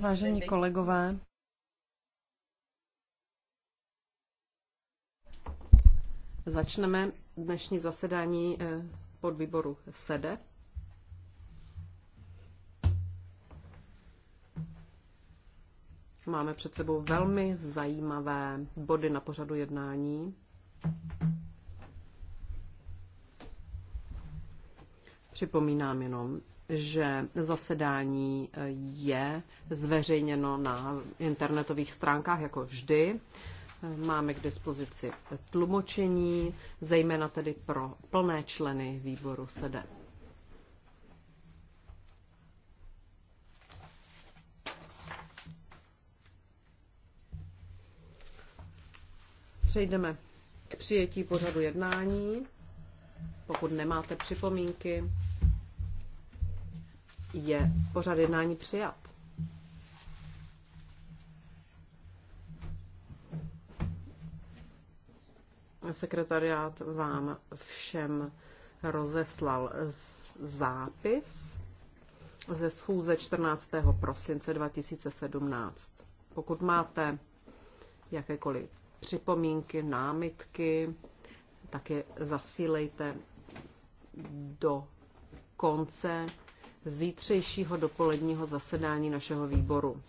Vážení kolegové, začneme dnešní zasedání eh, pod výboru SEDE. Máme před sebou velmi zajímavé body na pořadu jednání. Připomínám jenom, že zasedání eh, je zveřejněno na internetových stránkách jako vždy. Eh, máme k dispozici tlumočení, zejména tedy pro plné členy výboru SEDE. Přejdeme k přijetí pořadu jednání. Pokud nemáte připomínky, je pořad jednání přijat. Sekretariát vám všem rozeslal zápis ze schůze 14. prosince 2017. Pokud máte jakékoliv připomínky, námitky, tak je zasílejte do konce zítřejšího dopoledního zasedání našeho výboru.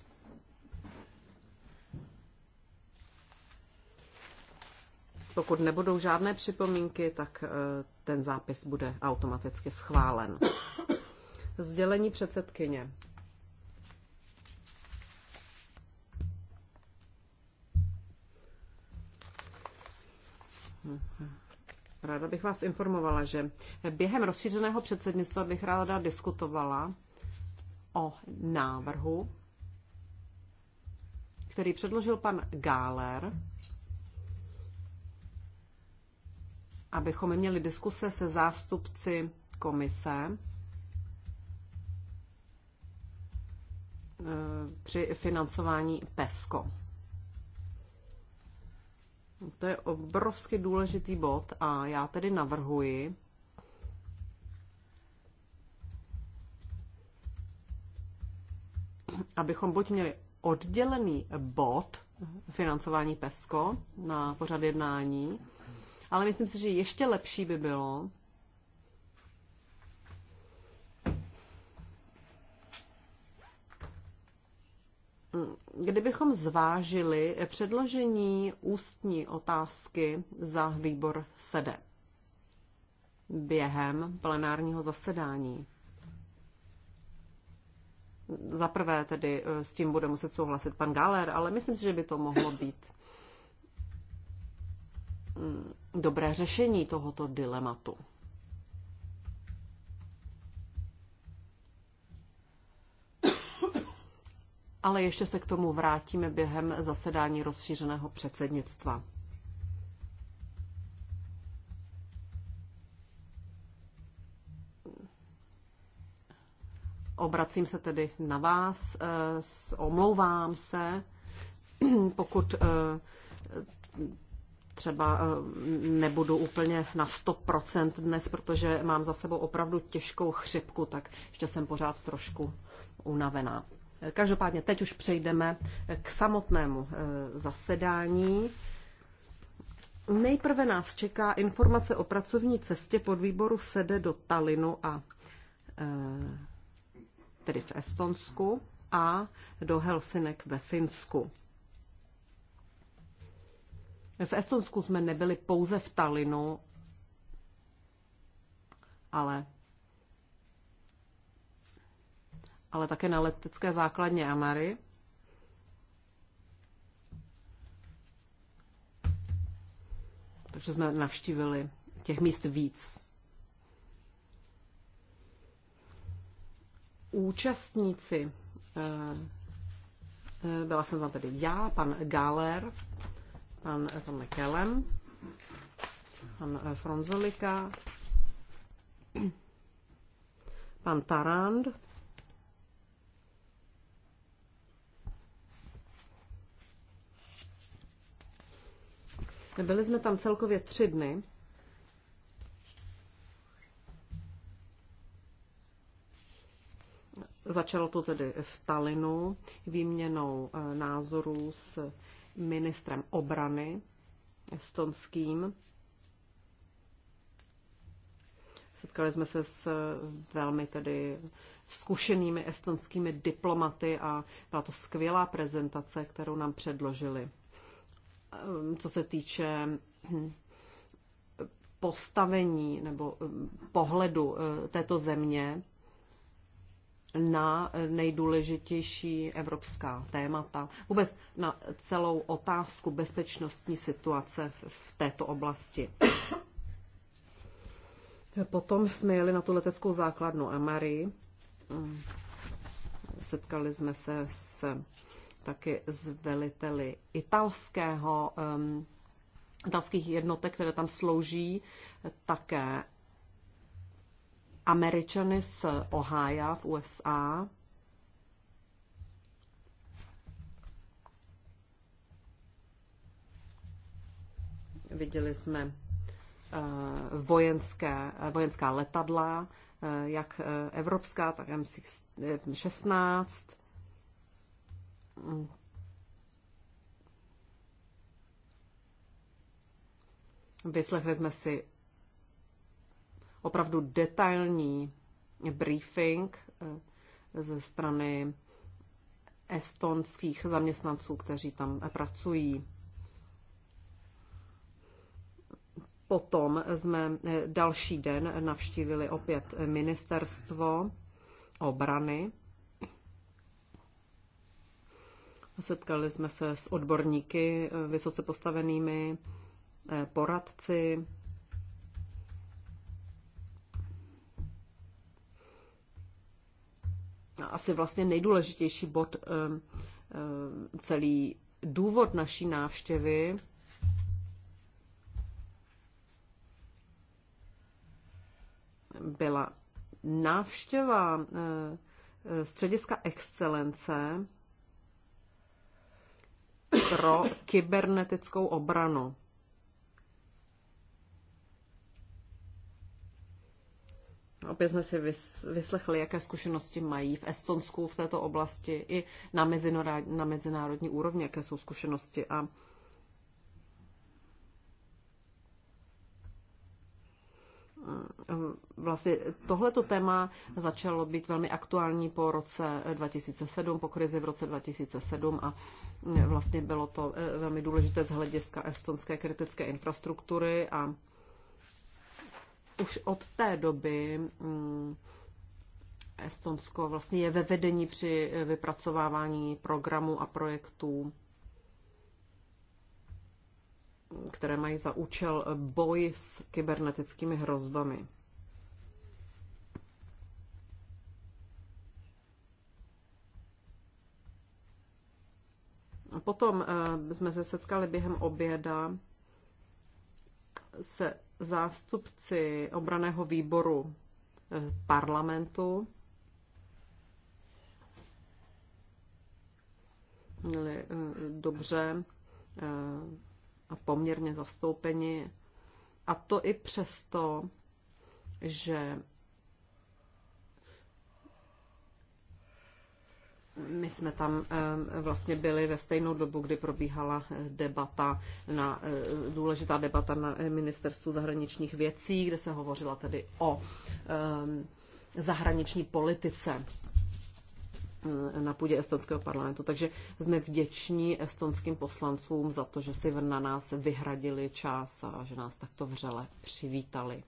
Pokud nebudou žádné připomínky, tak eh, ten zápis bude automaticky schválen. Sdělení předsedkyně. Mm-hmm. Ráda bych vás informovala, že během rozšířeného předsednictva bych ráda diskutovala o návrhu, který předložil pan Gáler, abychom měli diskuse se zástupci komise eh, při financování PESCO. To je obrovsky důležitý bod a já tedy navrhuji, abychom buď měli oddělený bod financování PESCO na pořad jednání, ale myslím si, že ještě lepší by bylo, kdybychom zvážili předložení ústní otázky za výbor SEDE během plenárního zasedání. Za prvé tedy eh, s tím bude muset souhlasit pan Galer, ale myslím si, že by to mohlo být mm, dobré řešení tohoto dilematu. ale ještě se k tomu vrátíme během zasedání rozšířeného předsednictva. Obracím se tedy na vás, eh, omlouvám se, pokud eh, třeba eh, nebudu úplně na 100% dnes, protože mám za sebou opravdu těžkou chřipku, tak ještě jsem pořád trošku unavená. Každopádně teď už přejdeme k samotnému eh, zasedání. Nejprve nás čeká informace o pracovní cestě pod výboru sede do Talinu a eh, tedy v Estonsku a do Helsinek ve Finsku. V Estonsku jsme nebyli pouze v Talinu, ale ale také na letecké základně Amary. Takže jsme navštívili těch míst víc. Účastníci, eh, eh, byla jsem tam tedy já, pan Galer, pan Tom eh, McKellen, pan Fronzolika, pan Tarand, Byli jsme tam celkově tři dny. Začalo to tedy v Talinu výměnou eh, názorů s ministrem obrany estonským. Setkali jsme se s eh, velmi tedy zkušenými estonskými diplomaty a byla to skvělá prezentace, kterou nám předložili. Ehm, co se týče ehm, postavení nebo ehm, pohledu eh, této země na eh, nejdůležitější evropská témata, vůbec na celou otázku bezpečnostní situace v této oblasti. Potom jsme jeli na tu leteckou základnu Amary. Setkali jsme se s taky s veliteli italského, um, italských jednotek, které tam slouží, také Američany z Ohio v USA. Viděli jsme uh, vojenské, eh, vojenská letadla, eh, jak evropská, tak mc 16 Vyslechli jsme si opravdu detailní briefing eh, ze strany estonských zaměstnanců, kteří tam pracují. Potom jsme eh, další den navštívili opět ministerstvo obrany Setkali jsme se s odborníky eh, vysoce postavenými, eh, poradci, asi vlastně nejdůležitější bod, eh, celý důvod naší návštěvy. Byla návštěva střediska excelence pro kybernetickou obranu. Opět jsme si vyslechli, jaké zkušenosti mají v Estonsku v této oblasti i na mezinárodní, úrovni, jaké jsou zkušenosti. A Eh, vlastně tohleto téma začalo být velmi aktuální po roce 2007, eh, po krizi v roce 2007 a eh, vlastně bylo to velmi důležité z hlediska estonské kritické infrastruktury a už od té doby mm, Estonsko vlastně je ve vedení při vypracovávání programů a projektů které mají za účel boj s kybernetickými hrozbami. Potom eh, jsme se setkali během oběda se zástupci obraného výboru eh, parlamentu. Měli eh, dobře a poměrně zastoupeni. A to i přesto, že My jsme tam eh, vlastně byli ve stejnou dobu, kdy probíhala eh, debata na, eh, důležitá debata na ministerstvu zahraničních věcí, kde se hovořila tedy o zahraniční politice. Eh, na půdě estonského parlamentu. Takže jsme vděční estonským poslancům za to, že si na nás vyhradili čas a že nás takto vřele přivítali.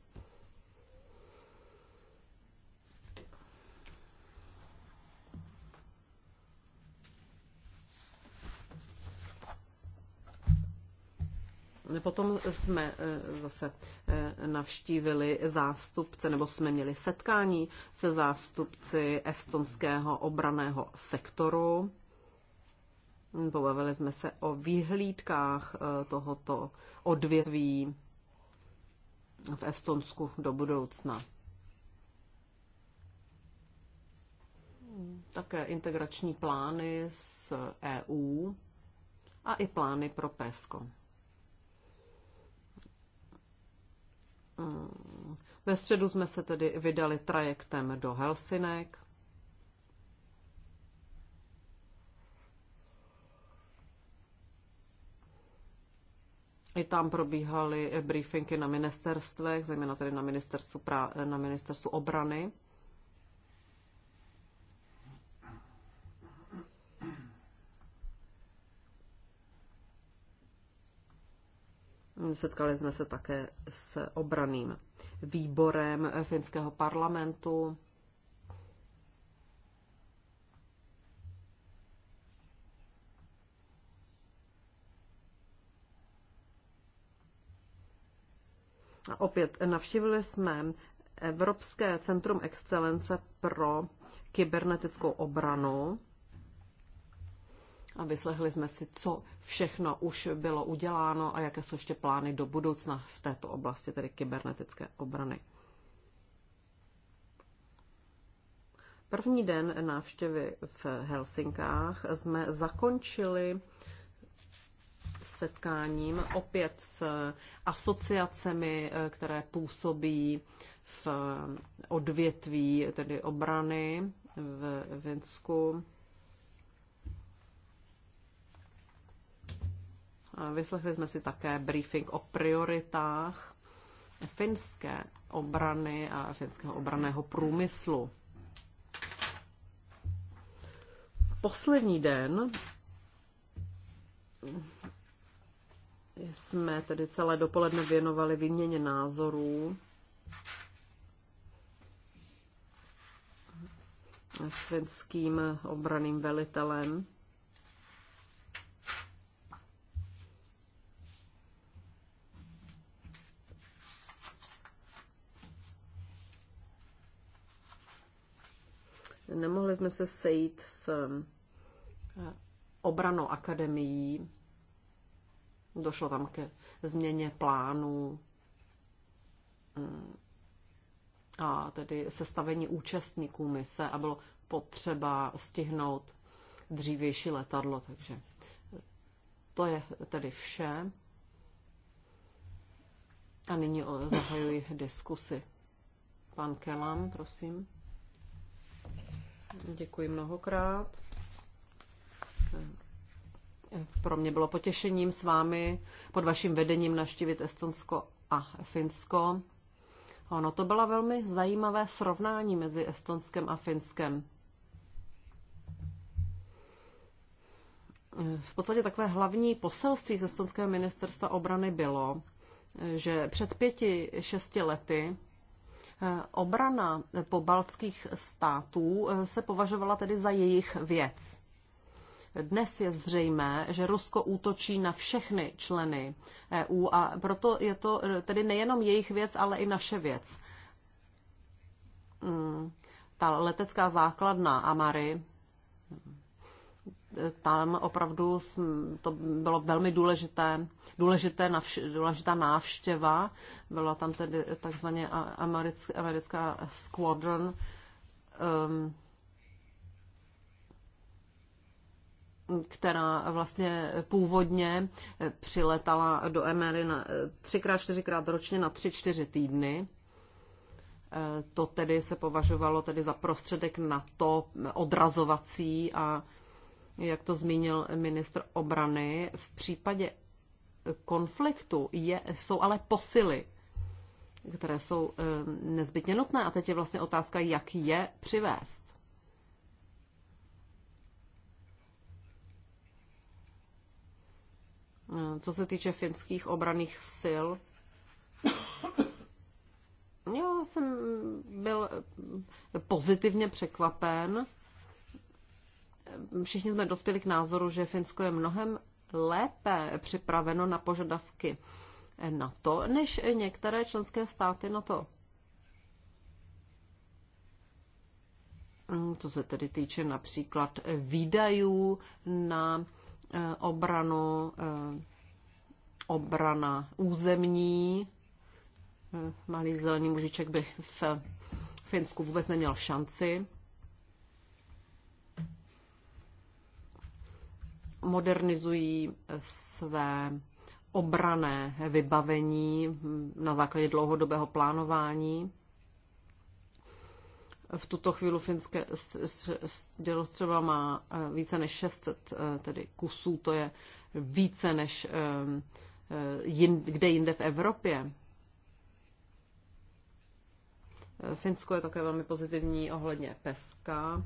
Potom jsme eh, zase eh, navštívili zástupce, nebo jsme měli setkání se zástupci estonského obraného sektoru. Pobavili jsme se o výhlídkách eh, tohoto odvětví v Estonsku do budoucna. Také integrační plány s EU a i plány pro PESCO. Ve středu jsme se tedy vydali trajektem do Helsinek. I tam probíhaly briefingy na ministerstvech, zejména tedy na ministerstvu, na ministerstvu obrany. Setkali jsme se také s obraným výborem finského parlamentu. A opět navštívili jsme Evropské centrum excelence pro kybernetickou obranu a vyslechli jsme si, co všechno už bylo uděláno a jaké jsou ještě plány do budoucna v této oblasti, tedy kybernetické obrany. První den návštěvy v Helsinkách jsme zakončili setkáním opět s asociacemi, které působí v odvětví tedy obrany v Vinsku. Vyslechli jsme si také briefing o prioritách finské obrany a finského obraného průmyslu. Poslední den jsme tedy celé dopoledne věnovali výměně názorů s finským obraným velitelem. nemohli jsme se sejít s eh, obranou akademií. Došlo tam ke změně plánů mm. a tedy sestavení účastníků mise a bylo potřeba stihnout dřívější letadlo, takže eh, to je tedy vše. A nyní eh, zahajuji diskusy. Pan Kelam, prosím. Děkuji mnohokrát. Pro mě bylo potěšením s vámi pod vaším vedením naštívit Estonsko a Finsko. Ono to byla velmi zajímavé srovnání mezi Estonskem a Finskem. V podstatě takové hlavní poselství z Estonského ministerstva obrany bylo, že před pěti, šesti lety Eh, obrana pobaltských států eh, se považovala tedy za jejich věc. Dnes je zřejmé, že Rusko útočí na všechny členy EU a proto je to eh, tedy nejenom jejich věc, ale i naše věc. Hmm, ta letecká základna Amary, tam opravdu to bylo velmi důležité, důležité navš, důležitá návštěva. Byla tam tedy takzvaně americká, americká squadron. Um, která vlastně původně eh, přiletala do Emery na eh, třikrát, čtyřikrát ročně na tři, čtyři týdny. Eh, to tedy se považovalo tedy za prostředek na to odrazovací a jak to zmínil ministr obrany, v případě konfliktu je, jsou ale posily, které jsou eh, nezbytně nutné. A teď je vlastně otázka, jak je přivést. Eh, co se týče finských obraných sil, já jsem byl pozitivně překvapen všichni jsme dospěli k názoru, že Finsko je mnohem lépe připraveno na požadavky na to, než některé členské státy na to. Co se tedy týče například výdajů na eh, obranu, eh, obrana územní, eh, malý zelený mužiček by v Finsku vůbec neměl šanci. modernizují své obrané vybavení na základě dlouhodobého plánování. V tuto chvíli finské dělostřeba má eh, více než 600 eh, tedy kusů, to je více než ehm, eh, kde jinde v Evropě. Finsko je také velmi pozitivní ohledně peska.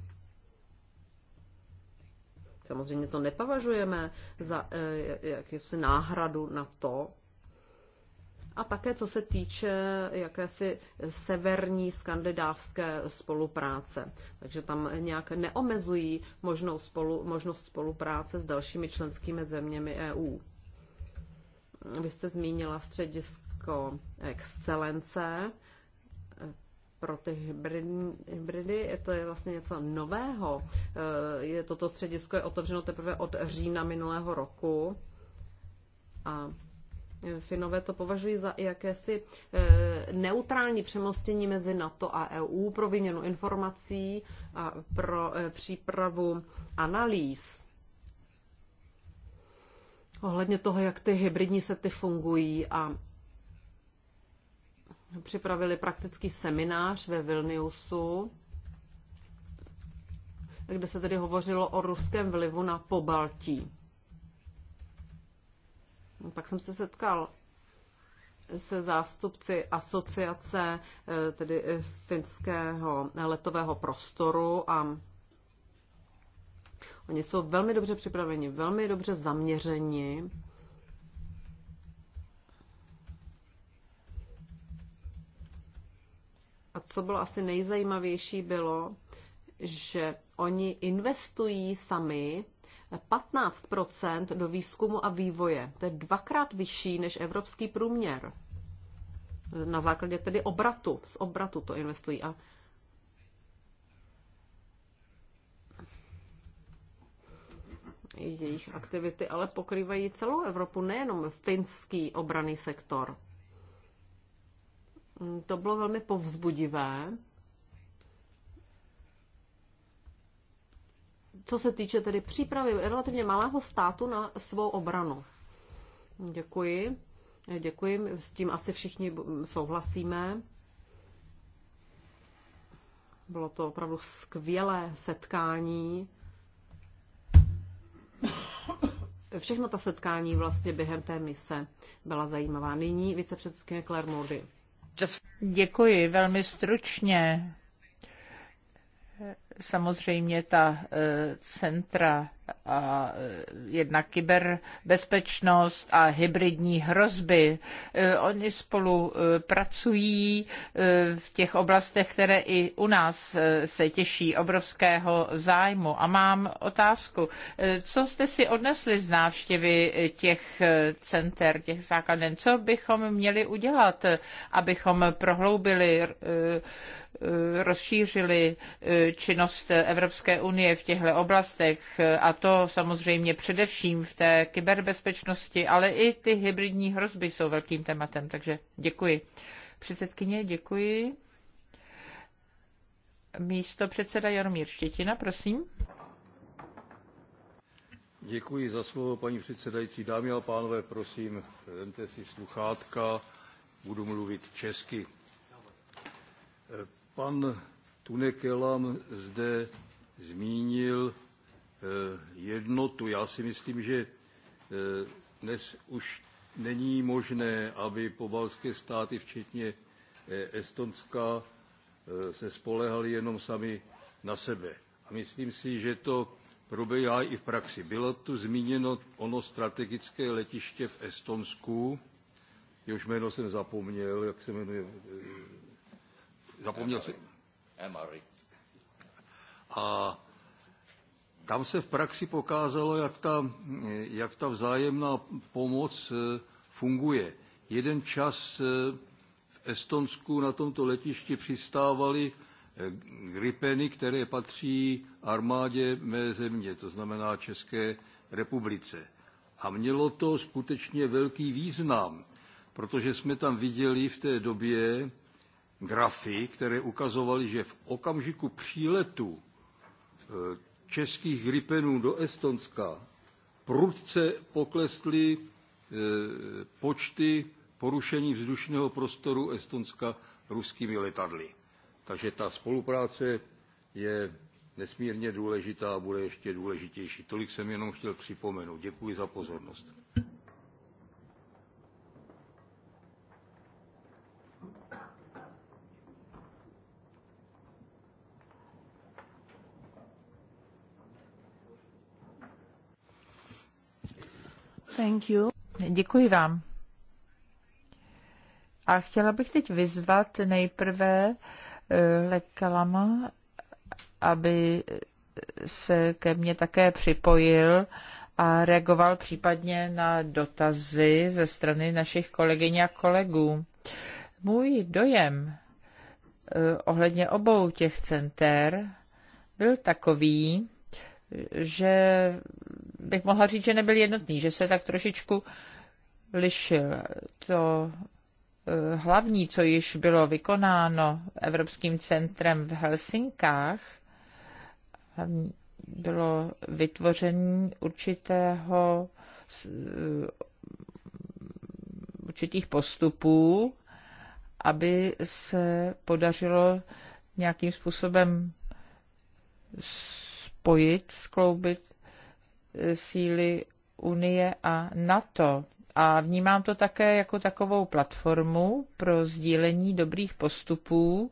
Samozřejmě to nepovažujeme za eh, jakýsi náhradu na to. A také co se týče jakési severní skandidávské spolupráce. Takže tam nějak neomezují možnou spolu, možnost spolupráce s dalšími členskými zeměmi EU. Vy jste zmínila středisko excelence pro ty hybridy. To je vlastně něco nového. Eh, je toto středisko je otevřeno teprve od října minulého roku. A eh, Finové to považují za jakési eh, neutrální přemostění mezi NATO a EU pro výměnu informací a pro přípravu analýz ohledně toho, jak ty hybridní sety fungují a připravili praktický seminář ve Vilniusu, kde se tedy hovořilo o ruském vlivu na Pobaltí. Pak no, jsem se setkal se zástupci asociace eh, tedy eh, finského letového prostoru a oni jsou velmi dobře připraveni, velmi dobře zaměřeni A co bylo asi nejzajímavější, bylo, že oni investují sami 15 do výzkumu a vývoje. To je dvakrát vyšší než evropský průměr. Na základě tedy obratu. Z obratu to investují. A jejich aktivity ale pokrývají celou Evropu, nejenom finský obraný sektor. Mm, to bylo velmi povzbudivé. Co se týče tedy přípravy relativně malého státu na svou obranu. Děkuji. Děkuji, s tím asi všichni souhlasíme. Bylo to opravdu skvělé setkání. Všechno ta setkání vlastně během té mise byla zajímavá. Nyní vicepředsedkyně Claire Moody. Děkuji, velmi stručně. Samozřejmě ta eh, centra a eh, jedna kyberbezpečnost a hybridní hrozby. Eh, oni spolu eh, pracují v těch oblastech, které i u nás se těší obrovského zájmu. A mám otázku, co jste si odnesli z návštěvy těch center, těch základen? Co bychom měli udělat, abychom prohloubili rozšířili činnost Evropské unie v těchto oblastech a a to samozřejmě především v té kyberbezpečnosti, ale i ty hybridní hrozby jsou velkým tématem, takže děkuji. Předsedkyně, děkuji. Místo předseda Jaromír Štětina, prosím. Děkuji za slovo, paní předsedající. Dámy a pánové, prosím, vemte si sluchátka, budu mluvit česky. Pan Tunekelam zde zmínil Eh, jednotu. Já si myslím, že eh, dnes už není možné, aby pobalské státy, včetně eh, Estonska, se spolehali jenom sami na sebe. A myslím si, že to probíhá i v praxi. Bylo tu zmíněno ono strategické letiště v Estonsku, jehož jméno jsem zapomněl, jak se jmenuje. Zapomněl jsem. A tam se v praxi pokázalo, jak ta, jak ta vzájemná pomoc eh, funguje. Jeden čas eh, v Estonsku na tomto letišti přistávali eh, gripeny, které patří armádě mé země, to znamená České republice. A mělo to skutečně velký význam, protože jsme tam viděli v té době grafy, které ukazovaly, že v okamžiku příletu českých gripenů do Estonska prudce poklesly e, počty porušení vzdušného prostoru Estonska ruskými letadly. Takže ta spolupráce je nesmírně důležitá a bude ještě důležitější. Tolik jsem jenom chtěl připomenout. Děkuji za pozornost. Thank you. Děkuji vám. A chtěla bych teď vyzvat nejprve eh, Lekalama, aby se ke mně také připojil a reagoval případně na dotazy ze strany našich kolegyň a kolegů. Můj dojem eh, ohledně obou těch center byl takový, že bych mohla říct, že nebyl jednotný, že se tak trošičku lišil. To eh, hlavní, co již bylo vykonáno Evropským centrem v Helsinkách, bylo vytvoření určitého eh, určitých postupů, aby se podařilo nějakým způsobem spojit, skloubit eh, síly Unie a NATO. A vnímám to také jako takovou platformu pro sdílení dobrých postupů,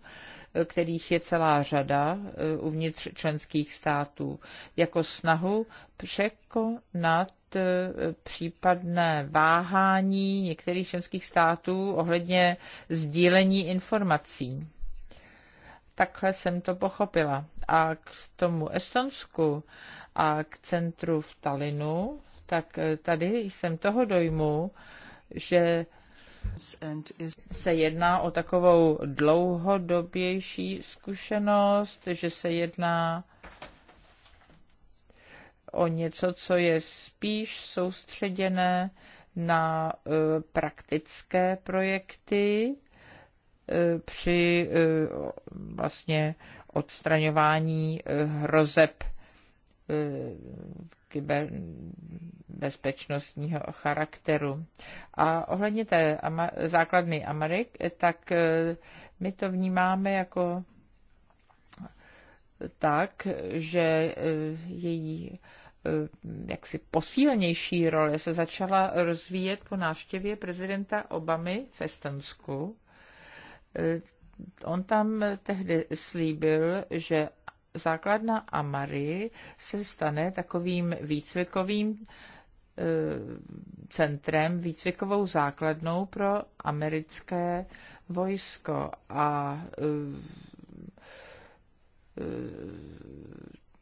eh, kterých je celá řada eh, uvnitř členských států, jako snahu překonat případné váhání některých členských států ohledně sdílení informací. Takhle jsem to pochopila a k tomu Estonsku a k centru v Talinu, tak e, tady jsem toho dojmu, že se jedná o takovou dlouhodobější zkušenost, že se jedná o něco, co je spíš soustředěné na e, praktické projekty e, při vlastně odstraňování eh, hrozeb eh, kyberbezpečnostního charakteru. A ohledně té základny Amerik, tak eh, my to vnímáme jako tak, že její jaksi posílnější role se začala rozvíjet po návštěvě prezidenta Obamy v Estonsku on tam tehdy slíbil, že základna Amary se stane takovým výcvikovým e, centrem, výcvikovou základnou pro americké vojsko. A e, e,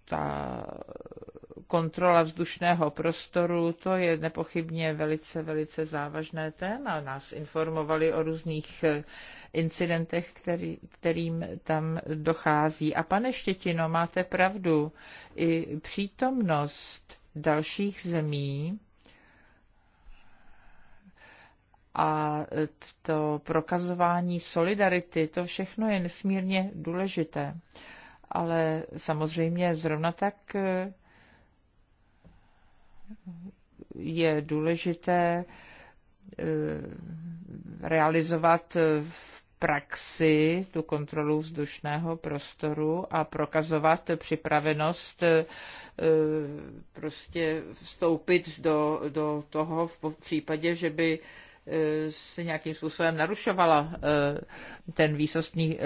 ta kontrola vzdušného prostoru, to je nepochybně velice, velice závažné téma. Nás informovali o různých eh, incidentech, který, kterým tam dochází. A pane Štětino, máte pravdu, i přítomnost dalších zemí a to prokazování solidarity, to všechno je nesmírně důležité ale samozřejmě zrovna tak eh, je důležité eh, realizovat v praxi tu kontrolu vzdušného prostoru a prokazovat připravenost eh, prostě vstoupit do, do toho v případě, že by eh, se nějakým způsobem narušovala ten výsostný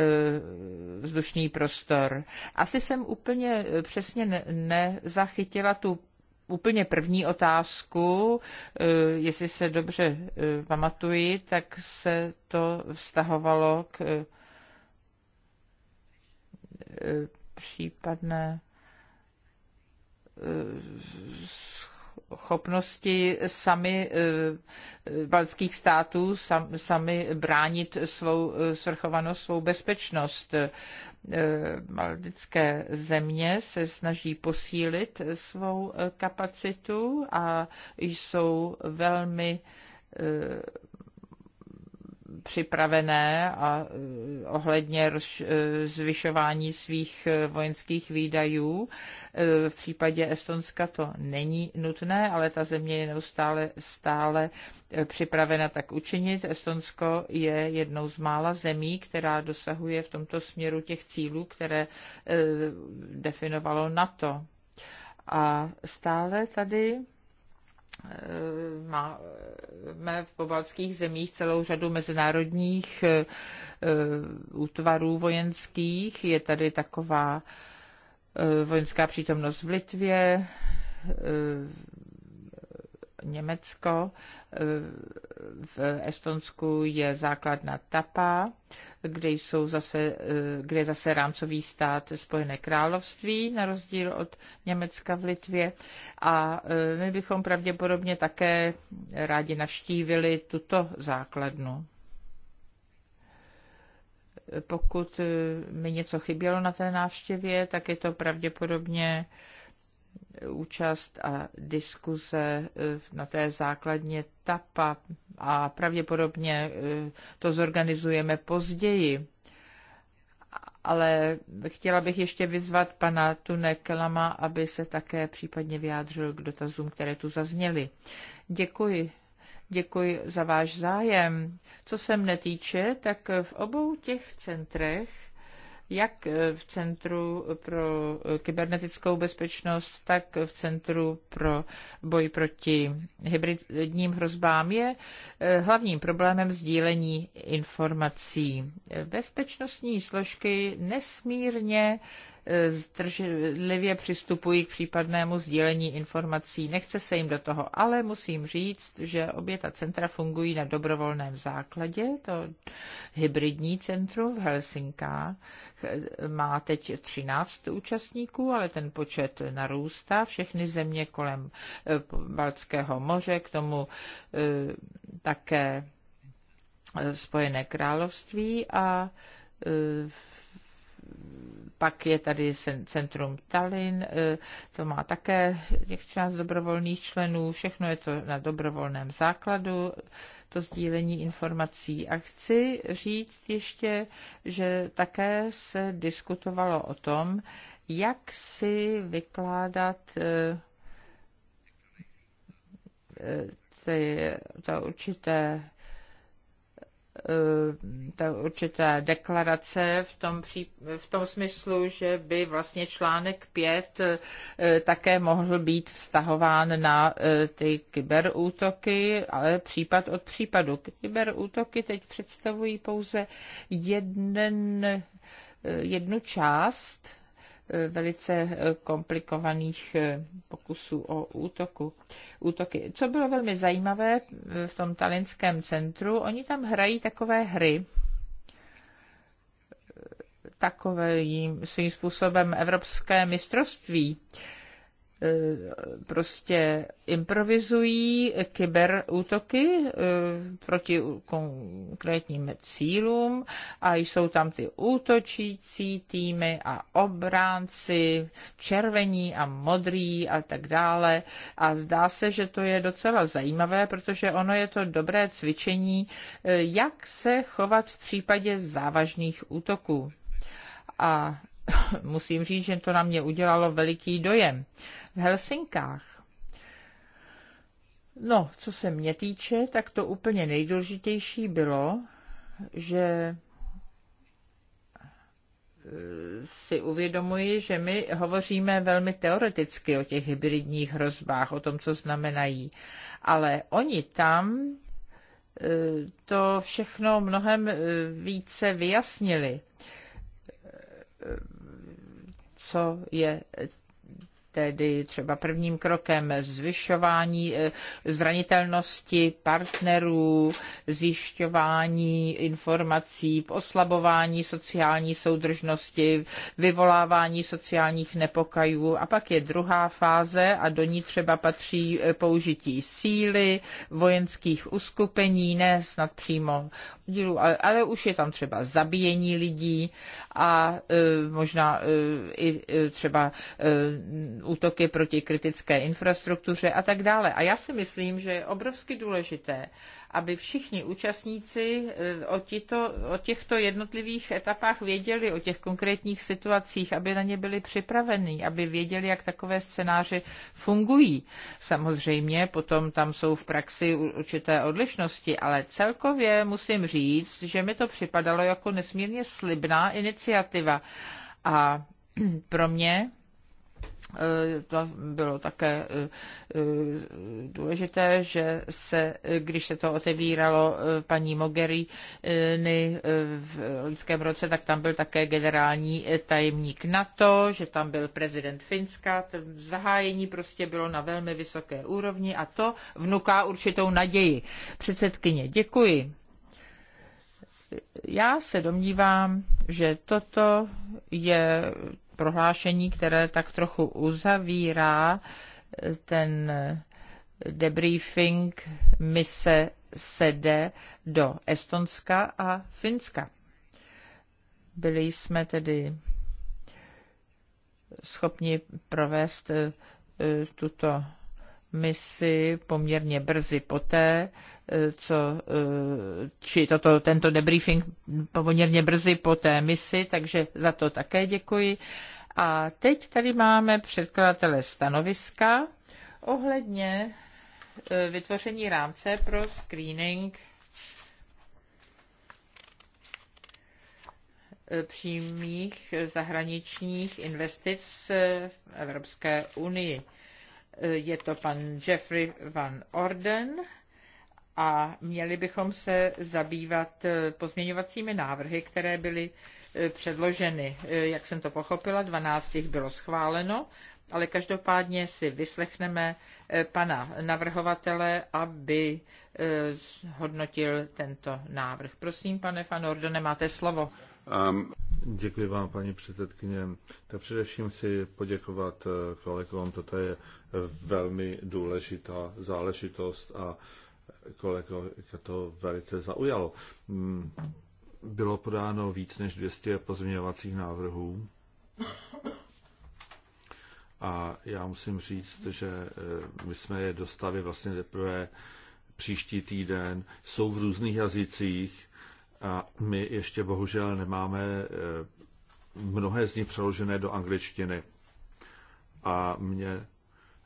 vzdušný prostor. Asi jsem úplně přesně nezachytila tu úplně první otázku, eh, jestli se dobře eh, pamatuji, tak se to vztahovalo k eh, případné schopnosti sami eh, balských států sami bránit svou eh, svrchovanost, svou bezpečnost. Eh, baltické země se snaží posílit svou kapacitu a jsou velmi připravené a eh, ohledně eh, zvyšování svých eh, vojenských výdajů. V případě Estonska to není nutné, ale ta země je neustále stále připravena tak učinit. Estonsko je jednou z mála zemí, která dosahuje v tomto směru těch cílů, které definovalo NATO. A stále tady máme v pobaltských zemích celou řadu mezinárodních eh, útvarů vojenských. Je tady taková eh, vojenská přítomnost v Litvě, eh, Německo. Eh, v Estonsku je základna TAPA, kde, jsou zase, eh, kde je zase rámcový stát Spojené království, na rozdíl od Německa v Litvě. A eh, my bychom pravděpodobně také rádi navštívili tuto základnu pokud mi něco chybělo na té návštěvě, tak je to pravděpodobně účast a diskuze eh, na té základně TAPA a pravděpodobně eh, to zorganizujeme později. Ale chtěla bych ještě vyzvat pana Tune Kelama, aby se také případně vyjádřil k dotazům, které tu zazněly. Děkuji. Děkuji za váš zájem. Co se mne týče, tak v obou těch centrech jak eh, v Centru pro kybernetickou bezpečnost, tak v Centru pro boj proti hybridním hrozbám je eh, hlavním problémem sdílení informací. Bezpečnostní složky nesmírně E, zdržlivě přistupují k případnému sdílení informací. Nechce se jim do toho, ale musím říct, že obě ta centra fungují na dobrovolném základě. To hybridní centrum v Helsinkách e, má teď 13 účastníků, ale ten počet narůstá. Všechny země kolem e, Baltského moře, k tomu také Spojené království a v pak je tady centrum Tallinn, eh, to má také těch 13 dobrovolných členů, všechno je to na dobrovolném základu, to sdílení informací. A chci říct ještě, že také se diskutovalo o tom, jak si vykládat eh, eh, ty, to určité Eh, ta určitá deklarace v tom, pří, v tom smyslu, že by vlastně článek 5 eh, také mohl být vztahován na eh, ty kyberútoky, ale případ od případu. Kyberútoky teď představují pouze jeden, jednu část Eh, velice eh, komplikovaných eh, pokusů o útoku, útoky. Co bylo velmi zajímavé v tom talinském centru, oni tam hrají takové hry, takovým svým způsobem evropské mistrovství Eh, prostě improvizují kyberútoky eh, proti konkrétním cílům a jsou tam ty útočící týmy a obránci, červení a modrý a tak dále. A zdá se, že to je docela zajímavé, protože ono je to dobré cvičení, eh, jak se chovat v případě závažných útoků. A musím říct, že to na mě udělalo veliký dojem. V Helsinkách No, co se mě týče, tak to úplně nejdůležitější bylo, že eh, si uvědomuji, že my hovoříme velmi teoreticky o těch hybridních hrozbách, o tom, co znamenají. Ale oni tam eh, to všechno mnohem eh, více vyjasnili co je tedy třeba prvním krokem zvyšování eh, zranitelnosti partnerů, zjišťování informací, oslabování sociální soudržnosti, vyvolávání sociálních nepokajů. A pak je druhá fáze a do ní třeba patří eh, použití síly, vojenských uskupení, ne snad přímo dílu, ale, ale už je tam třeba zabíjení lidí a eh, možná i třeba útoky proti kritické infrastruktuře a tak dále. A já si myslím, že je obrovsky důležité, aby všichni účastníci eh, o, tito, o těchto jednotlivých etapách věděli o těch konkrétních situacích, aby na ně byli připraveni, aby věděli, jak takové scénáře fungují. Samozřejmě potom tam jsou v praxi určité odlišnosti, ale celkově musím říct, že mi to připadalo jako nesmírně slibná iniciativa. A pro mě Eh, to bylo také eh, eh, důležité, že se, když se to otevíralo paní Mogherini v loňském roce, tak tam byl také generální tajemník NATO, že tam byl prezident Finska. Zahájení prostě bylo na velmi vysoké úrovni a to vnuká určitou naději. Předsedkyně, děkuji. Já se domnívám, že toto je prohlášení, které tak trochu uzavírá ten debriefing mise sede do Estonska a Finska. Byli jsme tedy schopni provést eh, tuto misi poměrně brzy poté, eh, co, eh, či toto, tento debriefing poměrně brzy po té misi, takže za to také děkuji. A teď tady máme předkladatele stanoviska ohledně e, vytvoření rámce pro screening e, přímých zahraničních investic e, v Evropské unii. Je to pan Jeffrey Van Orden a měli bychom se zabývat pozměňovacími návrhy, které byly E, předloženy. E, jak jsem to pochopila, 12 jich bylo schváleno, ale každopádně si vyslechneme e, pana navrhovatele, aby hodnotil tento návrh. Prosím, pane Van Ordene, máte slovo. Um. Děkuji vám, paní předsedkyně. Tak především chci poděkovat kolegům. Toto je velmi důležitá záležitost a kolego to velice zaujalo. Mm bylo podáno víc než 200 pozměňovacích návrhů. A já musím říct, že eh, my jsme je dostali vlastně teprve příští týden. Jsou v různých jazycích a my ještě bohužel nemáme eh, mnohé z nich přeložené do angličtiny. A mně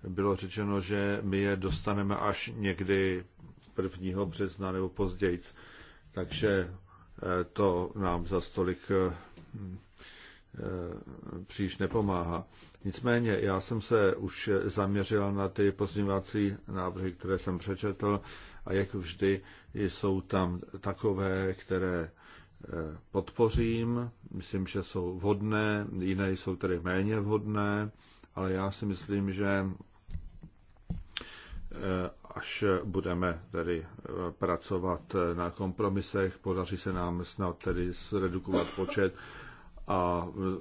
bylo řečeno, že my je dostaneme až někdy 1. března nebo později. Takže Eh, to nám za stolik eh, eh, příliš nepomáhá. Nicméně já jsem se už zaměřil na ty pozměňovací návrhy, které jsem přečetl a jak vždy jsou tam takové, které podpořím. Myslím, že jsou vhodné, jiné jsou tedy méně vhodné, ale já si myslím, že až budeme tedy eh, pracovat eh, na kompromisech, podaří se nám snad tedy zredukovat počet a mm,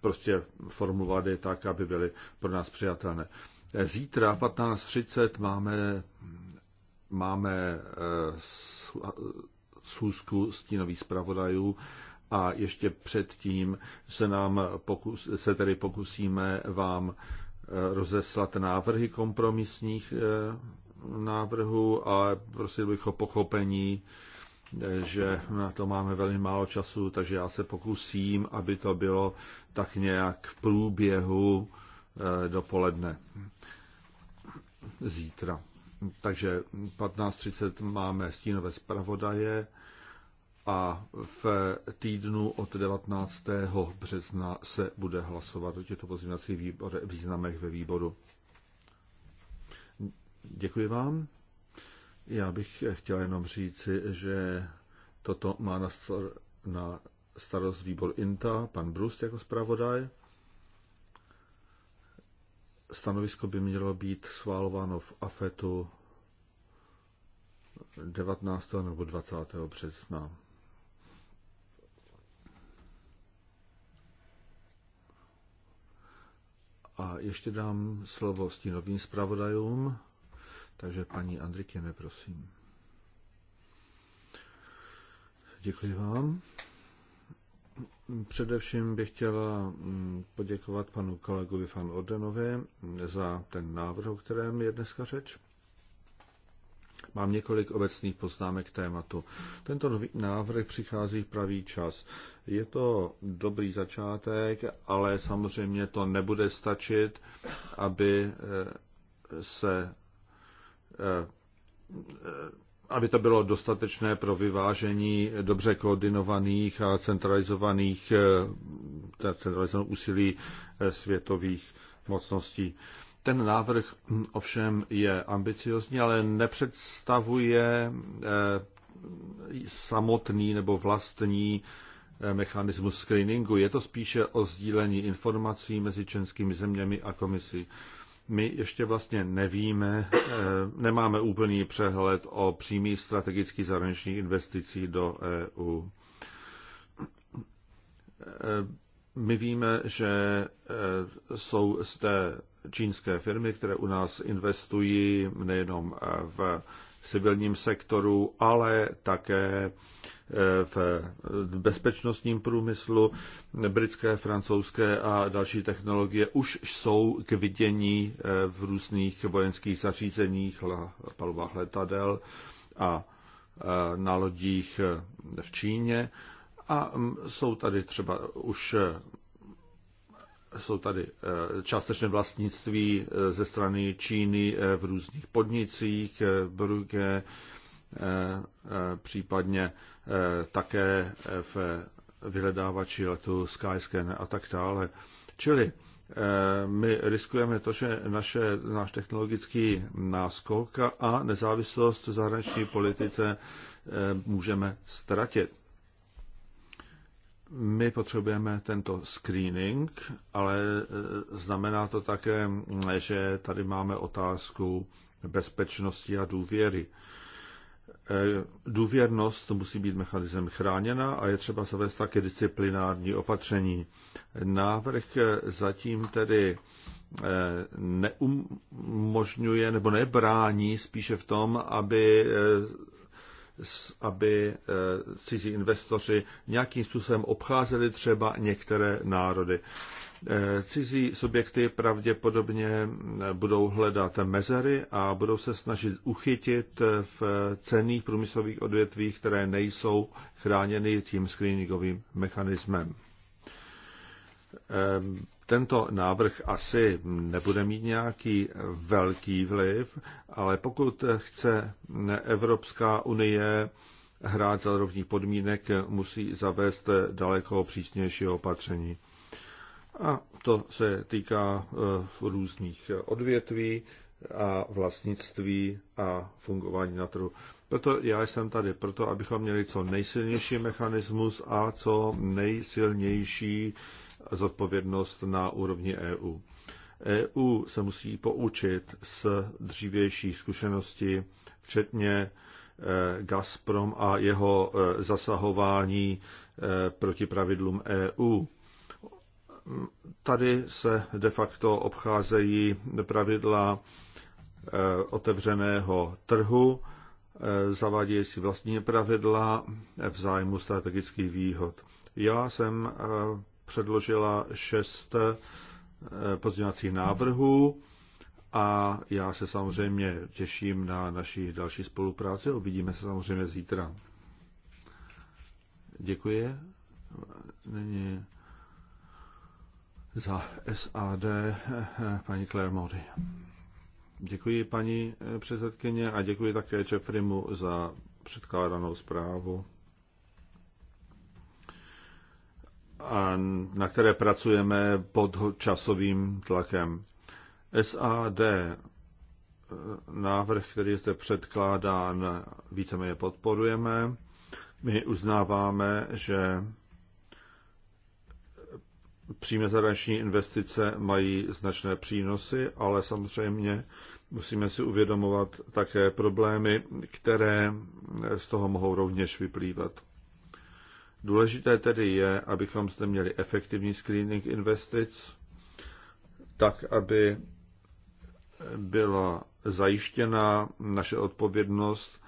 prostě formulovat je tak, aby byly pro nás přijatelné. Eh, zítra 15.30 máme, máme schůzku stínových zpravodajů a ještě předtím se, nám pokus, se tedy pokusíme vám rozeslat návrhy kompromisních návrhu a prosil bych o pochopení, že na to máme velmi málo času, takže já se pokusím, aby to bylo tak nějak v průběhu eh, dopoledne zítra. Takže 15.30 máme stínové zpravodaje a v týdnu od 19. března se bude hlasovat o těchto pozměňovacích významech ve výboru. Děkuji vám. Já bych chtěl jenom říci, že toto má na, starost výbor INTA, pan Brust jako zpravodaj. Stanovisko by mělo být schválováno v AFETu 19. nebo 20. března. A ještě dám slovo stínovým zpravodajům. Takže paní Andrikěne, prosím. Děkuji vám. Především bych chtěla mm, poděkovat panu kolegovi Van Ordenovi za ten návrh, o kterém je dneska řeč. Mám několik obecných poznámek k tématu. Tento nový návrh přichází v pravý čas. Je to dobrý začátek, ale samozřejmě to nebude stačit, aby eh, se Eh, aby to bylo dostatečné pro vyvážení dobře koordinovaných a centralizovaných eh, centralizovaných úsilí eh, světových mocností. Ten návrh hm, ovšem je ambiciozní, ale nepředstavuje samotný nebo vlastní mechanismus screeningu. Je to spíše o sdílení informací mezi členskými zeměmi a komisí. My ještě vlastně nevíme, eh, nemáme úplný přehled o přímých strategických zahraničních investicí do EU. Eh, my víme, že eh, jsou z té čínské firmy, které u nás investují nejenom v civilním sektoru, ale také eh, v bezpečnostním průmyslu. Britské, francouzské a další technologie už jsou k vidění eh, v různých vojenských zařízeních, palubách letadel a eh, na lodích v Číně. A mm, jsou tady třeba už jsou tady eh, částečné vlastnictví eh, ze strany Číny eh, v různých podnicích, Brugge, případně také v vyhledávači letu Skyscanner a tak dále. Čili my riskujeme to, že naše, náš technologický náskok a nezávislost zahraniční politice můžeme ztratit. My potřebujeme tento screening, ale e, znamená to také, že tady máme otázku bezpečnosti a důvěry. E, důvěrnost musí být mechanizem chráněna a je třeba zavést také disciplinární opatření. Návrh zatím tedy e, neumožňuje nebo nebrání spíše v tom, aby aby eh, cizí investoři nějakým způsobem obcházeli třeba některé národy. Eh, cizí subjekty pravděpodobně eh, budou hledat mezery a budou se snažit uchytit v cených průmyslových odvětvích, které nejsou chráněny tím screeningovým mechanismem. Tento návrh asi nebude mít nějaký velký vliv, ale pokud chce Evropská unie hrát za rovných podmínek, musí zavést daleko přísnější opatření. A to se týká eh, různých odvětví a vlastnictví a fungování na trhu. Proto já jsem tady, proto abychom měli co nejsilnější mechanismus a co nejsilnější zodpovědnost na úrovni EU. EU se musí poučit z dřívější zkušenosti, včetně e, Gazprom a jeho e, zasahování e, proti pravidlům EU. Tady se de facto obcházejí pravidla otevřeného trhu, zavádějí si vlastní pravidla v zájmu strategických výhod. Já jsem předložila šest eh, pozdělacích návrhů a já se samozřejmě těším na naší další spolupráci. Uvidíme se samozřejmě zítra. Děkuji. Není za SAD eh, paní Claire Mody. Děkuji paní eh, předsedkyně a děkuji také Jeffreymu za předkládanou zprávu. a na které pracujeme pod časovým tlakem. SAD, eh, návrh, který je zde předkládán, víceméně podporujeme. My uznáváme, že přímé zahraniční investice mají značné přínosy, ale samozřejmě musíme si uvědomovat také problémy, které z toho mohou rovněž vyplývat. Důležité tedy je, abychom zde měli efektivní screening investic, tak aby byla zajištěna naše odpovědnost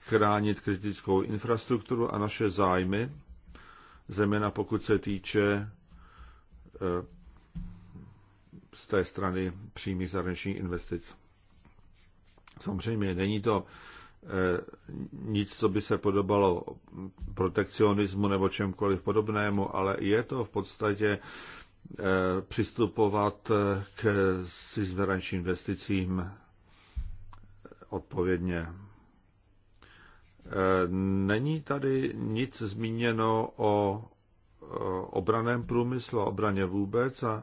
chránit kritickou infrastrukturu a naše zájmy, zejména pokud se týče eh, z té strany přímých zahraničních investic. Samozřejmě není to Eh, nic, co by se podobalo protekcionismu nebo čemkoliv podobnému, ale je to v podstatě eh, přistupovat eh, k cizverančním investicím odpovědně. Není tady nic zmíněno o obraném průmyslu, obraně vůbec a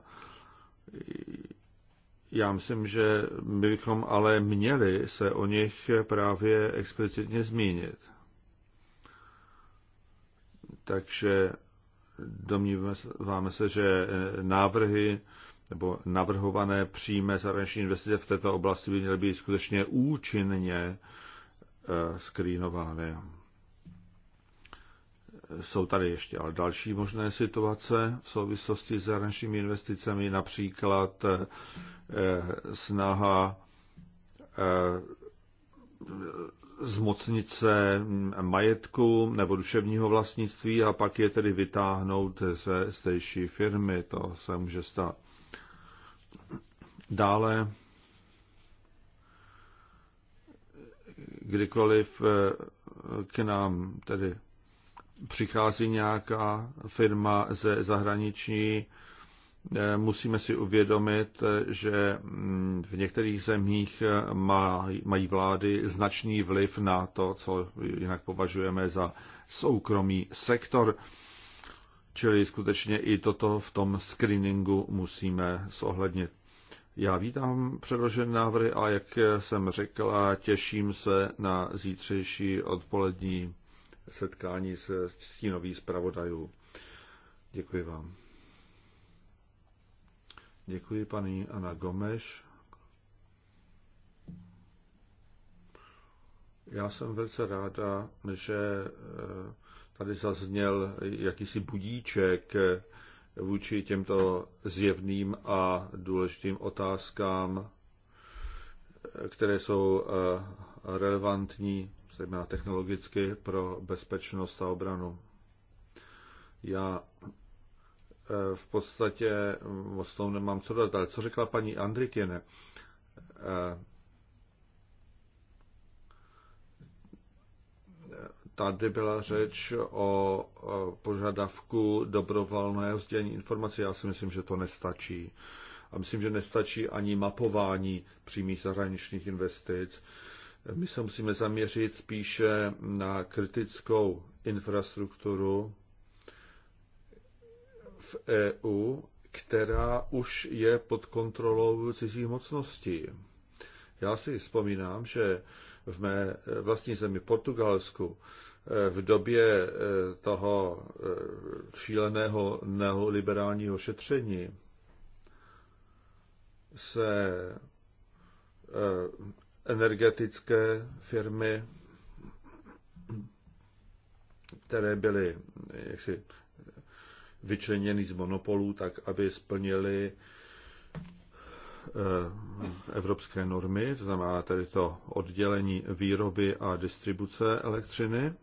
já myslím, že my bychom ale měli se o nich právě explicitně zmínit. Takže domníváme se, že návrhy nebo navrhované přímé zahraniční investice v této oblasti by měly být skutečně účinně eh, skrýnovány. Jsou tady ještě ale další možné situace v souvislosti s zahraničními investicemi, například eh, Eh, snaha eh, zmocnit se majetku nebo duševního vlastnictví a pak je tedy vytáhnout ze stejší firmy. To se může stát. Dále, kdykoliv eh, k nám tedy přichází nějaká firma ze zahraničí, Eh, musíme si uvědomit, eh, že mm, v některých zemích eh, mají vlády značný vliv na to, co jinak považujeme za soukromý sektor. Čili skutečně i toto v tom screeningu musíme zohlednit. Já vítám předložené návrhy a jak jsem řekl, a těším se na zítřejší odpolední setkání se stínových zpravodajů. Děkuji vám. Děkuji paní Ana Gomeš. Já jsem velice ráda, že eh, tady zazněl jakýsi budíček eh, vůči těmto zjevným a důležitým otázkám, eh, které jsou relevantní, zejména technologicky, pro bezpečnost a obranu. Já v podstatě moc tomu nemám co dodat, ale co řekla paní Andrikine, tady byla řeč o požadavku dobrovolného sdělení informací. Já si myslím, že to nestačí. A myslím, že nestačí ani mapování přímých zahraničních investic. My se musíme zaměřit spíše na kritickou infrastrukturu, v EU, která už je pod kontrolou cizích mocností. Já si vzpomínám, že v mé vlastní zemi Portugalsku e, v době e, toho e, šíleného neoliberálního šetření se energetické firmy, které byly jaksi vyčleněný z monopolů, tak aby splnili eh, evropské normy, to znamená tedy to oddělení výroby a distribuce elektřiny,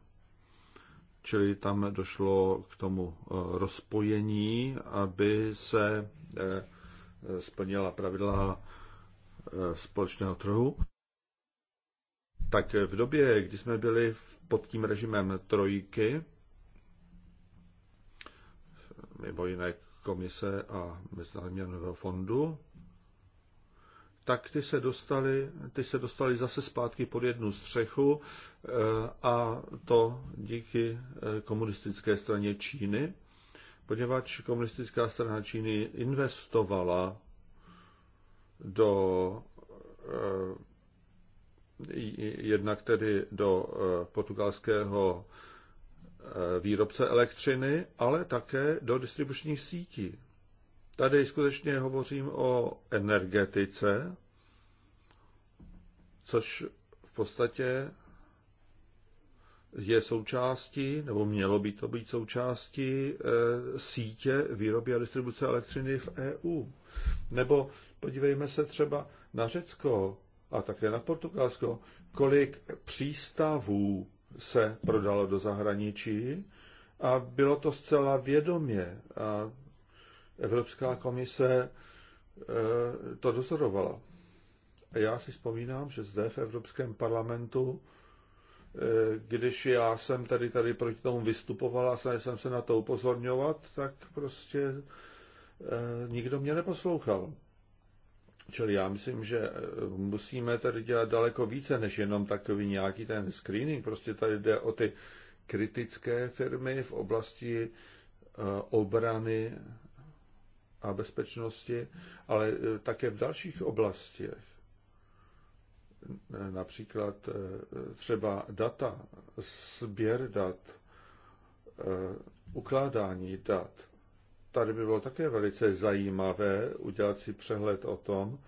čili tam došlo k tomu eh, rozpojení, aby se eh, splnila pravidla společného trhu. Tak v době, kdy jsme byli pod tím režimem trojky, mimo jiné komise a Mezinárodního fondu, tak ty se, dostali, ty se dostali zase zpátky pod jednu střechu eh, a to díky eh, komunistické straně Číny, poněvadž komunistická strana Číny investovala do eh, jednak tedy do portugalského Eh, výrobce elektřiny, ale také do distribučních sítí. Tady skutečně hovořím o energetice, což v podstatě je součástí, nebo mělo by to být součástí e, sítě výroby a distribuce elektřiny v EU. Nebo podívejme se třeba na Řecko a také na Portugalsko, kolik přístavů se prodalo do zahraničí a bylo to zcela vědomě. A Evropská komise e, to dozorovala. A já si vzpomínám, že zde v Evropském parlamentu, e, když já jsem tady, tady proti tomu vystupoval a snažil jsem se na to upozorňovat, tak prostě e, nikdo mě neposlouchal. Čili já myslím, že eh, musíme tady dělat daleko více, než jenom takový nějaký ten screening. Prostě tady jde o ty kritické firmy v oblasti eh, obrany a bezpečnosti, ale eh, také v dalších oblastech. Například třeba data, sběr dat, ukládání dat, tady by bylo také velice zajímavé udělat si přehled o tom,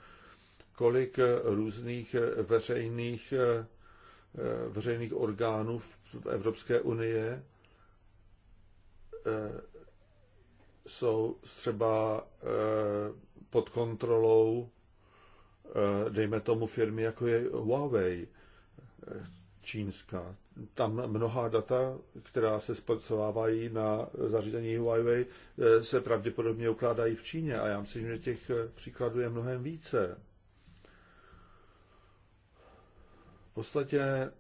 kolik různých veřejných, eh, veřejných orgánů v Evropské unie eh, jsou třeba eh, pod kontrolou, dejme tomu, firmy jako je Huawei. Čínska. Tam mnoha data, která se zpracovávají na zařízení Huawei, eh, se pravděpodobně ukládají v Číně a já myslím, že těch eh, příkladů je mnohem více. V podstatě eh,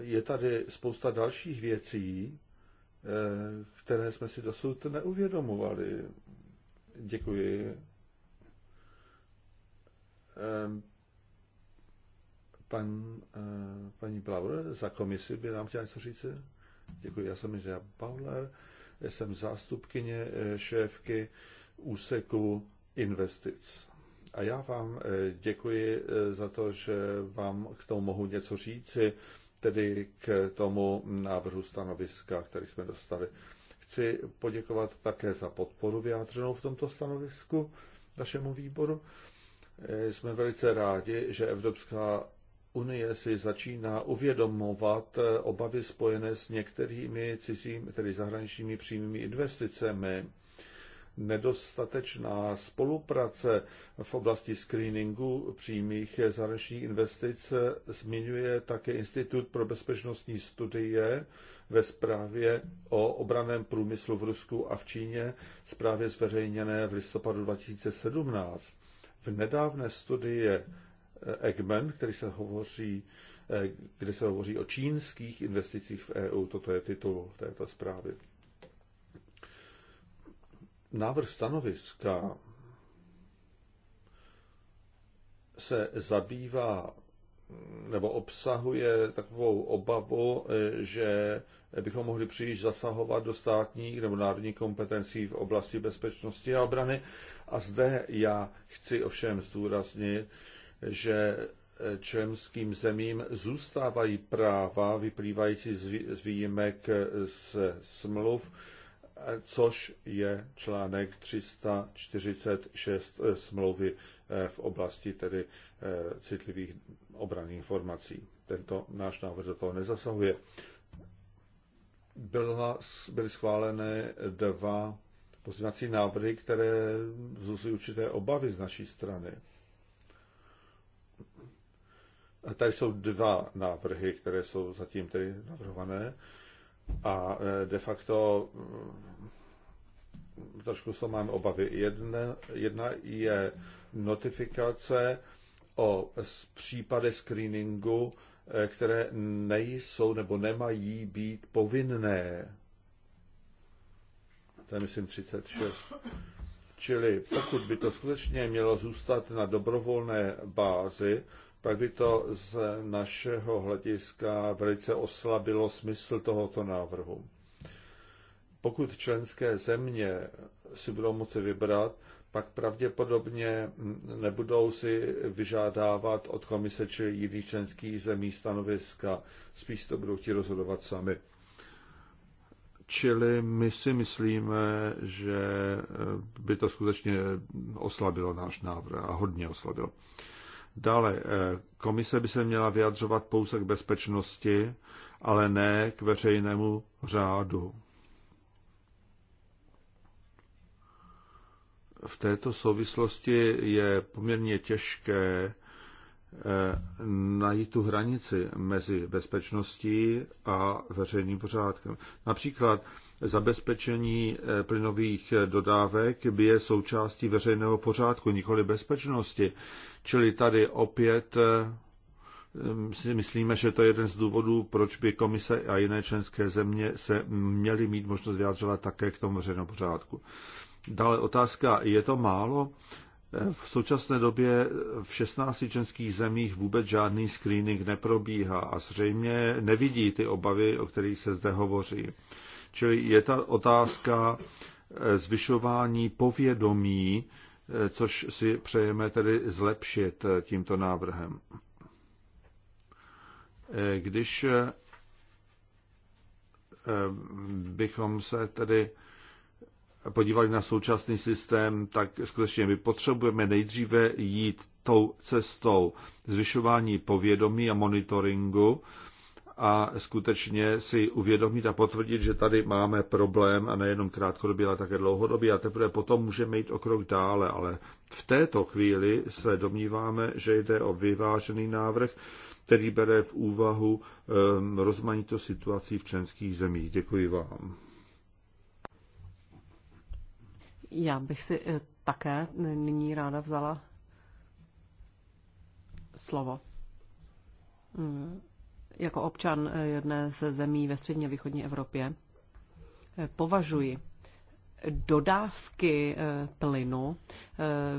je tady spousta dalších věcí, které jsme si dosud neuvědomovali. Děkuji Pan, eh, paní Blauer za komisi by nám chtěla něco říct? Děkuji, já jsem Jiřina Bauler, jsem zástupkyně eh, šéfky úseku investic. A já vám eh, děkuji za to, že vám k tomu mohu něco říci, tedy k tomu návrhu stanoviska, který jsme dostali. Chci poděkovat také za podporu vyjádřenou v tomto stanovisku našemu výboru. Jsme velice rádi, že Evropská unie si začíná uvědomovat eh, obavy spojené s některými cizími, tedy zahraničními přímými investicemi, nedostatečná spolupráce v oblasti screeningu přímých zahraničních investic eh, zmiňuje také Institut pro bezpečnostní studie ve zprávě o obraném průmyslu v Rusku a v Číně, zprávě zveřejněné v listopadu 2017. V nedávné studii Eggman, který se hovoří, eh, kde se hovoří o čínských investicích v EU. Toto je titul této zprávy. Návrh stanoviska se zabývá nebo obsahuje takovou obavu, eh, že bychom mohli příliš zasahovat do státních nebo národních kompetencí v oblasti bezpečnosti a obrany. A zde já chci ovšem zdůraznit, že eh, členským zemím zůstávají práva vyplývající z výjimek eh, z smluv, eh, což je článek 346 smlouvy v oblasti tedy citlivých obraných informací. Tento náš návrh do toho nezasahuje. Byla, byly schválené dva pozměňovací návrhy, které vzusují určité obavy z naší strany. Tady jsou dva návrhy, které jsou zatím tedy navrhované a e, de facto mm, trošku jsou mám obavy. Jedna, jedna je notifikace o případy screeningu, e, které nejsou nebo nemají být povinné. To je myslím 36. Čili pokud by to skutečně mělo zůstat na dobrovolné bázi, pak by to z našeho hlediska velice oslabilo smysl tohoto návrhu. Pokud členské země si budou moci vybrat, pak pravděpodobně nebudou si vyžádávat od komise či jiných členských zemí stanoviska, spíš to budou ti rozhodovat sami. Čili my si myslíme, že by to skutečně oslabilo náš návrh a hodně oslabilo. Dále, eh, komise by se měla vyjadřovat pouze k bezpečnosti, ale ne k veřejnému řádu. V této souvislosti je poměrně těžké eh, najít tu hranici mezi bezpečností a veřejným pořádkem. Například zabezpečení eh, plynových eh, dodávek by je součástí veřejného pořádku, nikoli bezpečnosti. Čili tady opět eh, si myslíme, že to je jeden z důvodů, proč by komise a jiné členské země se měly mít možnost vyjádřovat také k tomu veřejnému pořádku. Dále otázka, je to málo? V současné době v 16 členských zemích vůbec žádný screening neprobíhá a zřejmě nevidí ty obavy, o kterých se zde hovoří. Čili je ta otázka eh, zvyšování povědomí, eh, což si přejeme tedy zlepšit eh, tímto návrhem. Když bychom se tedy podívali na současný systém, tak skutečně my potřebujeme nejdříve jít tou cestou zvyšování povědomí a monitoringu a skutečně si uvědomit a potvrdit, že tady máme problém a nejenom krátkodobě, ale také dlouhodobě a teprve potom můžeme jít o krok dále, ale v této chvíli se domníváme, že jde o vyvážený návrh, který bere v úvahu um, rozmanitost situací v členských zemích. Děkuji vám. Já bych si eh, také nyní ráda vzala slovo. Mm jako občan eh, jedné ze zemí ve středně východní Evropě eh, považuji dodávky eh, plynu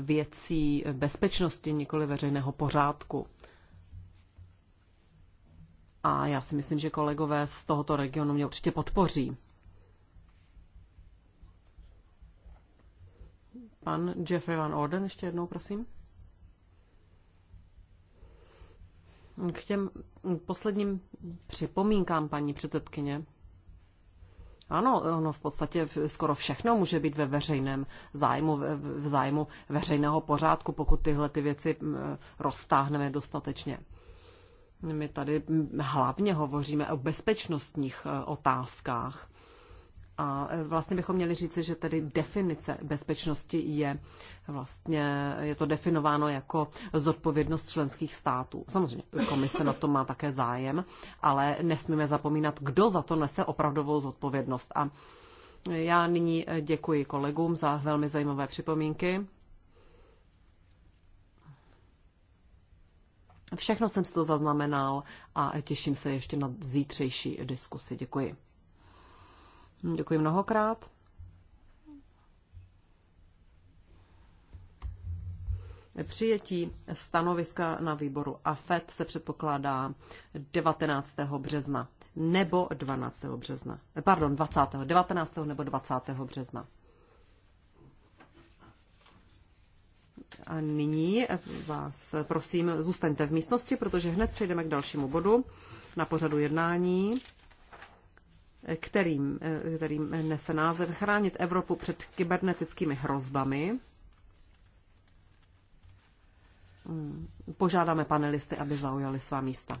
věcí bezpečnosti, nikoli veřejného pořádku. A já si myslím, že kolegové z tohoto regionu mě určitě podpoří. Pan Jeffrey Van Orden ještě jednou, prosím. K těm posledním připomínkám, paní předsedkyně. Ano, ono v podstatě skoro všechno může být ve veřejném zájmu, v zájmu veřejného pořádku, pokud tyhle ty věci roztáhneme dostatečně. My tady hlavně hovoříme o bezpečnostních e, otázkách. A e, vlastně bychom měli říci, že tedy definice bezpečnosti je vlastně, je to definováno jako zodpovědnost členských států. Samozřejmě komise na to má také zájem, ale nesmíme zapomínat, kdo za to nese opravdovou zodpovědnost. A já nyní e, děkuji kolegům za velmi zajímavé připomínky. Všechno jsem si to zaznamenal a těším se ještě na zítřejší diskusi. Děkuji. Děkuji mnohokrát. Přijetí stanoviska na výboru AFET se předpokládá 19. března nebo 12. března. Eh, pardon, 20. 19. nebo 20. března. A nyní vás prosím, zůstaňte v místnosti, protože hned přejdeme k dalšímu bodu na pořadu jednání kterým, eh, kterým nese název Chránit Evropu před kybernetickými hrozbami. Požádáme panelisty, aby zaujali svá místa.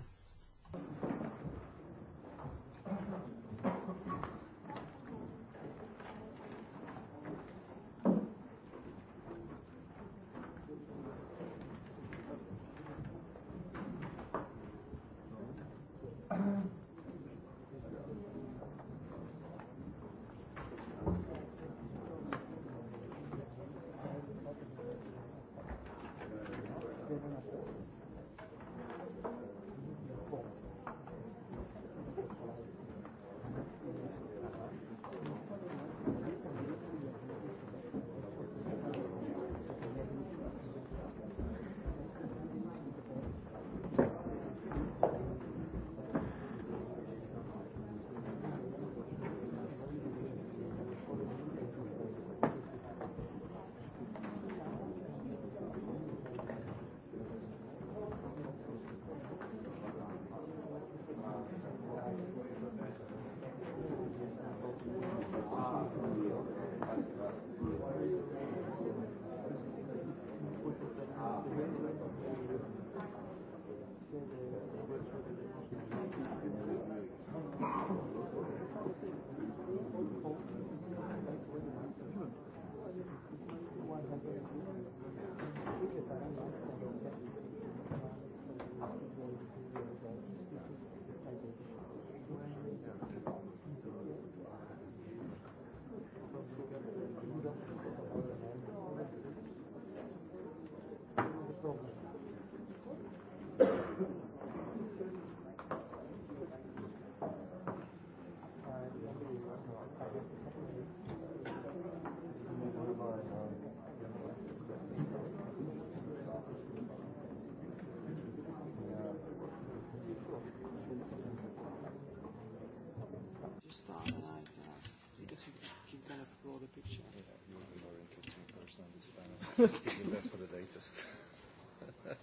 that's for the latest.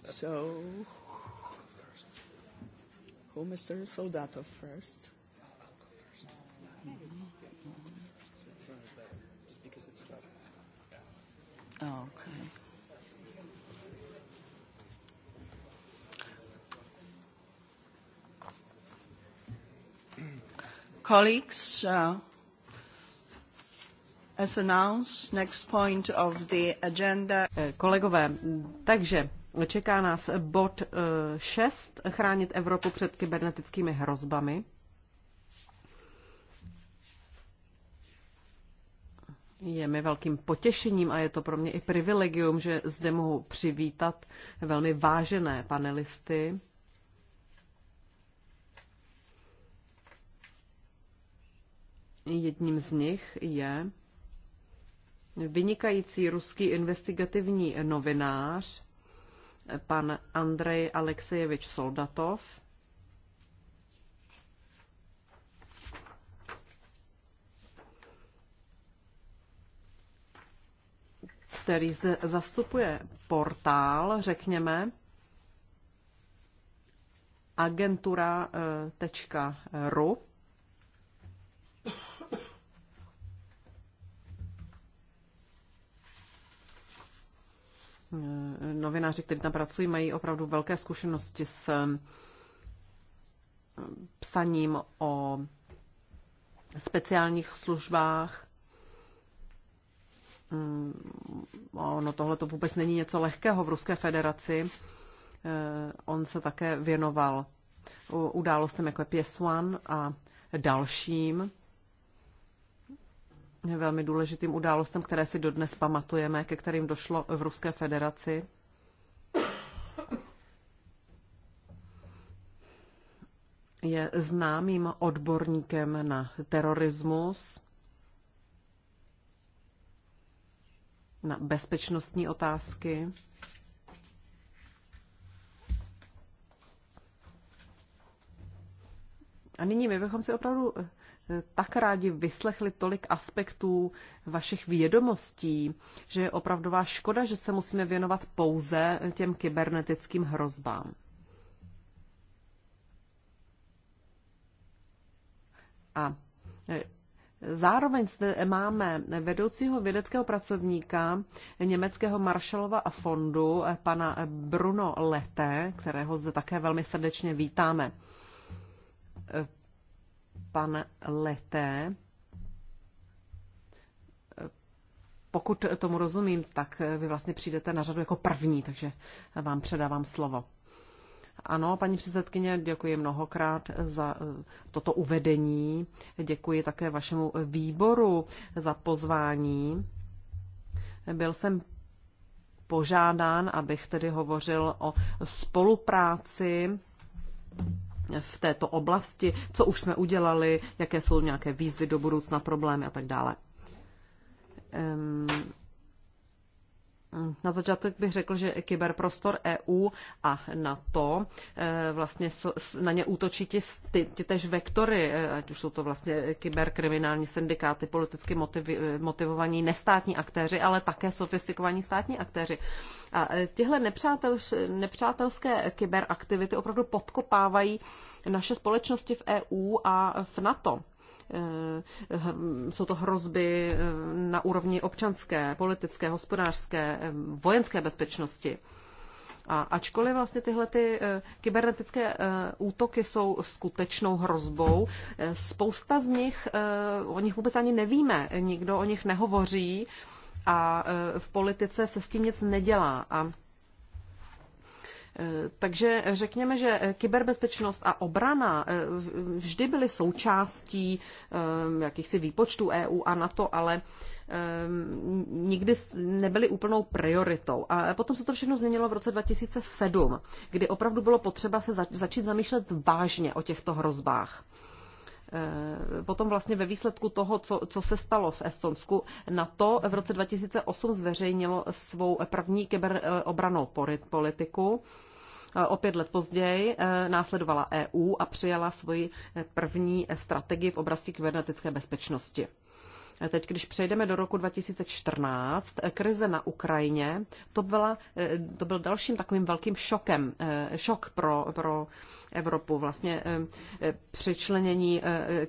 so, who, Mr. Soldato first? Okay. Colleagues, uh, As announced, next point of the agenda. Eh, kolegové, takže čeká nás bod 6, eh, chránit Evropu před kybernetickými hrozbami. Je mi velkým potěšením a je to pro mě i privilegium, že zde mohu přivítat velmi vážené panelisty. Jedním z nich je vynikající ruský investigativní novinář, pan Andrej Alexejevič Soldatov. který zde zastupuje portál, řekněme, agentura.ru. Eh, novináři, kteří tam pracují, mají opravdu velké zkušenosti s eh, psaním o speciálních službách. Mm, ono tohle to vůbec není něco lehkého v Ruské federaci. Eh, on se také věnoval událostem jako je a dalším velmi důležitým událostem, které si dodnes pamatujeme, ke kterým došlo v Ruské federaci. Je známým odborníkem na terorismus, na bezpečnostní otázky. A nyní my bychom si opravdu tak rádi vyslechli tolik aspektů vašich vědomostí, že je opravdová škoda, že se musíme věnovat pouze těm kybernetickým hrozbám. A e, Zároveň zde máme vedoucího vědeckého pracovníka německého Marshallova fondu, e, pana e, Bruno Lete, kterého zde také velmi srdečně vítáme pan Leté. Pokud tomu rozumím, tak vy vlastně přijdete na řadu jako první, takže vám předávám slovo. Ano, paní předsedkyně, děkuji mnohokrát za eh, toto uvedení. Děkuji také vašemu výboru za pozvání. Byl jsem požádán, abych tedy hovořil o spolupráci v této oblasti, co už jsme udělali, jaké jsou nějaké výzvy do budoucna, problémy a tak dále. Na začátek bych řekl, že kyberprostor EU a NATO eh, vlastně na ně útočí ti, ty, tež vektory, eh, ať už jsou to vlastně kyberkriminální syndikáty, politicky motiv, eh, motivovaní nestátní aktéři, ale také sofistikovaní státní aktéři. A těhle nepřátel, nepřátelské kyberaktivity opravdu podkopávají naše společnosti v EU a v NATO. Eh, eh, hm, jsou to hrozby eh, na úrovni občanské, politické, hospodářské, vojenské bezpečnosti. A ačkoliv vlastně tyhle ty kybernetické útoky jsou skutečnou hrozbou, spousta z nich, o nich vůbec ani nevíme, nikdo o nich nehovoří a v politice se s tím nic nedělá. A Eh, takže řekněme, že eh, kyberbezpečnost a obrana eh, vždy byly součástí jakýchsi výpočtů EU a NATO, ale nikdy nebyly úplnou prioritou. A potom se to všechno změnilo v roce 2007, kdy opravdu bylo potřeba se začít zamýšlet vážně o těchto hrozbách. Eh, potom vlastně ve výsledku toho, co, co se stalo v Estonsku, na to v roce 2008 zveřejnilo svou první kyberobranou politiku. Eh, o pět let později eh, následovala EU a přijala svoji první strategii v oblasti kybernetické bezpečnosti. Teď, když přejdeme do roku 2014, eh, krize na Ukrajině, to, byla, eh, to byl dalším takovým velkým šokem, eh, šok pro, pro Evropu. Vlastně přičlenění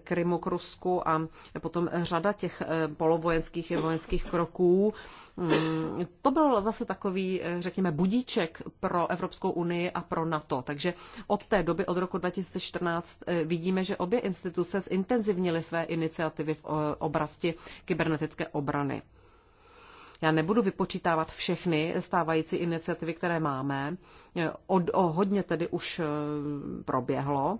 Krymu k Rusku a potom řada těch polovojenských i vojenských kroků Mm, to byl zase takový, eh, řekněme, budíček pro Evropskou unii a pro NATO. Takže od té doby, od roku 2014, eh, vidíme, že obě instituce zintenzivnily své iniciativy v eh, oblasti kybernetické obrany. Já nebudu vypočítávat všechny stávající iniciativy, které máme. O, o hodně tedy už proběhlo.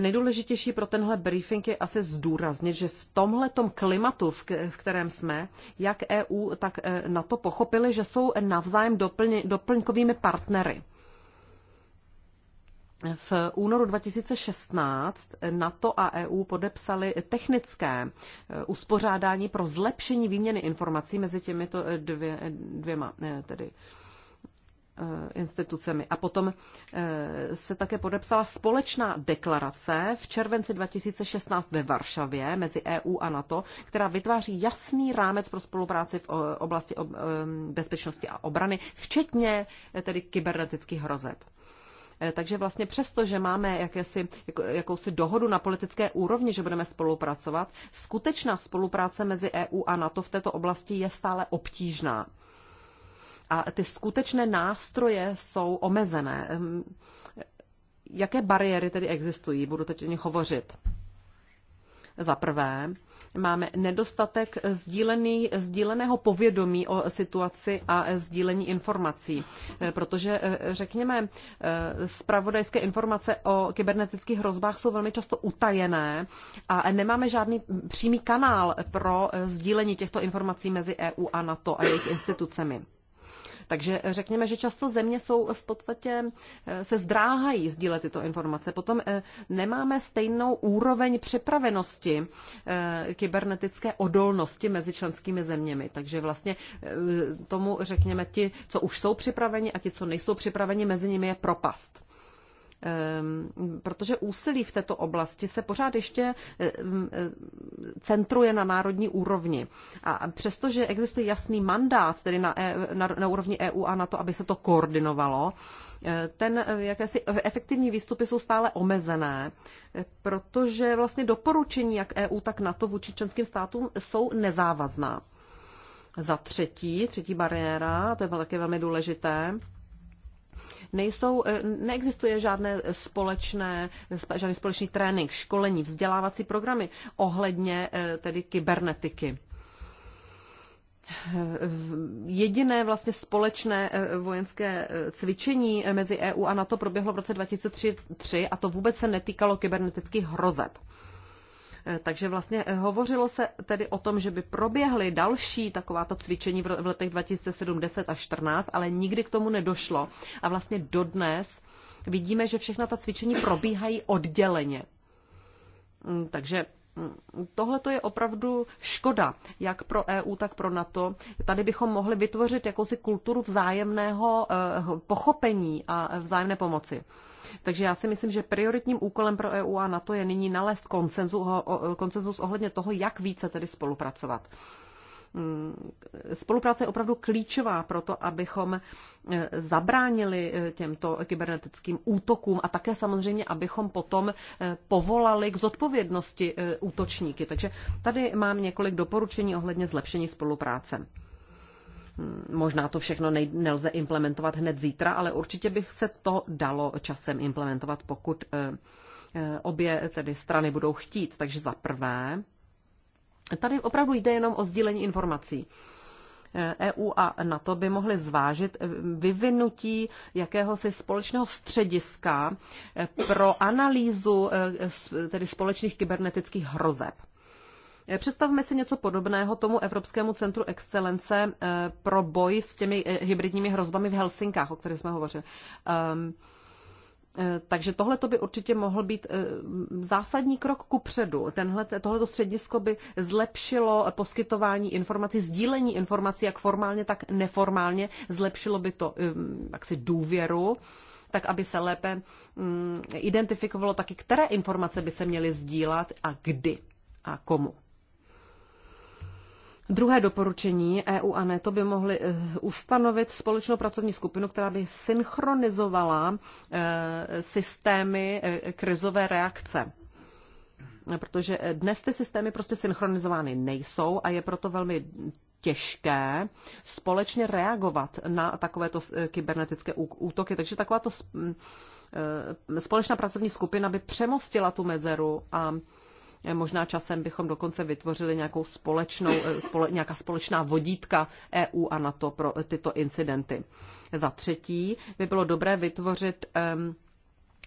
Nejdůležitější pro tenhle briefing je asi zdůraznit, že v tomhletom klimatu, v kterém jsme, jak EU, tak e, na to pochopili, že jsou navzájem doplň, doplňkovými partnery. V únoru 2016 NATO a EU podepsali technické e, uspořádání pro zlepšení výměny informací mezi těmito e, dvě, dvěma tedy Eh, institucemi. A potom eh, se také podepsala společná deklarace v červenci 2016 ve Varšavě mezi EU a NATO, která vytváří jasný rámec pro spolupráci v oblasti eh, bezpečnosti a obrany, včetně tedy kybernetických hrozeb. Takže vlastně přesto, že máme jakési, jako, jakousi dohodu na politické úrovni, že budeme spolupracovat, skutečná spolupráce mezi EU a NATO v této oblasti je stále obtížná a ty skutečné nástroje jsou omezené. Jaké bariéry tedy existují? Budu teď o nich hovořit. Za prvé, máme nedostatek sdílený, sdíleného povědomí o situaci a sdílení informací, eh, protože, eh, řekněme, spravodajské eh, informace o kybernetických hrozbách jsou velmi často utajené a nemáme žádný přímý kanál pro sdílení těchto informací mezi EU a NATO a jejich institucemi. Takže řekněme, že často země jsou v podstatě, eh, se zdráhají sdílet tyto informace. Potom eh, nemáme stejnou úroveň připravenosti eh, kybernetické odolnosti mezi členskými zeměmi. Takže vlastně tomu řekněme ti, co už jsou připraveni a ti, co nejsou připraveni, mezi nimi je propast. Ehm, protože úsilí v této oblasti se pořád ještě ehm, ehm, centruje na národní úrovni. A přestože existuje jasný mandát tedy na, e, na, na úrovni EU a na to, aby se to koordinovalo, eh, ten eh, jakési efektivní výstupy jsou stále omezené, protože vlastně doporučení jak EU, tak NATO vůči členským státům jsou nezávazná. Za třetí, třetí bariéra, to je také velmi důležité, Nejsou, eh, neexistuje žádné společné, žádný společný trénink, školení, vzdělávací programy ohledně eh, tedy kybernetiky. Eh, jediné vlastně společné vojenské cvičení mezi EU a NATO proběhlo v roce 2003 a to vůbec se netýkalo kybernetických hrozeb. Eh, takže vlastně eh, hovořilo se tedy o tom, že by proběhly další takováto cvičení v letech 2017 a 14, ale nikdy k tomu nedošlo. A vlastně dodnes vidíme, že všechna ta cvičení probíhají odděleně. Mm, takže tohle je opravdu škoda, jak pro EU, tak pro NATO. Tady bychom mohli vytvořit jakousi kulturu vzájemného eh, pochopení a vzájemné pomoci. Takže já si myslím, že prioritním úkolem pro EU a NATO je nyní nalézt konsenzus ohledně toho, jak více tedy spolupracovat. Mm, spolupráce je opravdu klíčová pro to, abychom eh, zabránili eh, těmto kybernetickým útokům a také samozřejmě, abychom potom eh, povolali k zodpovědnosti útočníky. Takže tady mám několik doporučení ohledně zlepšení spolupráce. Mm, možná to všechno nelze implementovat hned zítra, ale určitě bych se to dalo časem implementovat, pokud obě tedy strany budou chtít. Takže za prvé, Tady opravdu jde jenom o sdílení informací. EU e a NATO by mohly zvážit e, vyvinutí jakéhosi společného střediska e, pro analýzu tedy společných kybernetických hrozeb. Představme si něco podobného tomu Evropskému centru excelence pro boj s těmi hybridními hrozbami v Helsinkách, o kterých jsme hovořili. Ehm, Eh, takže tohle by určitě mohl být eh, zásadní krok ku předu. Tohleto středisko by zlepšilo poskytování informací, sdílení informací, jak formálně, tak neformálně. Zlepšilo by to eh, jaksi důvěru tak aby se lépe mm, identifikovalo taky, které informace by se měly sdílat a kdy a komu. Druhé doporučení EU a NATO e by mohly eh, ustanovit společnou pracovní skupinu, která by synchronizovala eh, systémy eh, krizové reakce protože dnes ty systémy prostě synchronizovány nejsou a je proto velmi těžké společně reagovat na takovéto kybernetické útoky. Takže takováto společná pracovní skupina by přemostila tu mezeru a Eh, možná časem bychom dokonce vytvořili nějakou společnou, eh, spole, nějaká společná vodítka EU a NATO pro eh, tyto incidenty. Za třetí by bylo dobré vytvořit ehm,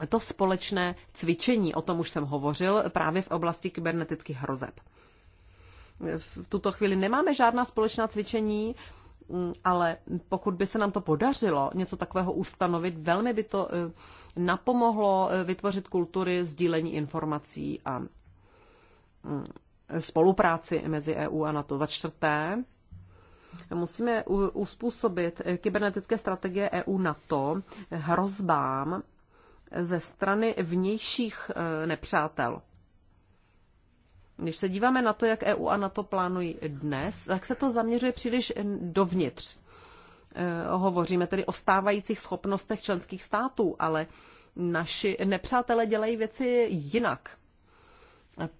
to společné cvičení, o tom už jsem hovořil, právě v oblasti kybernetických hrozeb. V tuto chvíli nemáme žádná společná cvičení, mm, ale pokud by se nám to podařilo něco takového ustanovit, velmi by to napomohlo vytvořit kultury sdílení informací a spolupráci mezi EU a NATO. Za čtvrté, musíme uspůsobit kybernetické strategie EU NATO hrozbám ze strany vnějších e, nepřátel. Když se díváme na to, jak EU a NATO plánují dnes, tak se to zaměřuje příliš dovnitř. E, hovoříme tedy o stávajících schopnostech členských států, ale naši nepřátelé dělají věci jinak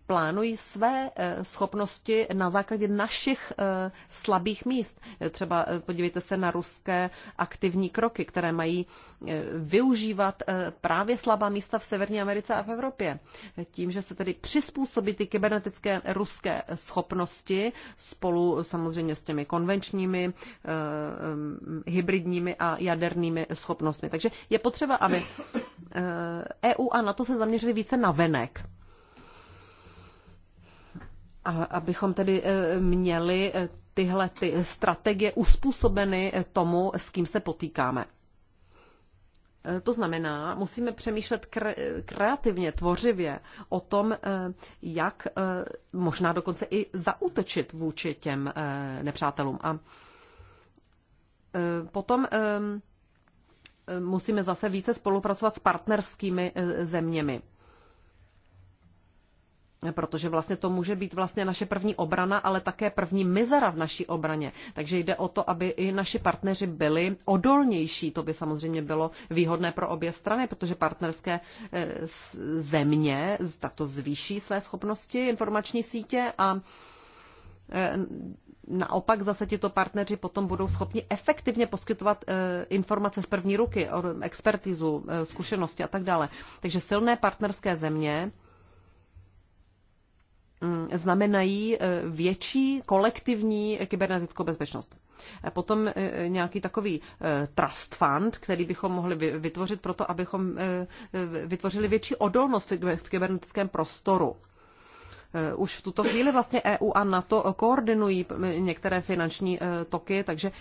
plánují své eh, schopnosti na základě našich eh, slabých míst. Třeba eh, podívejte se na ruské aktivní kroky, které mají využívat právě slabá místa v Severní Americe a v Evropě. Tím, že se tedy přizpůsobí ty kybernetické ruské schopnosti spolu samozřejmě s těmi konvenčními, mm, hybridními a jadernými schopnostmi. Takže je potřeba, aby EU e a NATO se zaměřili více na venek a abychom tedy eh, měli eh, tyhle ty strategie uspůsobeny eh, tomu, s kým se potýkáme. To znamená, musíme přemýšlet kreativně, tvořivě o tom, jak možná dokonce i zautočit vůči těm nepřátelům. A potom musíme zase více spolupracovat s partnerskými zeměmi protože vlastně to může být vlastně naše první obrana, ale také první mizera v naší obraně. Takže jde o to, aby i naši partneři byli odolnější. To by samozřejmě bylo výhodné pro obě strany, protože partnerské eh, země takto zvýší své schopnosti informační sítě a eh, Naopak zase tito partneři potom budou schopni efektivně poskytovat eh, informace z první ruky, expertizu, zkušenosti a tak dále. Takže silné partnerské země Mm, znamenají eh, větší kolektivní kybernetickou bezpečnost. Eh, potom eh, nějaký takový trust fund, který bychom mohli vytvořit pro to, abychom vytvořili větší odolnost v kybernetickém prostoru. Už v tuto chvíli vlastně EU a NATO koordinují některé finanční toky, takže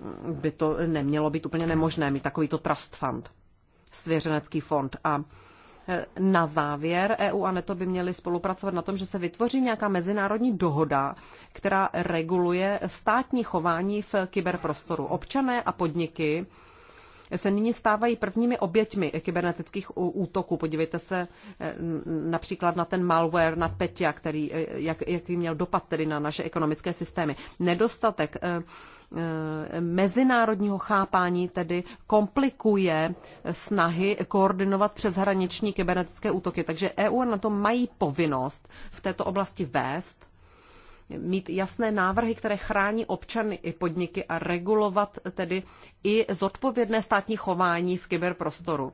mm, by to nemělo být úplně nemožné mít takovýto trust fund, svěřenecký fond. A na závěr EU a NATO e by měly spolupracovat na tom, že se vytvoří nějaká mezinárodní dohoda, která reguluje státní chování v kyberprostoru. Občané a podniky se nyní stávají prvními oběťmi kybernetických útoků. Podívejte se eh, například na ten malware, na Petia, který, eh, jak, jaký měl dopad tedy na naše ekonomické systémy. Nedostatek eh, mezinárodního chápání tedy komplikuje snahy koordinovat přeshraniční kybernetické útoky. Takže EU na to mají povinnost v této oblasti vést mít jasné návrhy, které chrání občany i podniky a regulovat tedy i zodpovědné státní chování v kyberprostoru.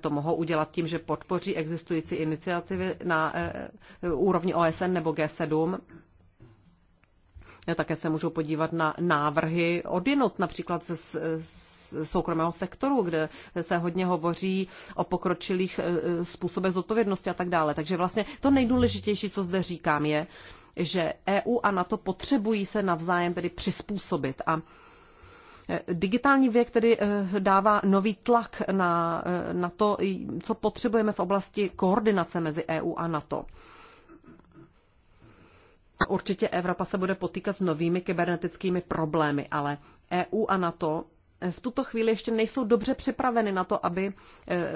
To mohou udělat tím, že podpoří existující iniciativy na eh, úrovni OSN nebo G7. Také se můžou podívat na návrhy odinut, například ze soukromého sektoru, kde se hodně hovoří o pokročilých e, e, způsobech zodpovědnosti a tak dále. Takže vlastně to nejdůležitější, co zde říkám, je, že EU a NATO potřebují se navzájem tedy přizpůsobit a e, Digitální věk tedy dává nový tlak na, na to, co potřebujeme v oblasti koordinace mezi EU a NATO. Určitě Evropa se bude potýkat s novými kybernetickými problémy, ale EU a NATO v tuto chvíli ještě nejsou dobře připraveny na to, aby eh, eh,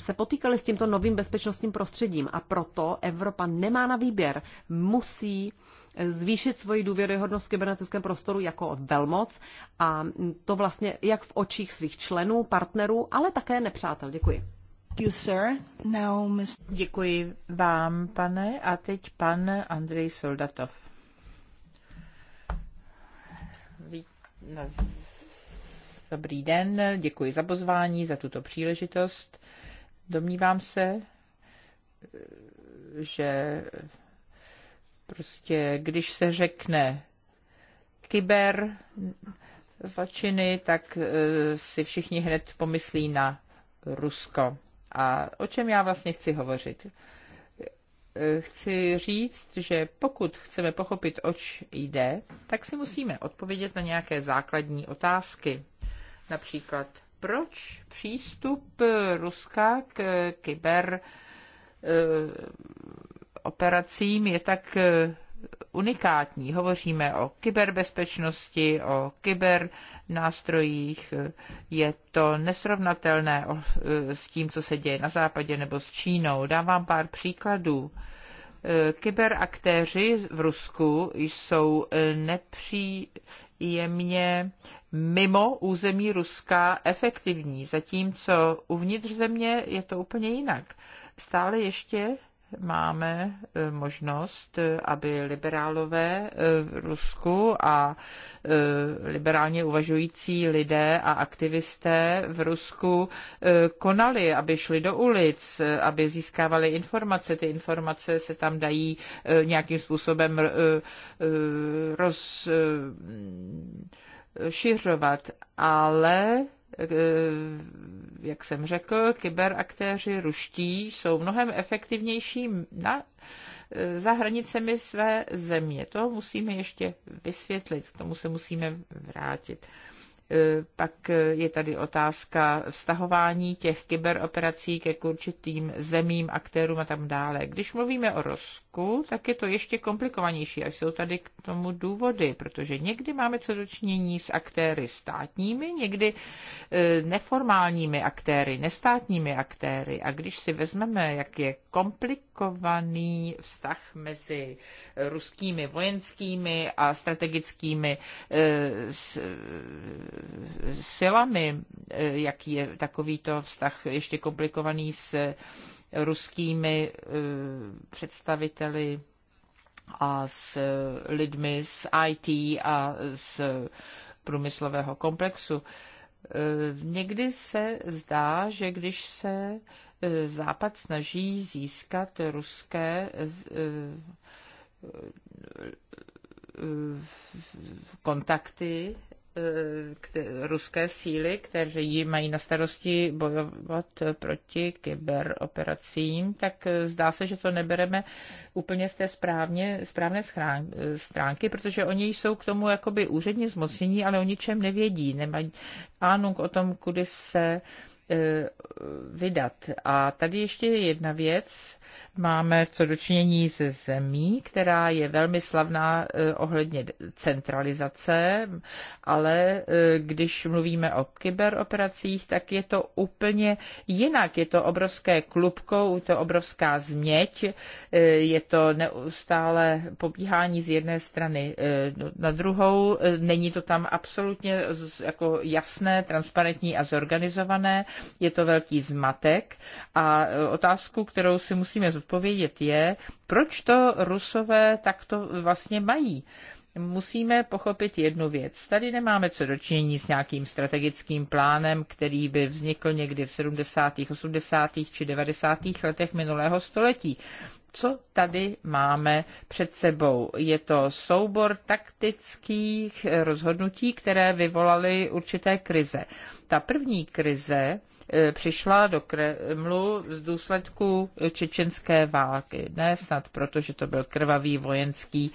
se potýkali s tímto novým bezpečnostním prostředím. A proto Evropa nemá na výběr. Musí eh, zvýšit svoji důvěryhodnost v kybernetickém prostoru jako velmoc a to vlastně jak v očích svých členů, partnerů, ale také nepřátel. Děkuji. Děkuji vám, pane, a teď pan Andrej Soldatov. Dobrý den, děkuji za pozvání, za tuto příležitost. Domnívám se, že prostě když se řekne kyber zločiny, tak e, si všichni hned pomyslí na Rusko. A o čem já vlastně chci hovořit? E, chci říct, že pokud chceme pochopit, oč jde, tak si musíme odpovědět na nějaké základní otázky. Například, proč přístup Ruska k kyber eh, operacím je tak eh, unikátní. Hovoříme o kyberbezpečnosti, o kyber nástrojích. Je to nesrovnatelné eh, s tím, co se děje na západě nebo s Čínou. Dám vám pár příkladů. Kyberaktéři v Rusku jsou nepří, jemně mimo území Ruska efektivní, zatímco uvnitř země je to úplně jinak. Stále ještě máme e, možnost, e, aby liberálové e, v Rusku a liberálně uvažující lidé a aktivisté v Rusku konali, aby šli do ulic, aby získávali informace. Ty informace se tam dají nějakým způsobem rozšiřovat, ale Eh, jak jsem řekl, kyberaktéři ruští jsou mnohem efektivnější na, eh, za hranicemi své země. To musíme ještě vysvětlit, k tomu se musíme vrátit. Eh, pak eh, je tady otázka vztahování těch kyberoperací ke určitým zemím, aktérům a tam dále. Když mluvíme o Rusku, tak je to ještě komplikovanější a jsou tady k tomu důvody, protože někdy máme co dočinění s aktéry státními, někdy eh, neformálními aktéry, nestátními aktéry. A když si vezmeme, jak je komplikovaný vztah mezi ruskými vojenskými a strategickými silami, eh, jaký je takovýto vztah ještě komplikovaný s ruskými eh, představiteli a s eh, lidmi z IT a z průmyslového komplexu. Někdy se zdá, že když se Západ snaží získat ruské kontakty, Eh, ruské síly, které mají na starosti bojovat proti kyberoperacím, tak eh, zdá se, že to nebereme úplně z té správně, správné schrán, stránky, protože oni jsou k tomu jakoby úředně zmocnění, ale o ničem nevědí, nemají ánung o tom, kudy se eh, vydat. A tady ještě je jedna věc, máme co dočinění se zemí, která je velmi slavná eh, ohledně centralizace, ale eh, když mluvíme o kyberoperacích, tak je to úplně jinak. Je to obrovské klubko, je to obrovská změť, eh, je to neustále pobíhání z jedné strany na druhou, není to tam absolutně jako jasné, transparentní a zorganizované, je to velký zmatek a otázku, kterou si musíme musíme zodpovědět, je, proč to Rusové takto vlastně mají musíme pochopit jednu věc. Tady nemáme co dočinění s nějakým strategickým plánem, který by vznikl někdy v 70., 80. či 90. letech minulého století. Co tady máme před sebou? Je to soubor taktických rozhodnutí, které vyvolaly určité krize. Ta první krize E, přišla do Kremlu z důsledku čečenské války. Ne snad proto, že to byl krvavý vojenský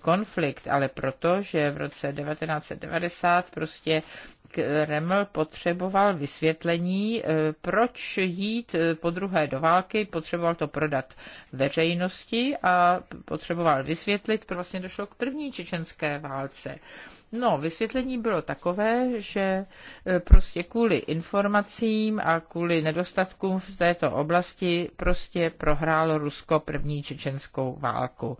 konflikt, ale proto, že v roce 1990 prostě Kreml potřeboval vysvětlení, eh, proč jít eh, po druhé do války, potřeboval to prodat veřejnosti a potřeboval vysvětlit, proč vlastně došlo k první čečenské válce. No, vysvětlení bylo takové, že eh, prostě kvůli informacím a kvůli nedostatkům v této oblasti prostě prohrálo Rusko první čečenskou válku.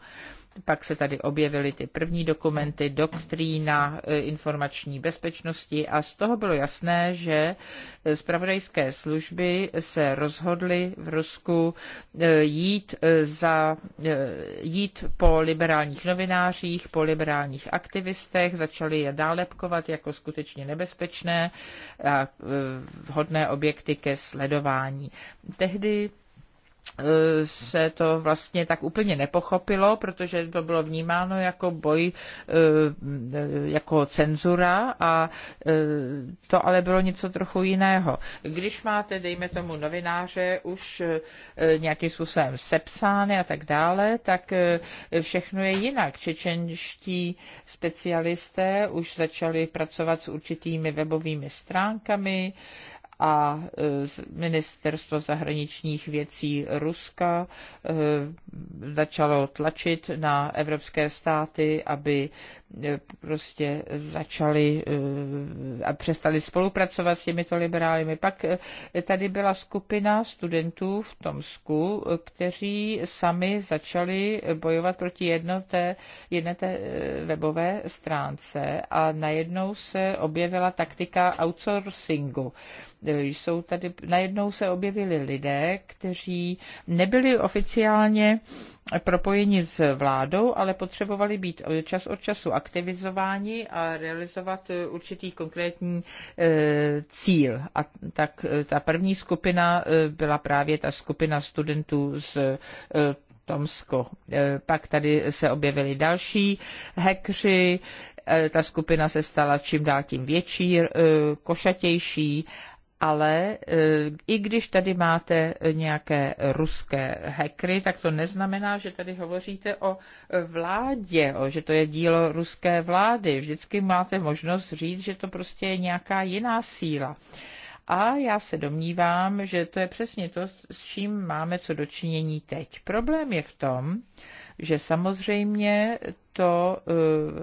Pak se tady objevily ty první dokumenty, doktrína e, informační bezpečnosti a z toho bylo jasné, že e, zpravodajské služby se rozhodly v Rusku e, jít, za, jít po liberálních novinářích, po liberálních aktivistech, začaly je nálepkovat jako skutečně nebezpečné a vhodné objekty ke sledování. Tehdy se to vlastně tak úplně nepochopilo, protože to bylo vnímáno jako boj, eh, jako cenzura a eh, to ale bylo něco trochu jiného. Když máte, dejme tomu, novináře už eh, nějakým způsobem sepsány a tak dále, tak všechno je jinak. Čečenští specialisté už začali pracovat s určitými webovými stránkami, a e, ministerstvo zahraničních věcí Ruska e, začalo tlačit na evropské státy, aby E, prostě začali e, a přestali spolupracovat s těmito liberály. Pak e, tady byla skupina studentů v Tomsku, kteří sami začali bojovat proti jednoté, jedné té webové stránce a najednou se objevila taktika outsourcingu. Jsou tady, najednou se objevili lidé, kteří nebyli oficiálně propojeni s vládou, ale potřebovali být čas od času aktivizováni a realizovat eh, určitý konkrétní eh, cíl. A tak eh, ta první skupina byla právě ta skupina studentů z Tomsko. Pak tady se objevili další hekři, ta skupina se stala čím dál tím větší, košatější ale eh, i když tady máte nějaké ruské hekry, tak to neznamená, že tady hovoříte o vládě, o, že to je dílo ruské vlády. Vždycky máte možnost říct, že to prostě je nějaká jiná síla. A já se domnívám, že to je přesně to, s čím máme co dočinění teď. Problém je v tom, že samozřejmě to eh,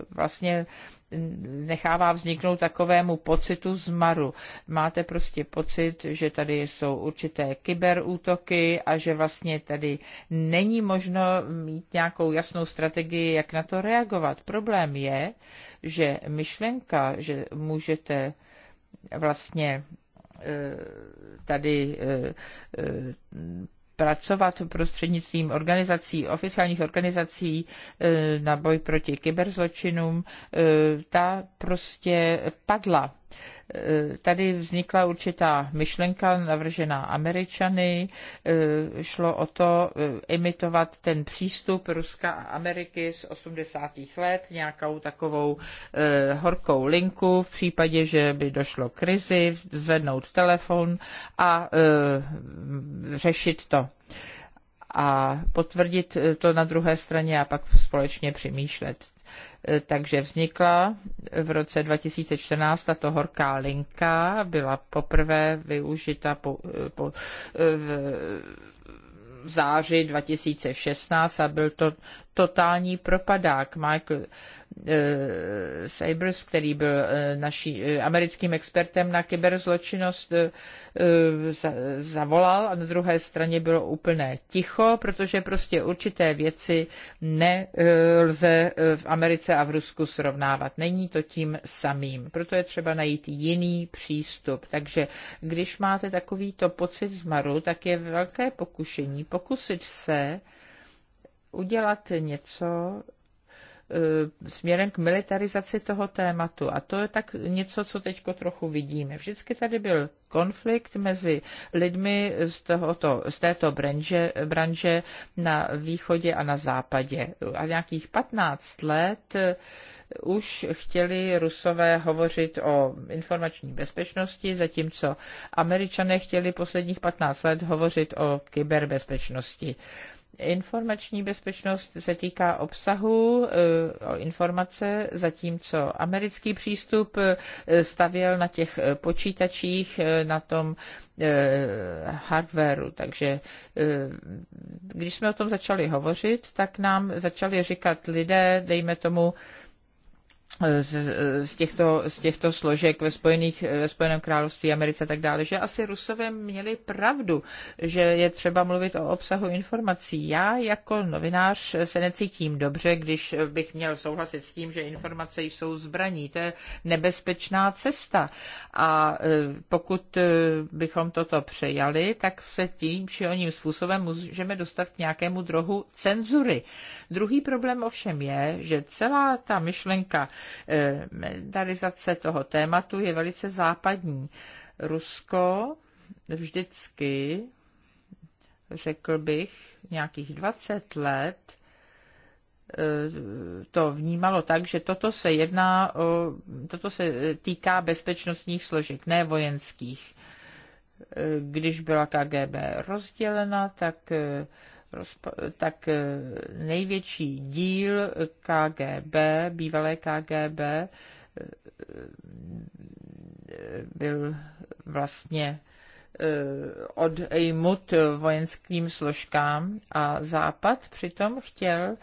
vlastně nechává vzniknout takovému pocitu zmaru. Máte prostě pocit, že tady jsou určité kyberútoky a že vlastně tady není možno mít nějakou jasnou strategii, jak na to reagovat. Problém je, že myšlenka, že můžete vlastně eh, tady eh, eh, pracovat prostřednictvím organizací, oficiálních organizací eh, na boj proti kyberzločinům, eh, ta prostě padla. Eh, tady vznikla určitá myšlenka navržená Američany. Eh, šlo o to eh, imitovat ten přístup Ruska a Ameriky z 80. let, nějakou takovou horkou linku v případě, že by došlo krizi, zvednout telefon a řešit to a potvrdit to na druhé straně a pak společně přemýšlet. Eh, takže vznikla v roce 2014 tato horká linka, byla poprvé využita po, eh, po, eh, v, v září 2016 a byl to totální propadák. Michael Eh, Sabers, který byl eh, naší, eh, americkým expertem na kyberzločinnost, zavolal a na druhé straně bylo úplné ticho, protože prostě určité věci nelze v Americe a v Rusku srovnávat. Není to tím samým. Proto je třeba najít jiný přístup. Takže když máte takovýto pocit zmaru, tak je velké pokušení pokusit se udělat něco, E, směrem k militarizaci toho tématu. A to je tak něco, co teď trochu vidíme. Vždycky tady byl konflikt mezi lidmi z, tohoto, z této branže, branže na východě a na západě. A nějakých 15 let e, už chtěli rusové hovořit o informační bezpečnosti, zatímco američané chtěli posledních 15 let hovořit o kyberbezpečnosti. Informační bezpečnost se týká obsahu eh, o informace, zatímco americký přístup eh, stavěl na těch eh, počítačích, na tom hardwareu. Takže když jsme o tom začali hovořit, tak nám začali říkat lidé, dejme tomu, z, z, těchto, z těchto složek ve, Spojených, ve Spojeném království, Americe a tak dále, že asi Rusové měli pravdu, že je třeba mluvit o obsahu informací. Já jako novinář se necítím dobře, když bych měl souhlasit s tím, že informace jsou zbraní. To je nebezpečná cesta. A e, pokud e, bychom toto přejali, tak se tím či oním způsobem můžeme dostat k nějakému druhu cenzury. Druhý problém ovšem je, že celá ta myšlenka, Eh, medalizace toho tématu je velice západní. Rusko vždycky, řekl bych, nějakých 20 let eh, to vnímalo tak, že toto se jedná, o, toto se týká bezpečnostních složek, ne vojenských. Eh, když byla KGB rozdělena, tak tak eh, největší díl KGB, bývalé KGB, eh, eh, byl vlastně odejmut vojenským složkám a Západ přitom chtěl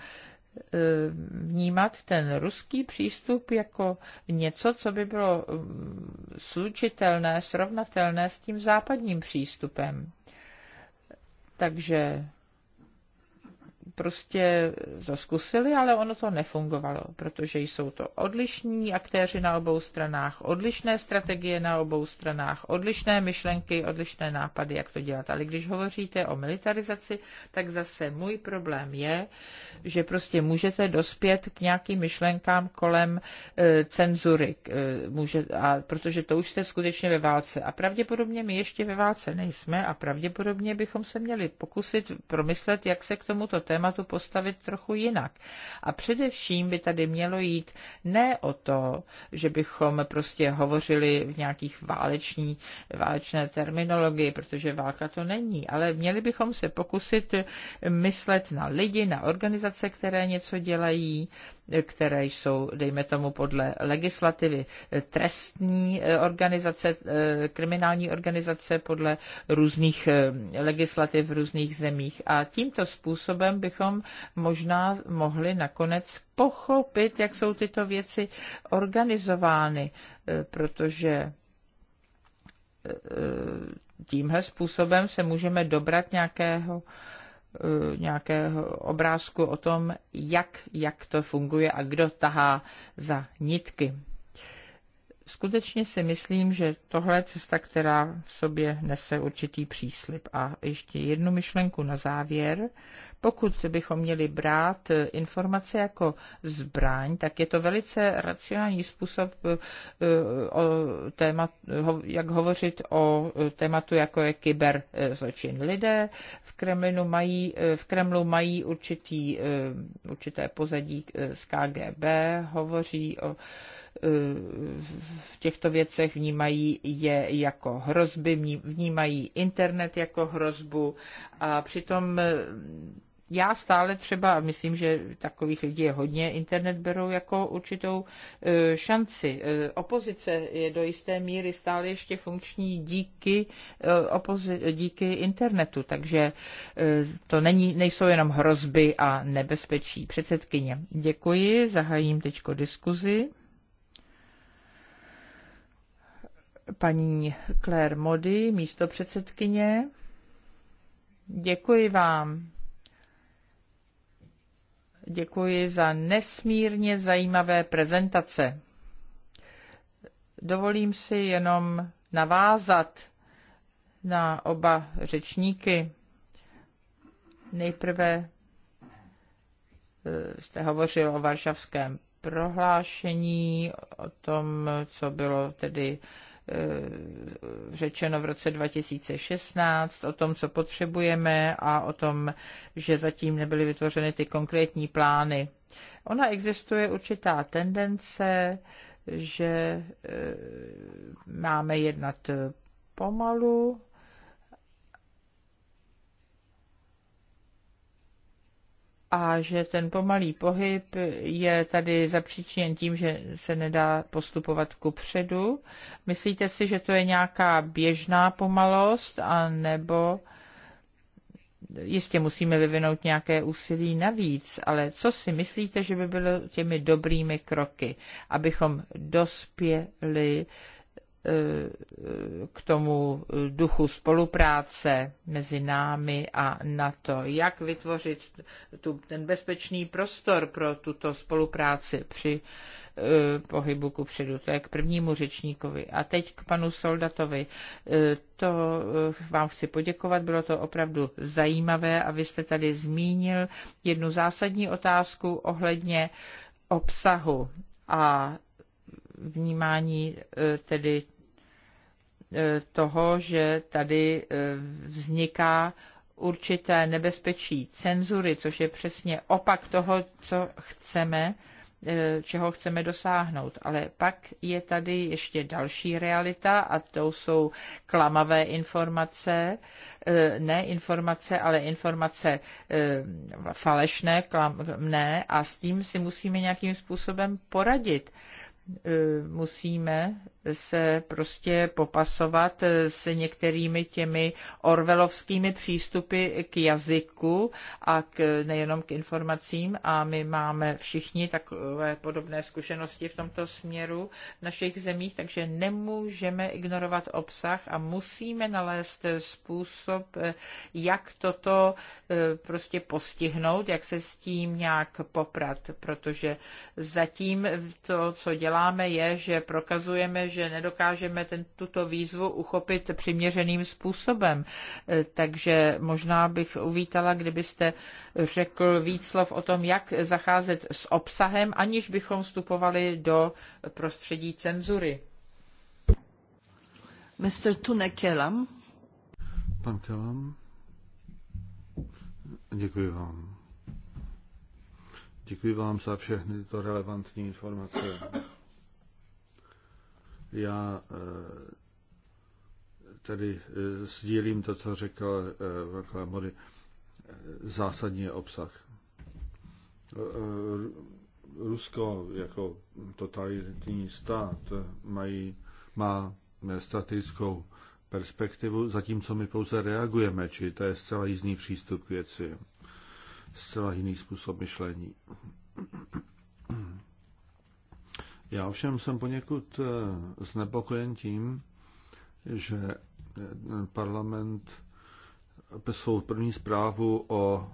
vnímat ten ruský přístup jako něco, co by bylo mm, slučitelné, srovnatelné s tím západním přístupem. Takže prostě to zkusili, ale ono to nefungovalo, protože jsou to odlišní aktéři na obou stranách, odlišné strategie na obou stranách, odlišné myšlenky, odlišné nápady, jak to dělat. Ale když hovoříte o militarizaci, tak zase můj problém je, že prostě můžete dospět k nějakým myšlenkám kolem e, cenzury, e, může, a, protože to už jste skutečně ve válce. A pravděpodobně my ještě ve válce nejsme a pravděpodobně bychom se měli pokusit promyslet, jak se k tomuto tématu tématu postavit trochu jinak. A především by tady mělo jít ne o to, že bychom prostě hovořili v nějakých váleční, válečné terminologii, protože válka to není, ale měli bychom se pokusit myslet na lidi, na organizace, které něco dělají, které jsou, dejme tomu, podle legislativy trestní eh, organizace, eh, kriminální organizace podle různých eh, legislativ v různých zemích. A tímto způsobem bychom možná mohli nakonec pochopit, jak jsou tyto věci organizovány, protože tímhle způsobem se můžeme dobrat nějakého Eh, nějakého obrázku o tom, jak, jak to funguje a kdo tahá za nitky. Skutečně si myslím, že tohle je cesta, která v sobě nese určitý příslip. A ještě jednu myšlenku na závěr. Pokud bychom měli brát eh, informace jako zbraň, tak je to velice racionální způsob, eh, eh, o témat, jak hovořit o tématu, jako je kyberzločin. Lidé v Kremlu mají, v Kremlu mají určitý, určité pozadí z KGB, hovoří o v těchto věcech, vnímají je jako hrozby, vnímají internet jako hrozbu a přitom eh, já stále třeba, myslím, že takových lidí je hodně, internet berou jako určitou eh, šanci. Eh, opozice je do jisté míry stále ještě funkční díky, opozi- díky internetu, takže to není, nejsou jenom hrozby a nebezpečí. Předsedkyně, děkuji, zahájím teď diskuzi. paní Claire Mody, místo předsedkyně. Děkuji vám. Děkuji za nesmírně zajímavé prezentace. Dovolím si jenom navázat na oba řečníky. Nejprve eh, jste hovořil o varšavském prohlášení, o tom, co bylo tedy Eh, řečeno v roce 2016 o tom, co potřebujeme a o tom, že zatím nebyly vytvořeny ty konkrétní plány. Ona existuje určitá tendence, že eh, máme jednat pomalu, a že ten pomalý pohyb je tady zapříčněn tím, že se nedá postupovat ku předu. Myslíte si, že to je nějaká běžná pomalost, a nebo jistě musíme vyvinout nějaké úsilí navíc, ale co si myslíte, že by bylo těmi dobrými kroky, abychom dospěli k tomu duchu spolupráce mezi námi a NATO. Jak vytvořit tu, ten bezpečný prostor pro tuto spolupráci při eh, pohybu ku předu. To je k prvnímu řečníkovi. A teď k panu Soldatovi. Eh, to eh, vám chci poděkovat, bylo to opravdu zajímavé a vy jste tady zmínil jednu zásadní otázku ohledně obsahu a vnímání tedy E, toho, že tady e, vzniká určité nebezpečí cenzury, což je přesně opak toho, co chceme, e, čeho chceme dosáhnout. Ale pak je tady ještě další realita a to jsou klamavé informace, ne informace, ale informace falešné, klamné a s tím si musíme nějakým způsobem poradit. Musíme se prostě popasovat s některými těmi orvelovskými přístupy k jazyku a k, nejenom k informacím a my máme všichni takové podobné zkušenosti v tomto směru v našich zemích, takže nemůžeme ignorovat obsah a musíme nalézt způsob, jak toto eh, prostě postihnout, jak se s tím nějak poprat, protože zatím to, co děláme, je, že prokazujeme, že nedokážeme ten, tuto výzvu uchopit přiměřeným způsobem. E, takže možná bych uvítala, kdybyste řekl víc slov o tom, jak zacházet s obsahem, aniž bychom vstupovali do prostředí cenzury. Mr. Tune Kelam. Pan Kelam. Děkuji vám. Děkuji vám za všechny tyto relevantní informace. Já eh, tedy eh, sdílím to, co řekl eh, Mody. Zásadní je obsah. Rusko jako totalitní stát mají, má strategickou perspektivu, zatímco my pouze reagujeme, či to je zcela jiný přístup k věci, zcela jiný způsob myšlení. Já ovšem jsem poněkud eh, znepokojen tím, že eh, parlament eh, svou první zprávu o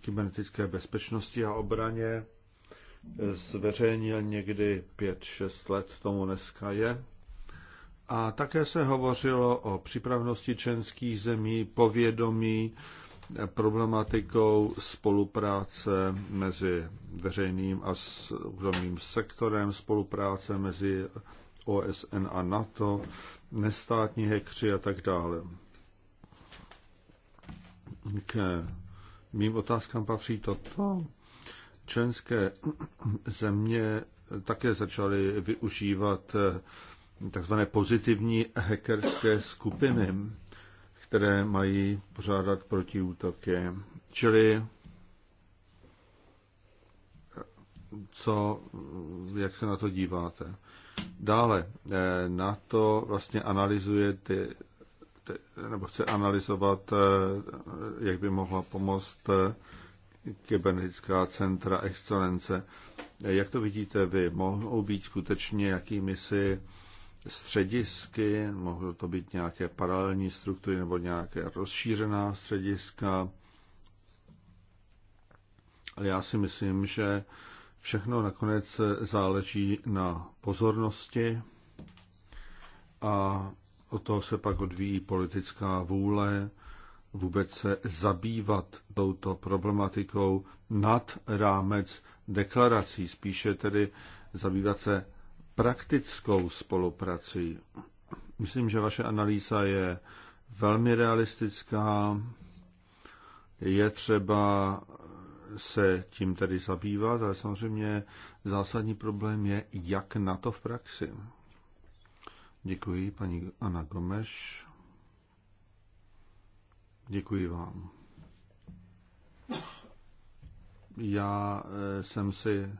kybernetické bezpečnosti a obraně zveřejnil někdy 5-6 let tomu dneska je. A také se hovořilo o připravnosti členských zemí, povědomí, problematikou spolupráce mezi veřejným a soukromým sektorem, spolupráce mezi OSN a NATO, nestátní hekři a tak dále. K mým otázkám patří toto. Členské země také začaly využívat takzvané pozitivní hackerské skupiny které mají pořádat protiútoky. Čili co, jak se na to díváte. Dále, eh, na to vlastně analyzuje ty, ty, nebo chce analyzovat, eh, jak by mohla pomoct eh, kybernetická centra excelence. Jak to vidíte vy? Mohou být skutečně jakými si středisky, mohlo to být nějaké paralelní struktury nebo nějaké rozšířená střediska. Ale já si myslím, že všechno nakonec záleží na pozornosti a od toho se pak odvíjí politická vůle vůbec se zabývat touto problematikou nad rámec deklarací, spíše tedy zabývat se praktickou spoluprací. Myslím, že vaše analýza je velmi realistická. Je třeba se tím tedy zabývat, ale samozřejmě zásadní problém je, jak na to v praxi. Děkuji, paní Ana Gomeš. Děkuji vám. Já eh, jsem si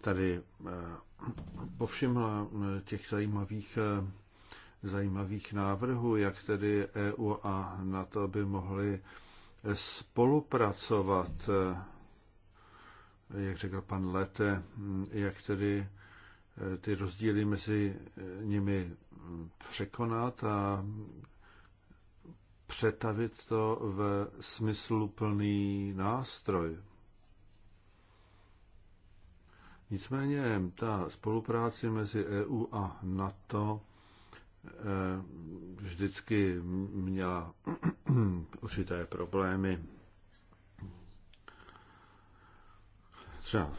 tady eh, povšimla eh, těch zajímavých, eh, zajímavých návrhů, jak tedy EU a NATO by mohly spolupracovat, jak řekl pan Lete, hm, jak tedy ty rozdíly mezi nimi hm, překonat a přetavit to v smysluplný nástroj. Nicméně ta spolupráce mezi EU a NATO eh, vždycky měla určité problémy. Třeba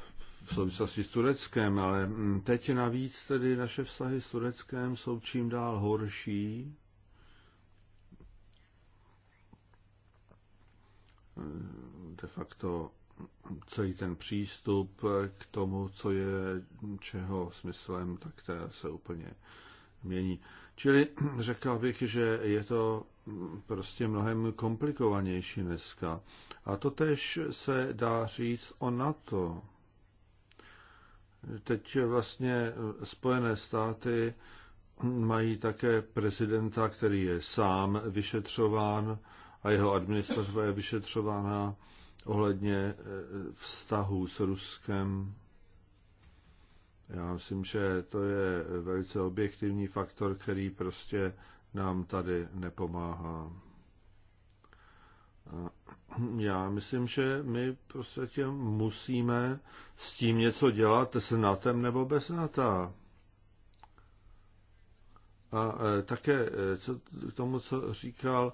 v souvislosti s Tureckem, ale hm, teď navíc tedy naše vztahy s Tureckem jsou čím dál horší. Eh, de facto celý ten přístup k tomu, co je čeho smyslem, tak to se úplně mění. Čili řekl bych, že je to prostě mnohem komplikovanější dneska. A to tež se dá říct o NATO. Teď vlastně Spojené státy mají také prezidenta, který je sám vyšetřován a jeho administrativa je vyšetřována ohledně eh, vztahu s Ruskem. Já myslím, že to je velice objektivní faktor, který prostě nám tady nepomáhá. Eh, já myslím, že my prostě musíme s tím něco dělat s NATem nebo bez nata. A eh, také co, k tomu, co říkal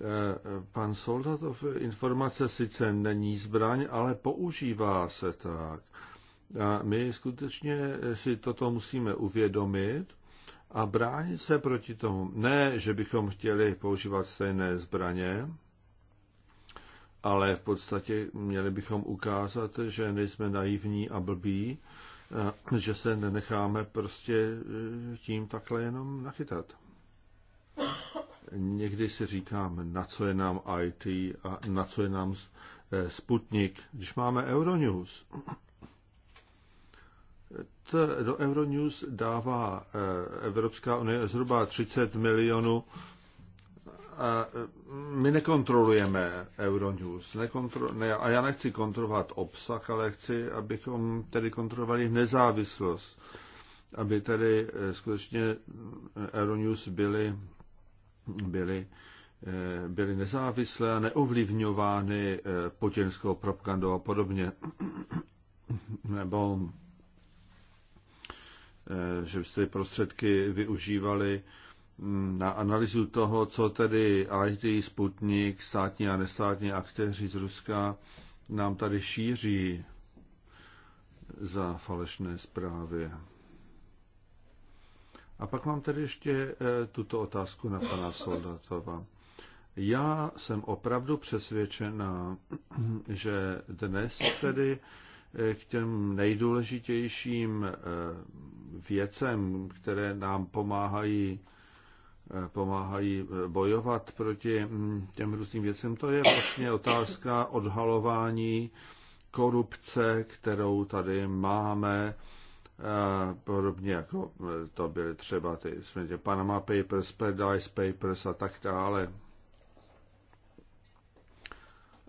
Eh, pan Soldatov informace sice není zbraň, ale používá se tak. A my skutečně si toto musíme uvědomit a bránit se proti tomu. Ne, že bychom chtěli používat stejné zbraně, ale v podstatě měli bychom ukázat, že nejsme naivní a blbí, eh, že se nenecháme prostě eh, tím takhle jenom nachytat. Někdy si říkám, na co je nám IT a na co je nám eh, Sputnik, když máme Euronews. To do Euronews dává eh, Evropská unie zhruba 30 milionů eh, my nekontrolujeme Euronews. Nekontro, ne, a já nechci kontrolovat obsah, ale chci, abychom tedy kontrolovali nezávislost. Aby tedy skutečně Euronews byly byly, eh, byly nezávislé a neovlivňovány eh, putinskou propagandou a podobně. Nebo eh, že byste prostředky využívali mm, na analýzu toho, co tedy IT, Sputnik, státní a nestátní aktéři z Ruska nám tady šíří za falešné zprávy. A pak mám tady ještě eh, tuto otázku na pana Soldatova. Já jsem opravdu přesvědčená, že dnes tedy eh, k těm nejdůležitějším eh, věcem, které nám pomáhají, pomáhají bojovat proti mm, těm různým věcem, to je vlastně otázka odhalování korupce, kterou tady máme podobně jako e, to byly třeba ty smětě Panama Papers, Paradise Papers a tak dále.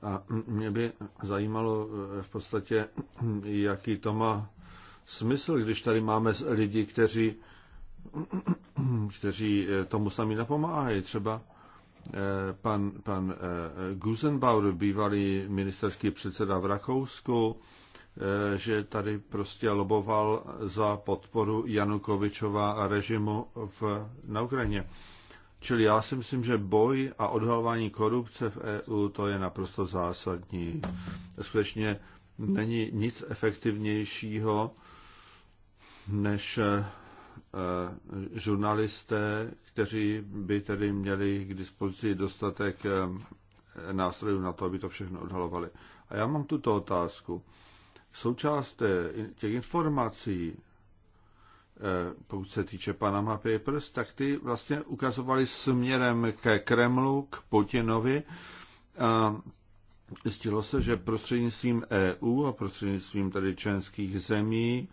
A mě by zajímalo e, v podstatě, jaký to má smysl, když tady máme lidi, kteří, kteří e, tomu sami napomáhají. Třeba pan, pan Gusenbauer, bývalý ministerský předseda v Rakousku, Eh, že tady prostě loboval za podporu Janukovičova a režimu v, na Ukrajině. Čili já si myslím, že boj a odhalování korupce v EU to je naprosto zásadní. Skutečně není nic efektivnějšího, než eh, žurnalisté, kteří by tedy měli k dispozici dostatek eh, nástrojů na to, aby to všechno odhalovali. A já mám tuto otázku. Součást eh, těch informací, eh, pokud se týče Panama Papers, tak ty vlastně ukazovaly směrem ke Kremlu, k Putinovi. A zjistilo se, že prostřednictvím EU a prostřednictvím tady členských zemí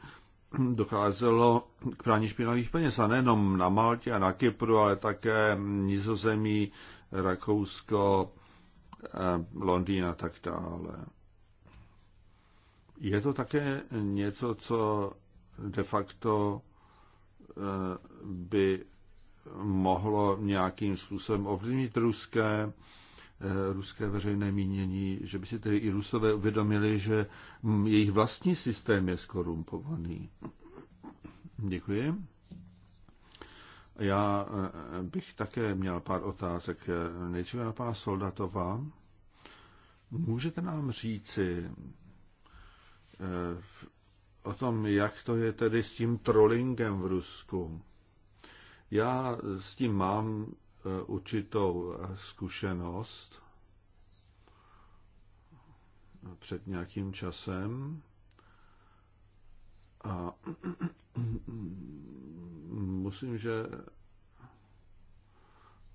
docházelo k prání špinavých peněz. A nejenom na Maltě a na Kypru, ale také Nizozemí, Rakousko, eh, Londýn a tak dále. Je to také něco, co de facto eh, by mohlo nějakým způsobem ovlivnit ruské, eh, ruské veřejné mínění, že by si tedy i rusové uvědomili, že mm, jejich vlastní systém je skorumpovaný. Děkuji. Já eh, bych také měl pár otázek. Nejdříve na pana Soldatova. Můžete nám říci, Eh, o tom, jak to je tedy s tím trollingem v Rusku. Já s tím mám eh, určitou eh, zkušenost před nějakým časem a musím, že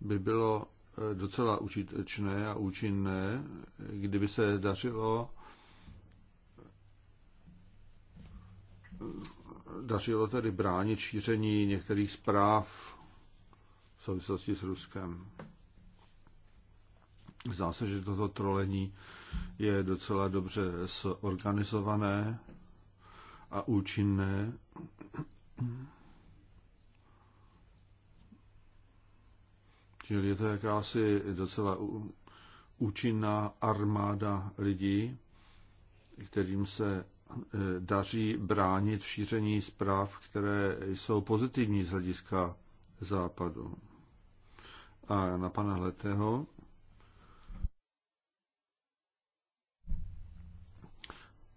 by bylo docela užitečné a účinné, kdyby se dařilo dařilo tedy bránit šíření některých zpráv v souvislosti s Ruskem. Zdá se, že toto trolení je docela dobře zorganizované a účinné. Čili je to jakási docela účinná armáda lidí, kterým se Eh, daří bránit v šíření zpráv, které jsou pozitivní z hlediska západu. A na pana Hletého.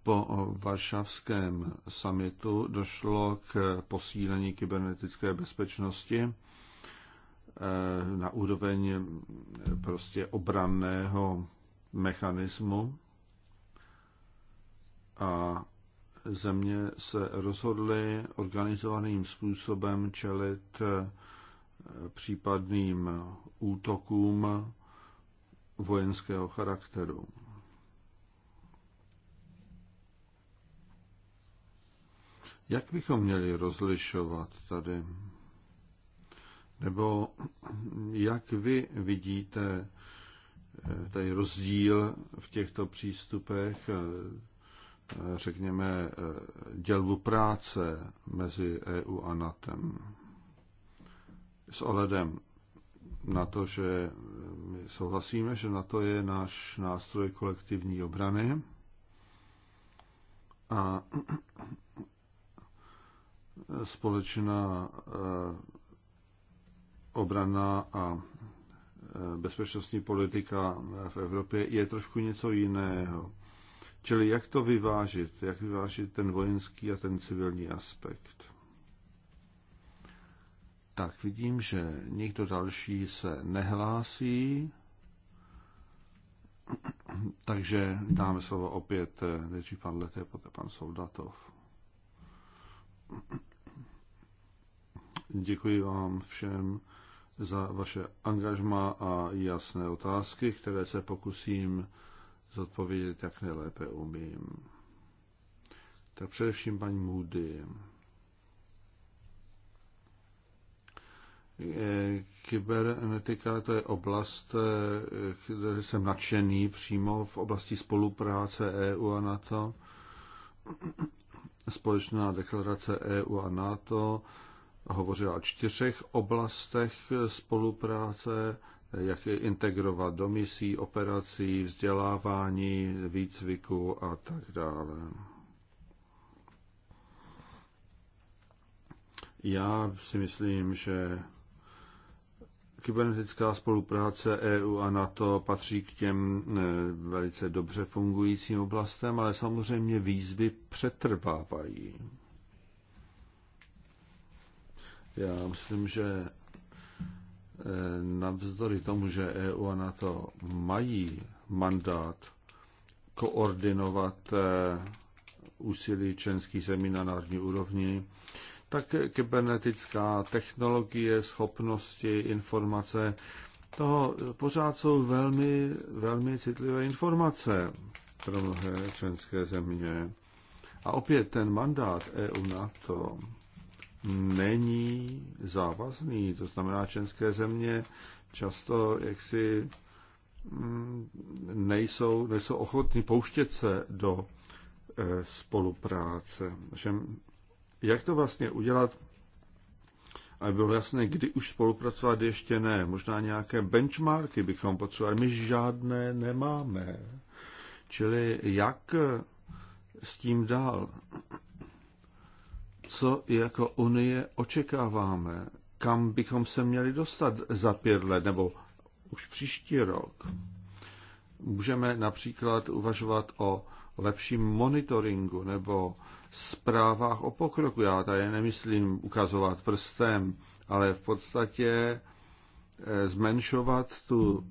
Po varšavském samitu došlo k posílení kybernetické bezpečnosti eh, na úroveň prostě obranného mechanismu a země se rozhodly organizovaným způsobem čelit eh, případným útokům vojenského charakteru. Jak bychom měli rozlišovat tady? Nebo jak vy vidíte eh, tady rozdíl v těchto přístupech, eh, řekněme, eh, dělbu práce mezi EU a NATO S ohledem na to, že my souhlasíme, že NATO je náš nástroj kolektivní obrany a společná eh, obrana a eh, bezpečnostní politika v Evropě je trošku něco jiného. Čili jak to vyvážit, jak vyvážit ten vojenský a ten civilní aspekt. Tak vidím, že někdo další se nehlásí, takže dáme slovo opět eh, nejdřív pan Leté, poté pan Soldatov. Děkuji vám všem za vaše angažma a jasné otázky, které se pokusím zodpovědět, jak nejlépe umím. Tak především paní Moody. Kybernetika to je oblast, eh, kde jsem nadšený přímo v oblasti spolupráce EU a NATO. Společná deklarace EU a NATO hovořila o čtyřech oblastech spolupráce jak je integrovat do misí, operací, vzdělávání, výcviku a tak dále. Já si myslím, že kybernetická spolupráce EU a NATO patří k těm eh, velice dobře fungujícím oblastem, ale samozřejmě výzvy přetrvávají. Já myslím, že Eh, navzdory tomu, že EU a NATO mají mandát koordinovat eh, úsilí členských zemí na národní úrovni, tak kybernetická technologie, schopnosti, informace, toho pořád jsou velmi, velmi citlivé informace pro mnohé členské země. A opět ten mandát EU na to není závazný. To znamená, členské země často jaksi mm, nejsou, nejsou ochotní pouštět se do e, spolupráce. Všem, jak to vlastně udělat, aby bylo jasné, kdy už spolupracovat, ještě ne. Možná nějaké benchmarky bychom potřebovali. My žádné nemáme. Čili jak s tím dál? co jako Unie očekáváme, kam bychom se měli dostat za pět let nebo už příští rok. Můžeme například uvažovat o lepším monitoringu nebo zprávách o pokroku. Já tady nemyslím ukazovat prstem, ale v podstatě eh, zmenšovat tu,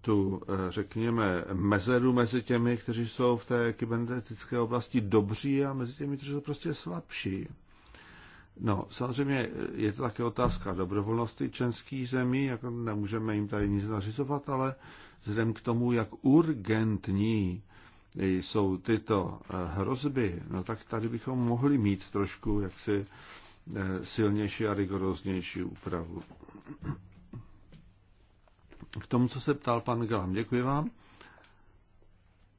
tu, eh, řekněme, mezeru mezi těmi, kteří jsou v té kybernetické oblasti dobří a mezi těmi, kteří jsou prostě slabší. No, samozřejmě je to také otázka dobrovolnosti členských zemí, jako nemůžeme jim tady nic nařizovat, ale vzhledem k tomu, jak urgentní jsou tyto eh, hrozby, no tak tady bychom mohli mít trošku jaksi eh, silnější a rigoróznější úpravu. K tomu, co se ptal pan Galam, děkuji vám.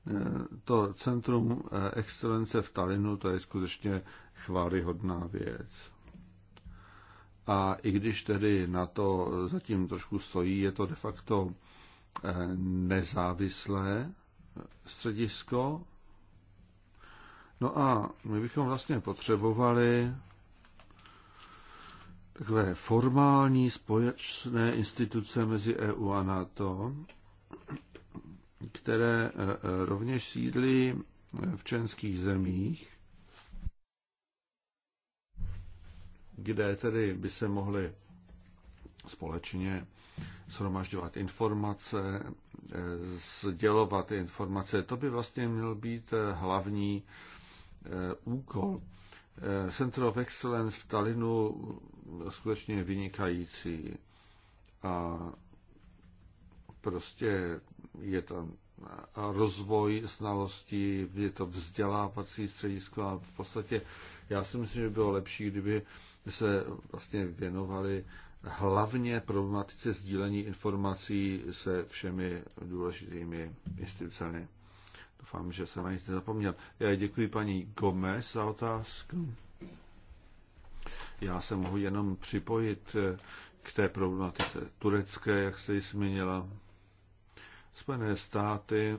Eh, to Centrum eh, excelence v Talinu, to je skutečně chválihodná věc. A i když tedy na to zatím trošku stojí, je to de facto eh, nezávislé středisko. No a my bychom vlastně potřebovali takové formální společné instituce mezi EU a NATO, které eh, eh, rovněž sídlí eh, v členských zemích, kde tedy by se mohly společně shromažďovat informace, sdělovat informace. To by vlastně měl být hlavní úkol. Center of Excellence v Talinu skutečně vynikající a prostě je tam rozvoj znalostí, je to vzdělávací středisko a v podstatě já si myslím, že bylo lepší, kdyby se vlastně věnovali hlavně problematice sdílení informací se všemi důležitými institucemi. Doufám, že jsem na nic nezapomněl. Já děkuji paní Gomez za otázku. Já se mohu jenom připojit k té problematice turecké, jak jste ji zmínila. Spojené státy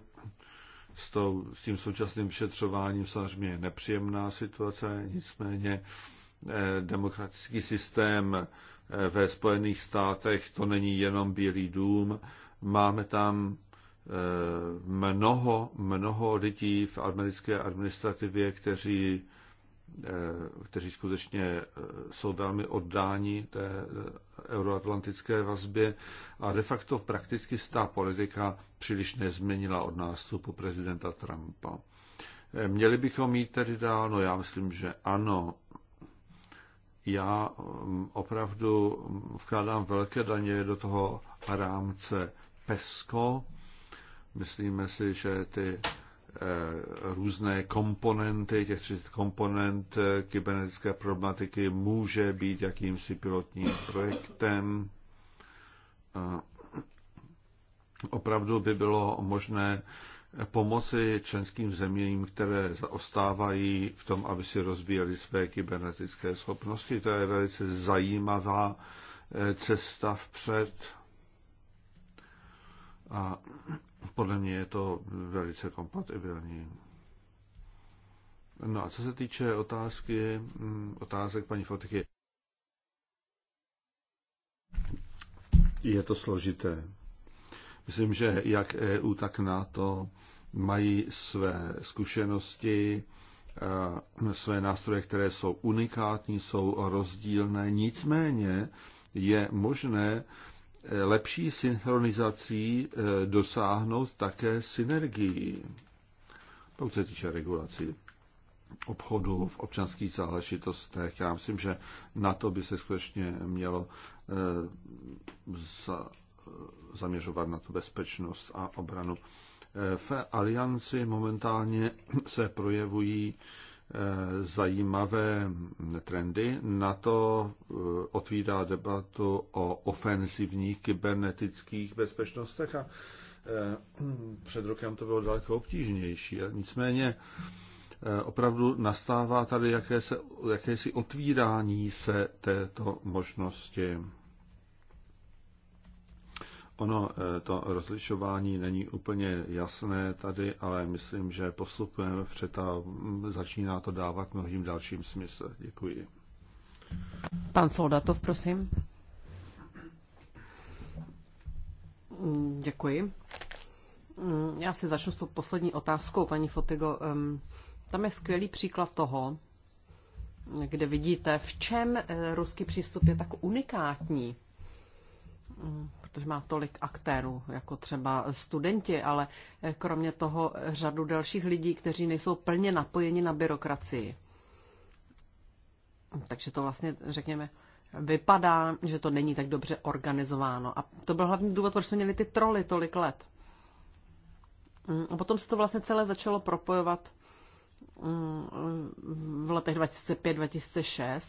s, tou, s tím současným vyšetřováním samozřejmě je nepříjemná situace, nicméně eh, demokratický systém eh, ve Spojených státech to není jenom Bílý dům. Máme tam eh, mnoho, mnoho lidí v americké administrativě, kteří Eh, kteří skutečně eh, jsou velmi oddáni té eh, euroatlantické vazbě a de facto v prakticky ta politika příliš nezměnila od nástupu prezidenta Trumpa. Měli bychom jít tedy dál? No já myslím, že ano. Já mm, opravdu mm, vkládám velké daně do toho rámce PESCO. Myslíme si, že ty Eh, různé komponenty, těch 30 komponent eh, kybernetické problematiky může být jakýmsi pilotním projektem. Opravdu by bylo možné pomoci členským zemím, které zaostávají v tom, aby si rozvíjeli své kybernetické schopnosti. To je velice zajímavá eh, cesta vpřed. A podle mě je to velice kompatibilní. No a co se týče otázky, mm, otázek paní Fotiky, je to složité. Myslím, že jak EU, tak NATO mají své zkušenosti, eh, své nástroje, které jsou unikátní, jsou rozdílné. Nicméně je možné lepší synchronizací eh, dosáhnout také synergii, pokud se týče regulací obchodu v občanských záležitostech. Já myslím, že na to by se skutečně mělo eh, za, zaměřovat na tu bezpečnost a obranu. Eh, v alianci momentálně se projevují Eh, zajímavé trendy. Na to eh, otvírá debatu o ofenzivních kybernetických bezpečnostech a eh, před rokem to bylo daleko obtížnější. Nicméně opravdu nastává tady jakési otvírání se této možnosti. Ono eh, to rozlišování není úplně jasné tady, ale myslím, že postupujeme před a mm, začíná to dávat mnohým dalším smysl. Děkuji. Pan Soldatov, prosím. Děkuji. Mm, já si začnu s tou poslední otázkou, paní Fotigo. Tam je skvělý příklad toho, kde vidíte, v čem eh, ruský přístup je tak unikátní Mm, protože má tolik aktérů, jako třeba studenti, ale eh, kromě toho řadu dalších lidí, kteří nejsou plně napojeni na byrokracii. Takže to vlastně, řekněme, vypadá, že to není tak dobře organizováno. A to byl hlavní důvod, proč jsme měli ty troly tolik let. Mm, a potom se to vlastně celé začalo propojovat mm, v letech 2005-2006.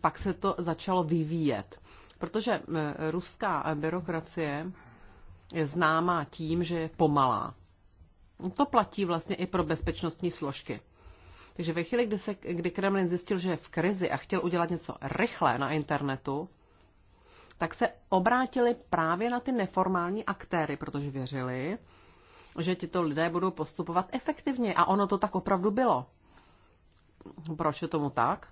Pak se to začalo vyvíjet protože eh, ruská eh, byrokracie je známá tím, že je pomalá. To platí vlastně i pro bezpečnostní složky. Takže ve chvíli, kdy, se, kdy Kremlin zjistil, že je v krizi a chtěl udělat něco rychle na internetu, tak se obrátili právě na ty neformální aktéry, protože věřili, že tito lidé budou postupovat efektivně. A ono to tak opravdu bylo. Proč je tomu tak?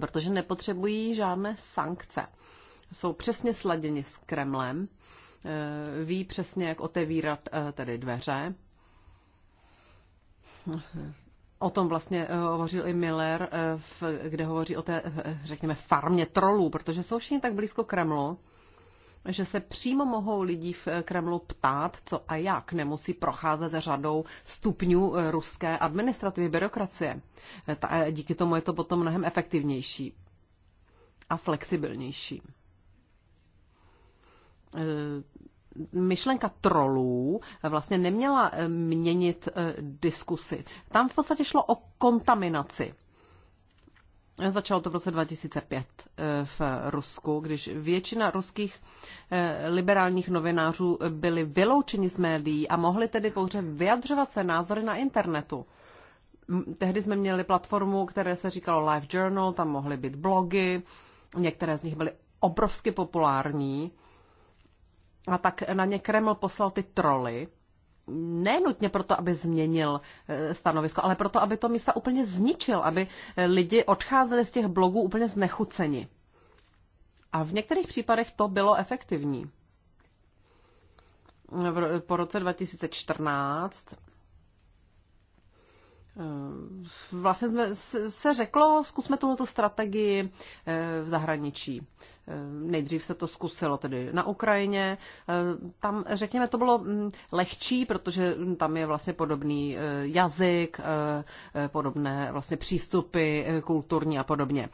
protože nepotřebují žádné sankce. Jsou přesně sladěni s Kremlem, eh, ví přesně, jak otevírat eh, tedy dveře. O tom vlastně eh, hovořil i Miller, kde hovoří o té, řekněme, farmě trolů, protože jsou všichni tak blízko Kremlu, že se přímo mohou lidi v Kremlu ptát, co a jak. Nemusí procházet řadou stupňů eh, ruské administrativy, byrokracie. Eh, eh, díky tomu je to potom mnohem efektivnější a flexibilnější. Myšlenka trolů vlastně neměla měnit diskusy. Tam v podstatě šlo o kontaminaci. Začalo to v roce 2005 eh, v Rusku, když většina ruských eh, liberálních novinářů byli vyloučeni z médií a mohli tedy pouze vyjadřovat se názory na internetu. Tehdy jsme měli platformu, které se říkalo Live Journal, tam mohly být blogy, některé z nich byly obrovsky populární. A tak na ně Kreml poslal ty troly, nenutně proto, aby změnil eh, stanovisko, ale proto, aby to místa úplně zničil, aby eh, lidi odcházeli z těch blogů úplně znechuceni. A v některých případech to bylo efektivní. Po roce 2014 Eh, vlastně jsme, se řeklo, zkusme tuto strategii eh, v zahraničí. Eh, nejdřív se to zkusilo tedy na Ukrajině. Tam, řekněme, to bylo mm, lehčí, protože tam je vlastně podobný jazyk, podobné vlastně přístupy kulturní a podobně.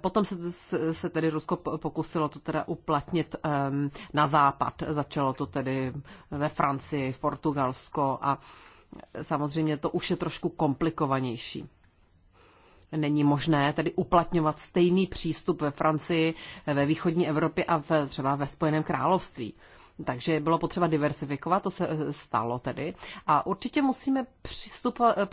Potom se, se tedy Rusko pokusilo to teda uplatnit ehm, na západ. Začalo to tedy ve Francii, v Portugalsko a samozřejmě to už je trošku komplikovanější. Není možné tedy uplatňovat stejný přístup ve Francii, ve východní Evropě a v, třeba ve Spojeném království. Takže bylo potřeba diversifikovat, to se eh, stalo tedy. A určitě musíme eh, eh,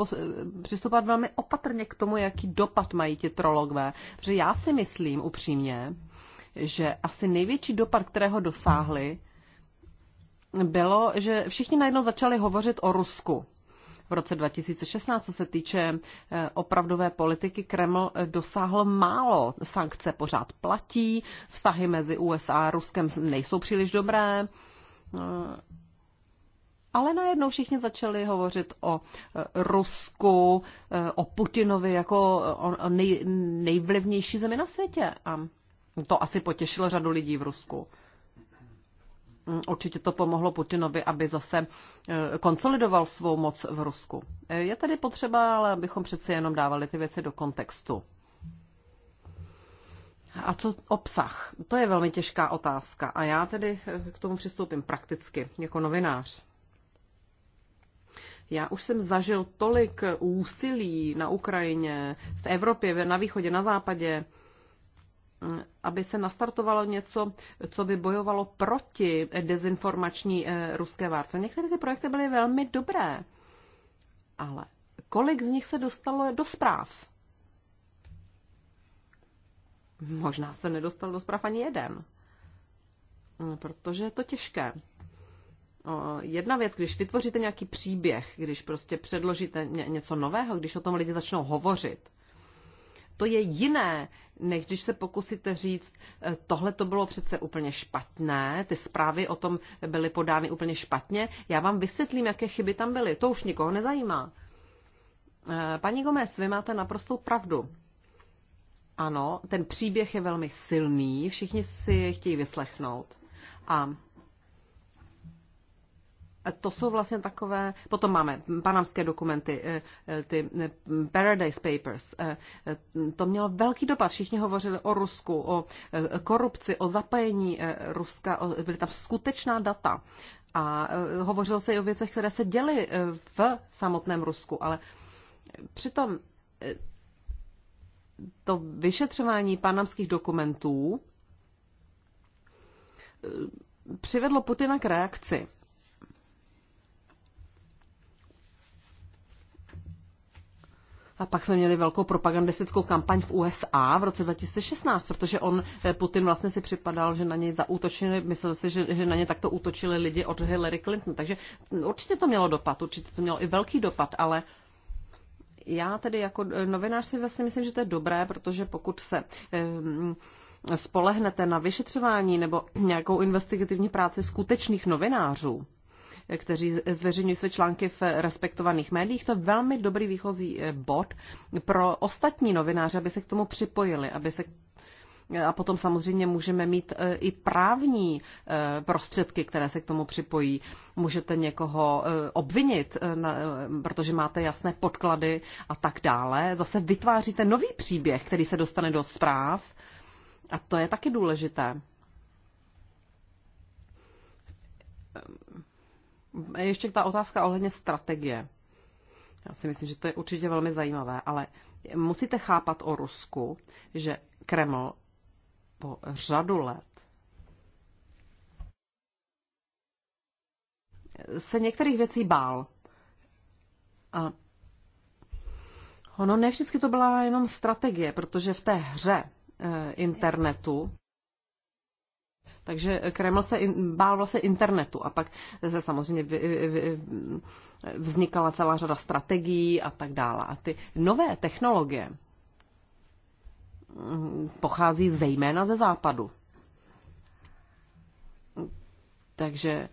přistupovat, velmi opatrně k tomu, jaký dopad mají ti trologové. Protože já si myslím upřímně, že asi největší dopad, kterého dosáhli, bylo, že všichni najednou začali hovořit o Rusku. V roce 2016, co se týče eh, opravdové politiky, Kreml eh, dosáhl málo. Sankce pořád platí, vztahy mezi USA a Ruskem nejsou příliš dobré. Eh, ale najednou všichni začali hovořit o Rusku, o Putinovi jako o nej, nejvlivnější zemi na světě. A to asi potěšilo řadu lidí v Rusku. Mm, určitě to pomohlo Putinovi, aby zase eh, konsolidoval svou moc v Rusku. Eh, je tady potřeba, ale abychom přeci jenom dávali ty věci do kontextu. A co obsah? To je velmi těžká otázka a já tedy eh, k tomu přistoupím prakticky, jako novinář. Já už jsem zažil tolik úsilí na Ukrajině, v Evropě, na východě, na západě, aby se nastartovalo něco, co by bojovalo proti dezinformační eh, ruské várce. Některé ty projekty byly velmi dobré, ale kolik z nich se dostalo do zpráv? Možná se nedostal do zpráv ani jeden, mm, protože je to těžké. Jedna věc, když vytvoříte nějaký příběh, když prostě předložíte něco nového, když o tom lidi začnou hovořit, to je jiné, než když se pokusíte říct, e, tohle to bylo přece úplně špatné, ty zprávy o tom byly podány úplně špatně, já vám vysvětlím, jaké chyby tam byly, to už nikoho nezajímá. E, paní Gomez, vy máte naprostou pravdu. Ano, ten příběh je velmi silný, všichni si je chtějí vyslechnout. A to jsou vlastně takové, potom máme panamské dokumenty, eh, eh, ty eh, Paradise Papers. To mělo velký dopad. Všichni hovořili o Rusku, o korupci, o zapojení Ruska, byly tam skutečná data. A hovořilo se i o věcech, které se děly v samotném Rusku, ale přitom to vyšetřování panamských dokumentů přivedlo Putina k reakci A pak jsme měli velkou propagandistickou kampaň v USA v roce 2016, protože on, eh, Putin vlastně si připadal, že na něj zaútočili, myslel si, že, že na ně takto útočili lidi od Hillary Clinton. Takže hm, určitě to mělo dopad, určitě to mělo i velký dopad, ale já tedy jako eh, novinář si vlastně myslím, že to je dobré, protože pokud se eh, spolehnete na vyšetřování nebo nějakou investigativní práci skutečných novinářů, kteří zveřejňují své články v respektovaných médiích. To je velmi dobrý výchozí eh, bod pro ostatní novináře, aby se k tomu připojili, aby se a potom samozřejmě můžeme mít eh, i právní eh, prostředky, které se k tomu připojí. Můžete někoho obvinit, protože máte jasné podklady a tak dále. Zase vytváříte nový příběh, který se dostane do zpráv. A to je taky důležité. Ještě ta otázka ohledně strategie. Já si myslím, že to je určitě velmi zajímavé, ale musíte chápat o Rusku, že Kreml po řadu let se některých věcí bál. A ono ne vždycky to byla jenom strategie, protože v té hře eh, internetu takže Kreml se in, bál vlastně internetu a pak se samozřejmě vy, vy, vznikala celá řada strategií a tak dále. A ty nové technologie mm, pochází zejména ze západu. Takže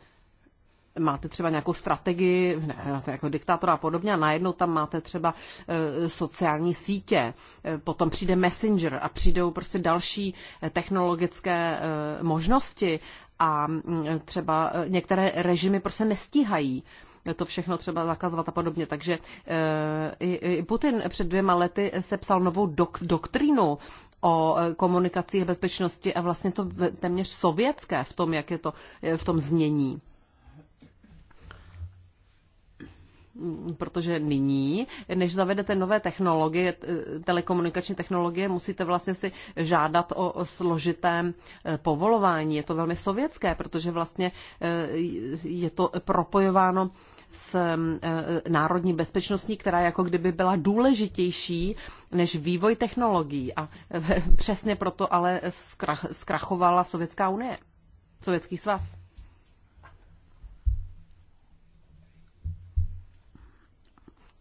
máte třeba nějakou strategii, ne, jako diktátora a podobně, a najednou tam máte třeba eh, sociální sítě, eh, potom přijde Messenger a přijdou prostě další eh, technologické možnosti a mm, třeba některé režimy prostě nestíhají to všechno třeba zakazovat a podobně. Takže i Putin před dvěma lety sepsal novou dok- doktrínu o komunikacích bezpečnosti a vlastně to téměř sovětské v tom, jak je to v tom znění. Mm, protože nyní, než zavedete nové technologie, eh, telekomunikační technologie, musíte vlastně si žádat o složité eh, povolování. Je to velmi sovětské, protože vlastně eh, je to propojováno s národní bezpečnostní, která jako kdyby byla důležitější než vývoj technologií. A přesně proto ale zkrachovala Sovětská unie, Sovětský svaz.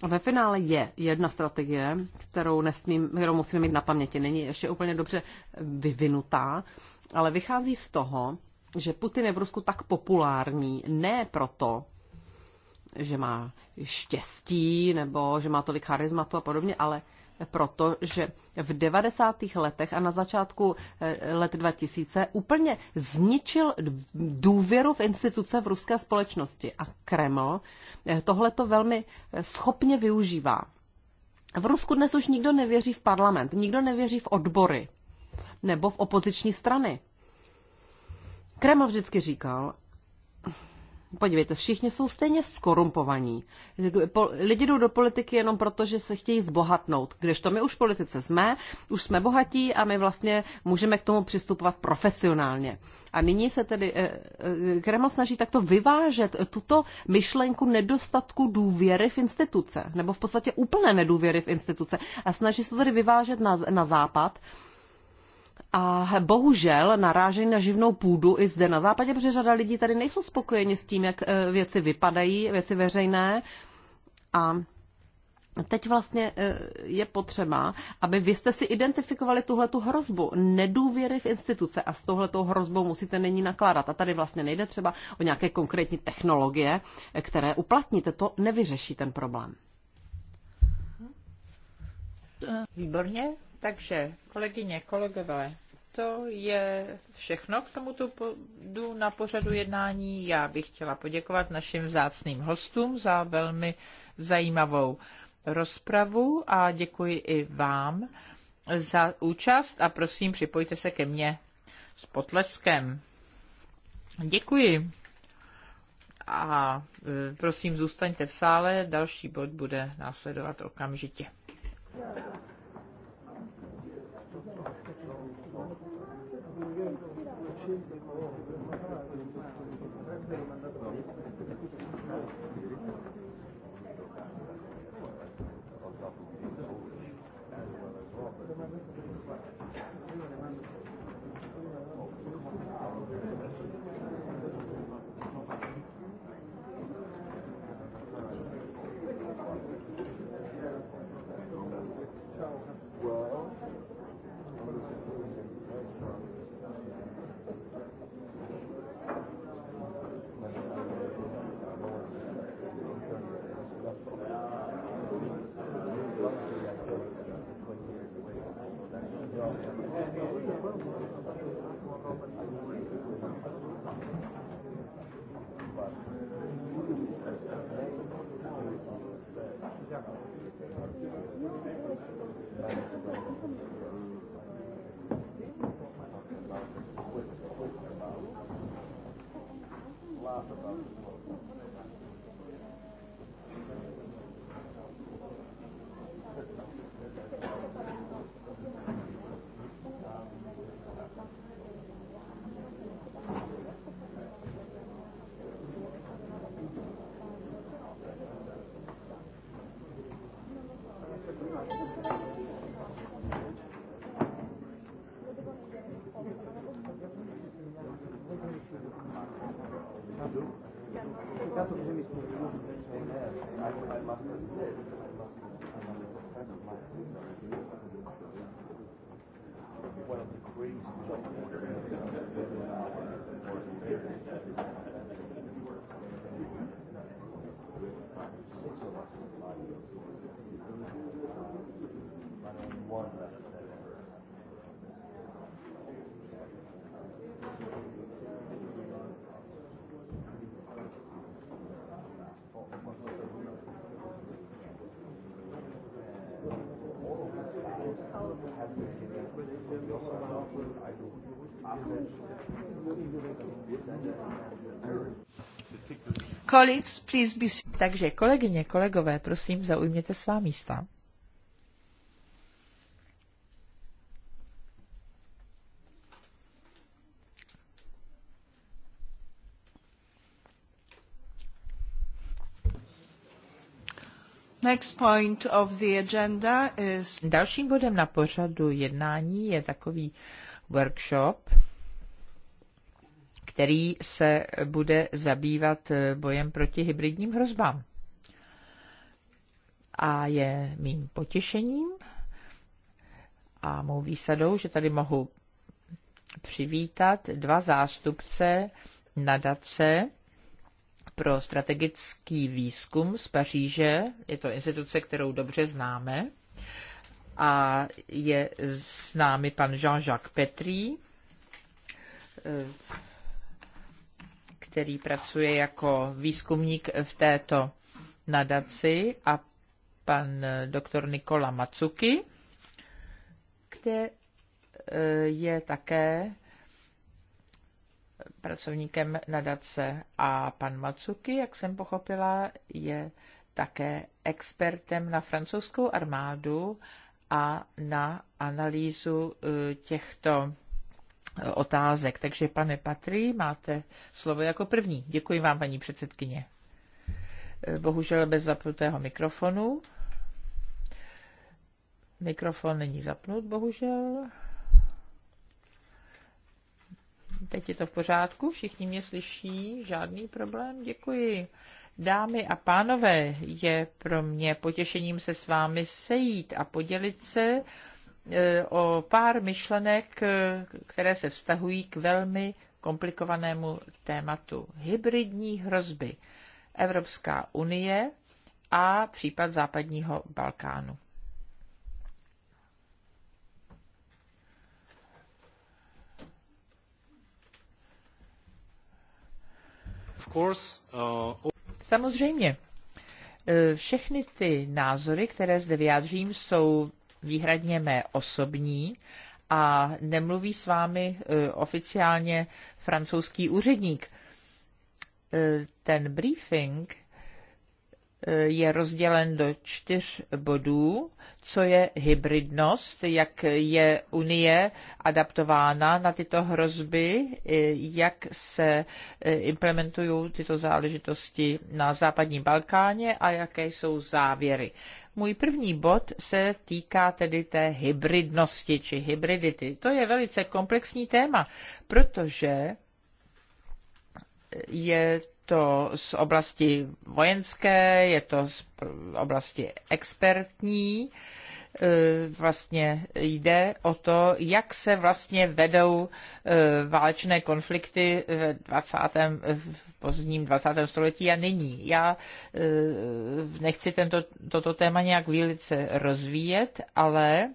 ve finále je jedna strategie, kterou, nesmím, kterou musíme mít na paměti. Není ještě úplně dobře vyvinutá, ale vychází z toho, že Putin je v Rusku tak populární ne proto, že má štěstí nebo že má tolik charizmatu a podobně, ale protože v 90. letech a na začátku eh, let 2000 úplně zničil důvěru v instituce v ruské společnosti. A Kreml eh, tohle to velmi eh, schopně využívá. V Rusku dnes už nikdo nevěří v parlament, nikdo nevěří v odbory nebo v opoziční strany. Kreml vždycky říkal, Podívejte, všichni jsou stejně skorumpovaní. Lidi jdou do politiky jenom proto, že se chtějí zbohatnout. Když to my už v politice jsme, už jsme bohatí a my vlastně můžeme k tomu přistupovat profesionálně. A nyní se tedy eh, eh, Kreml snaží takto vyvážet tuto myšlenku nedostatku důvěry v instituce, nebo v podstatě úplné nedůvěry v instituce a snaží se tedy vyvážet na, na západ, a bohužel narážejí na živnou půdu i zde na západě, protože řada lidí tady nejsou spokojeni s tím, jak e, věci vypadají, věci veřejné. A Teď vlastně e, je potřeba, aby vy jste si identifikovali tuhletu hrozbu nedůvěry v instituce a s touhletou hrozbou musíte není nakládat. A tady vlastně nejde třeba o nějaké konkrétní technologie, e, které uplatníte. To nevyřeší ten problém. Výborně. Takže, kolegyně, kolegové, to je všechno k tomuto podu na pořadu jednání. Já bych chtěla poděkovat našim vzácným hostům za velmi zajímavou rozpravu a děkuji i vám za účast a prosím, připojte se ke mně s potleskem. Děkuji. A e, prosím, zůstaňte v sále, další bod bude následovat okamžitě. I, I must admit, I must admit, I must admit my ignorance. One of the greatest jobs. Takže kolegyně, kolegové, prosím, zaujměte svá místa. Next point of the agenda is... Dalším bodem na pořadu jednání je takový workshop, který se bude zabývat eh, bojem proti hybridním hrozbám. A je mým potěšením a mou výsadou, že tady mohu přivítat dva zástupce nadace pro strategický výzkum z Paříže. Je to instituce, kterou dobře známe. A je s námi pan Jean-Jacques Petri, eh, který pracuje jako výzkumník v této nadaci a pan doktor Nikola Macuki, který eh, je také pracovníkem nadace a pan Matsuki, jak jsem pochopila, je také expertem na francouzskou armádu a na analýzu e, těchto e, otázek. Takže, pane Patry, máte slovo jako první. Děkuji vám, paní předsedkyně. E, bohužel bez zapnutého mikrofonu. Mikrofon není zapnut, bohužel. Teď je to v pořádku, všichni mě slyší, žádný problém, děkuji. Dámy a pánové, je pro mě potěšením se s vámi sejít a podělit se e, o pár myšlenek, e, které se vztahují k velmi komplikovanému tématu hybridní hrozby. Evropská unie a případ západního Balkánu. Uh, Samozřejmě. E, všechny ty názory, které zde vyjádřím, jsou výhradně mé osobní a nemluví s vámi e, oficiálně francouzský úředník. E, ten briefing je rozdělen do čtyř bodů, co je hybridnost, jak je Unie adaptována na tyto hrozby, jak se e, implementují tyto záležitosti na západním Balkáně a jaké jsou závěry. Můj první bod se týká tedy té hybridnosti či hybridity. To je velice komplexní téma, protože je to z oblasti vojenské, je to z oblasti expertní. E, vlastně jde o to, jak se vlastně vedou e, válečné konflikty v, 20. v pozdním 20. století a nyní. Já e, nechci tento, toto téma nějak výlice rozvíjet, ale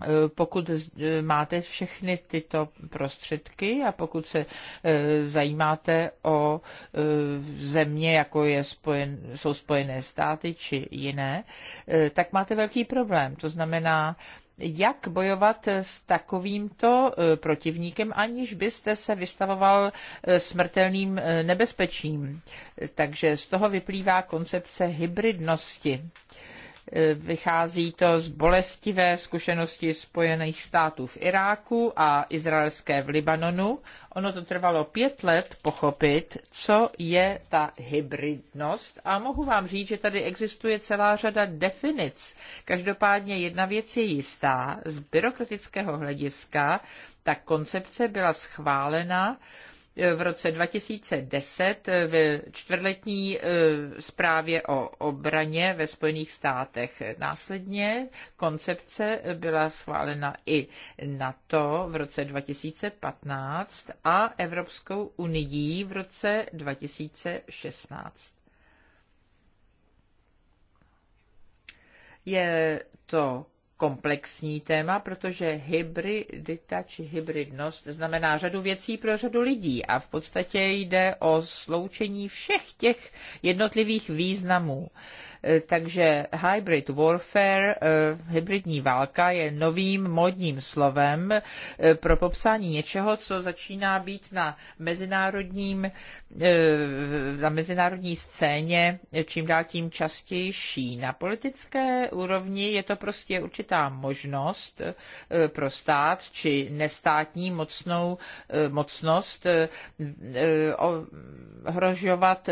Eh, pokud eh, máte všechny tyto prostředky a pokud se eh, zajímáte o země, jako je spojen, jsou Spojené státy či jiné, tak máte velký problém. To znamená, jak bojovat s takovýmto protivníkem, aniž byste se vystavoval smrtelným nebezpečím. Takže z toho vyplývá koncepce hybridnosti. Vychází to z bolestivé zkušenosti Spojených států v Iráku a izraelské v Libanonu. Ono to trvalo pět let pochopit, co je ta hybridnost a mohu vám říct, že tady existuje celá řada definic. Každopádně jedna věc je jistá. Z byrokratického hlediska ta koncepce byla schválena v roce 2010 v čtvrtletní e, zprávě o obraně ve Spojených státech. Následně koncepce byla schválena i NATO v roce 2015 a Evropskou unii v roce 2016. Je to komplexní téma, protože hybridita či hybridnost znamená řadu věcí pro řadu lidí a v podstatě jde o sloučení všech těch jednotlivých významů. Eh, takže hybrid warfare, eh, hybridní válka je novým modním slovem eh, pro popsání něčeho, co začíná být na, mezinárodním, na mezinárodní scéně čím dál tím častější. Na politické úrovni je to prostě určitá určitá možnost eh, pro stát či nestátní mocnou eh, mocnost eh, ohrožovat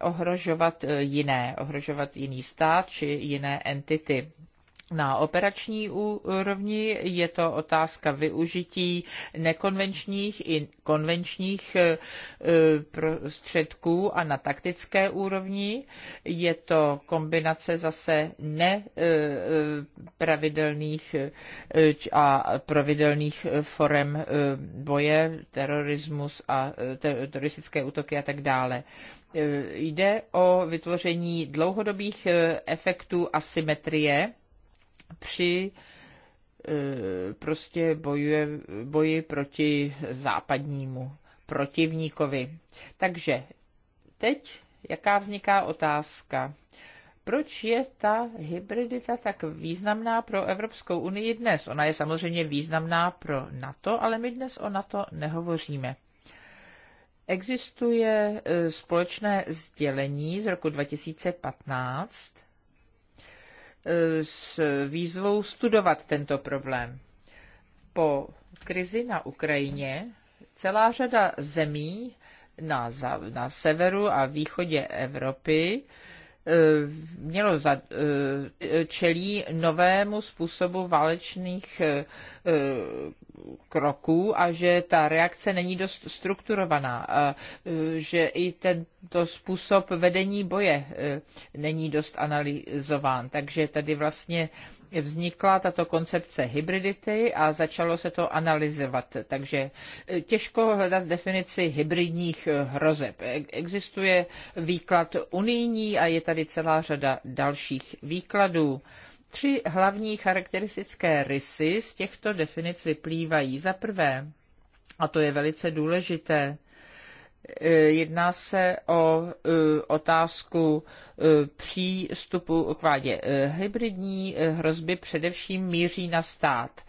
ohrožovat jiné, ohrožovat jiný stát či jiné entity. Na operační úrovni je to otázka využití nekonvenčních i konvenčních e, prostředků a na taktické úrovni je to kombinace zase nepravidelných e, e, a pravidelných forem boje, terorismus a teroristické útoky a tak dále jde o vytvoření dlouhodobých efektů asymetrie při e, prostě bojuje, boji proti západnímu protivníkovi. Takže teď jaká vzniká otázka? Proč je ta hybridita tak významná pro Evropskou unii dnes? Ona je samozřejmě významná pro NATO, ale my dnes o NATO nehovoříme. Existuje e, společné sdělení z roku 2015, s výzvou studovat tento problém. Po krizi na Ukrajině celá řada zemí na, na severu a východě Evropy E, mělo za, e, čelí novému způsobu válečných e, kroků a že ta reakce není dost strukturovaná, a že i tento způsob vedení boje není dost analyzován. Takže tady vlastně vznikla tato koncepce hybridity a začalo se to analyzovat. Takže e, těžko hledat definici hybridních e, hrozeb. E, existuje výklad unijní a je tady celá řada dalších výkladů. Tři hlavní charakteristické rysy z těchto definic vyplývají. Za prvé, a to je velice důležité, Eh, jedná se o eh, otázku eh, přístupu k vládě. Hybridní hrozby především míří na stát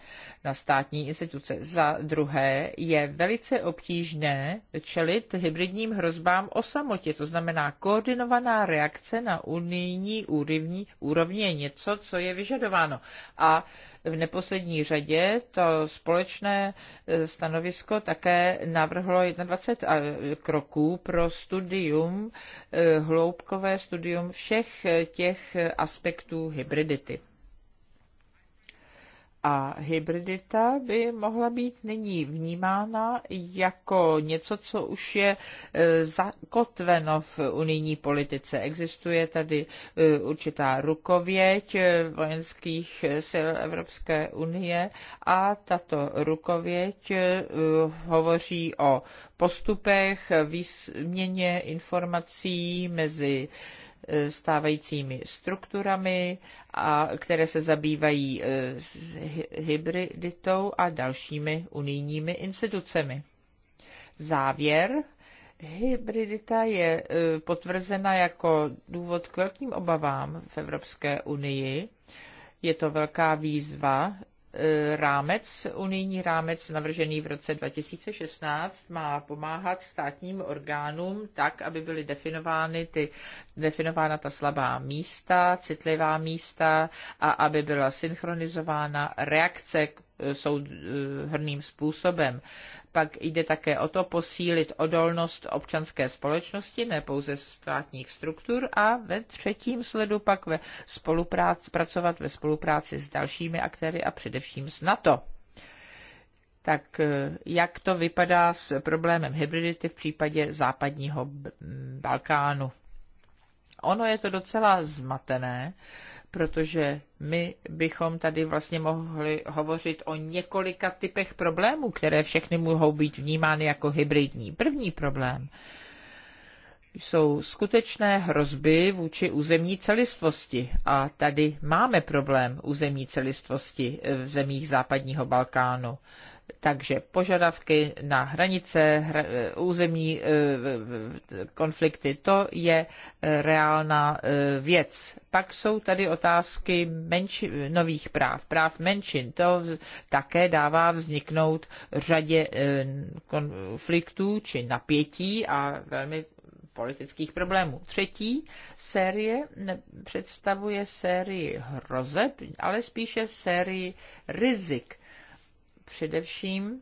na státní instituce. Za druhé je velice obtížné čelit hybridním hrozbám o samotě, to znamená koordinovaná reakce na unijní úrovni, úrovni je něco, co je vyžadováno. A v neposlední řadě to společné e, stanovisko také navrhlo 21 e, kroků pro studium, e, hloubkové studium všech těch aspektů hybridity. A hybridita by mohla být nyní vnímána jako něco, co už je e, zakotveno v unijní politice. Existuje tady e, určitá rukověď e, vojenských sil Evropské unie a tato rukověď hovoří o postupech, výměně informací mezi E, stávajícími strukturami, a které se zabývají e, hybriditou a dalšími unijními institucemi. Závěr. Hybridita je e, potvrzena jako důvod k velkým obavám v Evropské unii. Je to velká výzva Eh, rámec, unijní rámec navržený v roce 2016 má pomáhat státním orgánům tak, aby byly definovány ty, definována ta slabá místa, citlivá místa a aby byla synchronizována reakce Eh, hrným způsobem. Pak jde také o to posílit odolnost občanské společnosti, ne pouze státních struktur a ve třetím sledu pak ve spolupráci, pracovat ve spolupráci s dalšími aktéry a především s NATO. Tak eh, jak to vypadá s problémem hybridity v případě západního Balkánu? Ono je to docela zmatené, protože my bychom tady vlastně mohli hovořit o několika typech problémů, které všechny mohou být vnímány jako hybridní. První problém jsou skutečné hrozby vůči územní celistvosti. A tady máme problém územní celistvosti v zemích západního Balkánu. Takže požadavky na hranice, hra, eh, územní eh, konflikty, to je eh, reálná věc. Pak jsou tady otázky menši, nových práv, práv menšin. To také dává vzniknout řadě konfliktů či napětí a velmi politických problémů. Třetí série představuje sérii hrozeb, ale spíše sérii rizik Především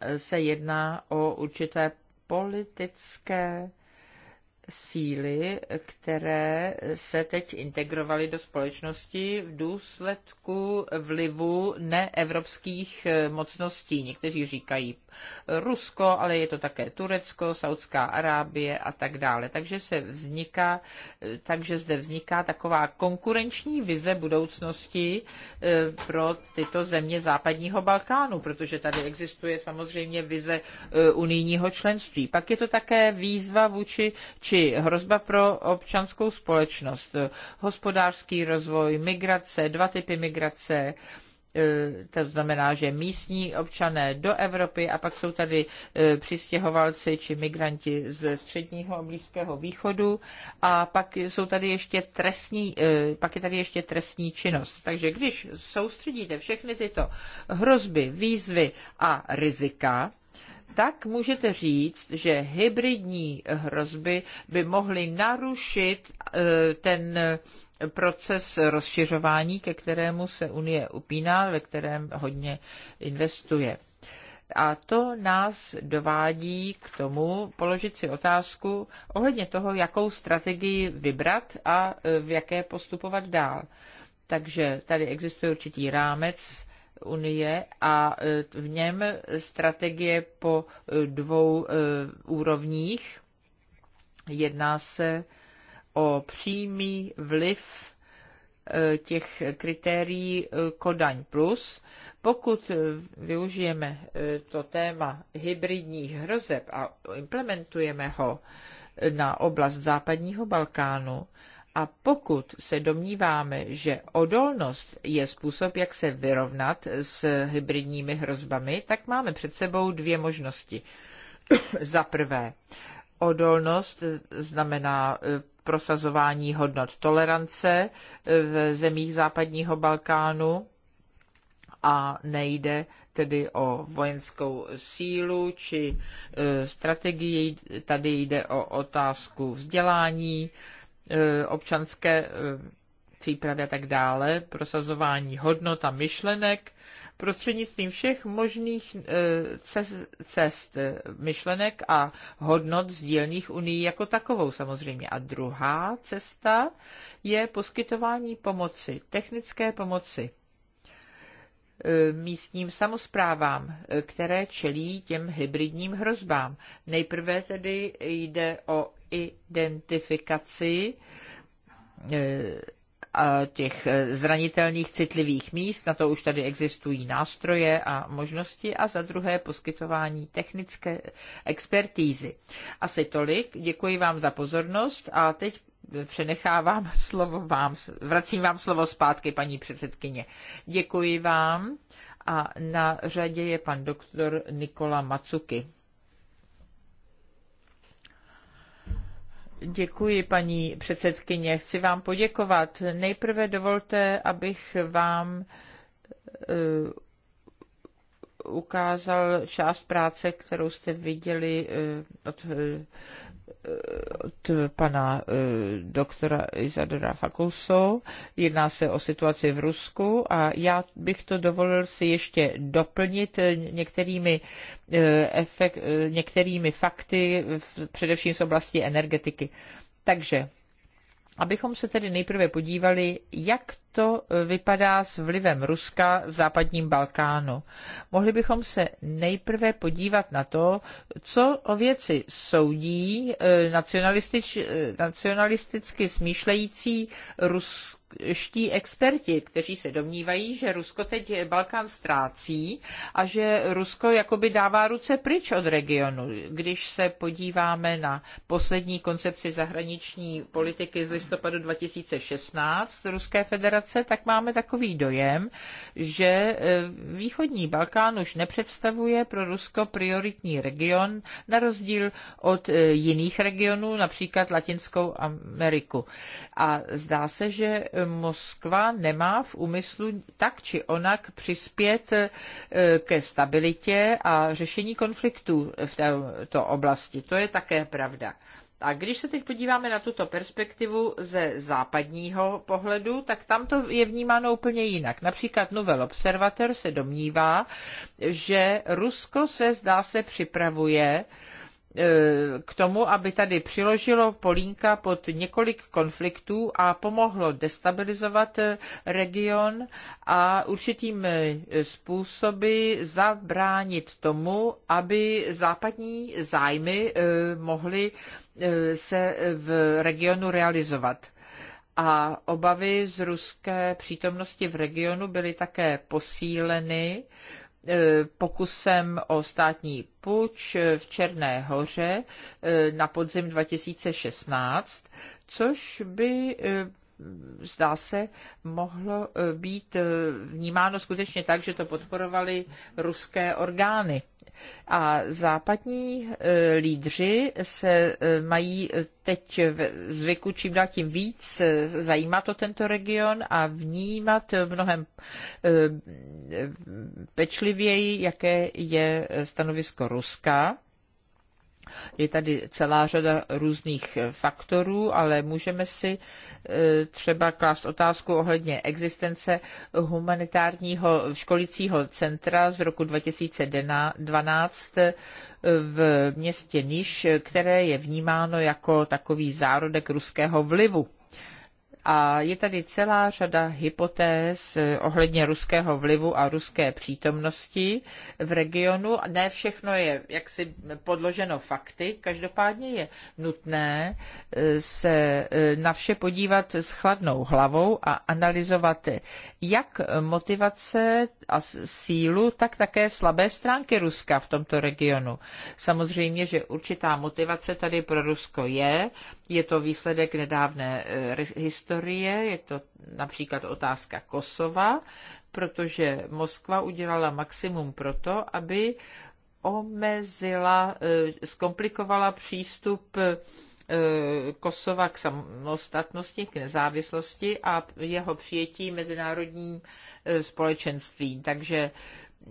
eh, se jedná o určité politické síly, které se teď integrovaly do společnosti v důsledku vlivu neevropských eh, mocností. Někteří říkají Rusko, ale je to také Turecko, Saudská Arábie a tak dále. Takže se vzniká, takže zde vzniká taková konkurenční vize budoucnosti eh, pro tyto země západního Balkánu, protože tady existuje samozřejmě vize eh, unijního členství. Pak je to také výzva vůči či hrozba pro občanskou společnost, hospodářský rozvoj, migrace, dva typy migrace, E, to znamená, že místní občané do Evropy a pak jsou tady e, přistěhovalci či migranti ze středního a blízkého východu a pak jsou tady ještě trestní, e, pak je tady ještě trestní činnost. Takže když soustředíte všechny tyto hrozby, výzvy a rizika, tak můžete říct, že hybridní hrozby by mohly narušit ten proces rozšiřování, ke kterému se Unie upíná, ve kterém hodně investuje. A to nás dovádí k tomu položit si otázku ohledně toho, jakou strategii vybrat a e, v jaké postupovat dál. Takže tady existuje určitý rámec Unie a e, v něm strategie po e, dvou úrovních. Jedná se o přímý vliv e, těch kritérií e, Kodaň Plus. Pokud využijeme e, to téma hybridních hrozeb a implementujeme ho na oblast západního Balkánu, a pokud se domníváme, že odolnost je způsob, jak se vyrovnat s hybridními hrozbami, tak máme před sebou dvě možnosti. Za prvé, odolnost znamená prosazování hodnot tolerance eh, v zemích západního Balkánu a nejde tedy o vojenskou sílu či eh, strategii. Tady jde o otázku vzdělání, eh, občanské přípravy a tak dále, prosazování hodnot a myšlenek prostřednictvím všech možných e, cest, e, myšlenek a hodnot sdílných unii jako takovou samozřejmě. A druhá cesta je poskytování pomoci, technické pomoci e, místním samozprávám, které čelí těm hybridním hrozbám. Nejprve tedy jde o identifikaci těch e, zranitelných citlivých míst, na to už tady existují nástroje a možnosti a za druhé poskytování technické expertízy. Asi tolik, děkuji vám za pozornost a teď přenechávám slovo vám, vracím vám slovo zpátky, paní předsedkyně. Děkuji vám a na řadě je pan doktor Nikola Macuky. Děkuji, paní předsedkyně. Chci vám poděkovat. Nejprve dovolte, abych vám eh, ukázal část práce, kterou jste viděli eh, od eh, od pana eh, doktora Izadora Fakulsou. Jedná se o situaci v Rusku a já bych to dovolil si ještě doplnit eh, některými, eh, efekt, některými fakty, především z oblasti energetiky. Takže abychom se tedy nejprve podívali, jak to e, vypadá s vlivem Ruska v západním Balkánu. Mohli bychom se nejprve podívat na to, co o věci soudí e, nacionalistič, e, nacionalisticky smýšlející ruské ruští experti, kteří se domnívají, že Rusko teď Balkán ztrácí a že Rusko jakoby dává ruce pryč od regionu. Když se podíváme na poslední koncepci zahraniční politiky z listopadu 2016 Ruské federace, tak máme takový dojem, že e, východní Balkán už nepředstavuje pro Rusko prioritní region, na rozdíl od e, jiných regionů, například Latinskou Ameriku. A zdá se, že e, Moskva nemá v úmyslu tak či onak přispět eh, ke stabilitě a řešení konfliktů v této oblasti. To je také pravda. A když se teď podíváme na tuto perspektivu ze západního pohledu, tak tam to je vnímáno úplně jinak. Například Nouvel Observator se domnívá, že Rusko se zdá se připravuje uh, Eh, k tomu, aby tady přiložilo Polínka pod několik konfliktů a pomohlo destabilizovat eh, region a určitým eh, způsoby zabránit tomu, aby západní zájmy mohly se v regionu realizovat a obavy z ruské přítomnosti v regionu byly také posíleny E, pokusem o státní puč e, v Černé hoře e, na podzim 2016, což by zdá se, mohlo eh, být eh, vnímáno skutečně tak, že to podporovali ruské orgány. A západní eh, lídři se mají teď v zvyku čím dál tím víc zajímat o tento region a vnímat mnohem pečlivěji, jaké je stanovisko Ruska je tady celá řada různých faktorů, ale můžeme si e, třeba klást otázku ohledně existence humanitárního školicího centra z roku 2012 e, v městě Niš, které je vnímáno jako takový zárodek ruského vlivu. A je tady celá řada hypotéz eh, ohledně ruského vlivu a ruské přítomnosti v regionu. Ne všechno je jaksi podloženo fakty, každopádně je nutné eh, se eh, na vše podívat s chladnou hlavou a analyzovat jak motivace a sílu, tak také slabé stránky Ruska v tomto regionu. Samozřejmě, že určitá motivace tady pro Rusko je, je to výsledek nedávné historie historie, je to například otázka Kosova, protože Moskva udělala maximum proto, aby omezila, e, zkomplikovala přístup e, Kosova k samostatnosti, k nezávislosti a jeho přijetí mezinárodním e, společenstvím. Takže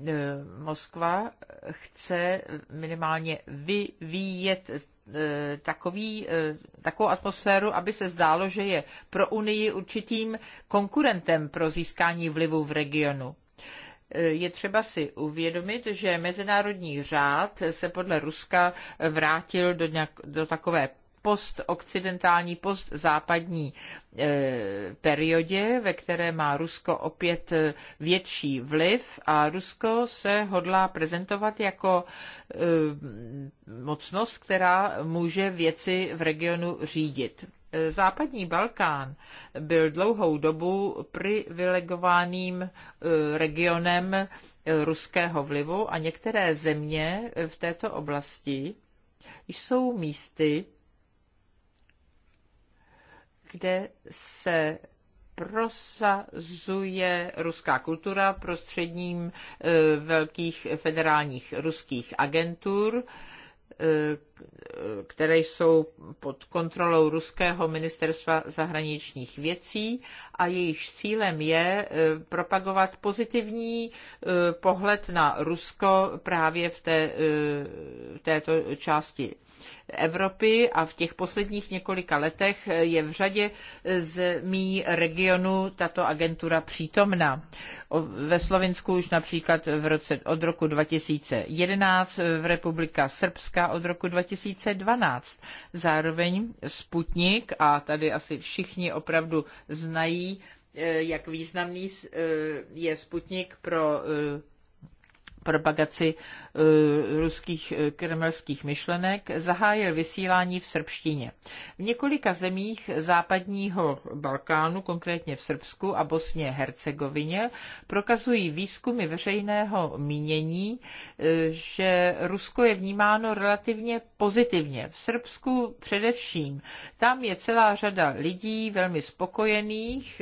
Eh, Moskva chce minimálně vyvíjet eh, takový, eh, takovou atmosféru, aby se zdálo, že je pro Unii určitým konkurentem pro získání vlivu v regionu. Je třeba si uvědomit, že mezinárodní řád se podle Ruska vrátil do, nějak, do takové postokcidentální, postzápadní e, periodě, ve které má Rusko opět e, větší vliv a Rusko se hodlá prezentovat jako e, mocnost, která může věci v regionu řídit. Západní Balkán byl dlouhou dobu privilegovaným regionem ruského vlivu a některé země v této oblasti jsou místy, kde se prosazuje ruská kultura prostředním eh, velkých federálních ruských agentur, eh, které jsou pod kontrolou Ruského ministerstva zahraničních věcí a jejíž cílem je eh, propagovat pozitivní eh, pohled na Rusko právě v té, eh, této části Evropy a v těch posledních několika letech je v řadě z mý regionu tato agentura přítomna. Ve Slovensku už například v roce, od roku 2011, v Republika Srbska od roku 2011, 2012. Zároveň Sputnik, a tady asi všichni opravdu znají, eh, jak významný eh, je Sputnik pro eh, propagaci eh, ruských eh, kremelských myšlenek, zahájil vysílání v srbštině. V několika zemích západního Balkánu, konkrétně v Srbsku a Bosně Hercegovině, prokazují výzkumy veřejného mínění, eh, že Rusko je vnímáno relativně pozitivně. V Srbsku především. Tam je celá řada lidí velmi spokojených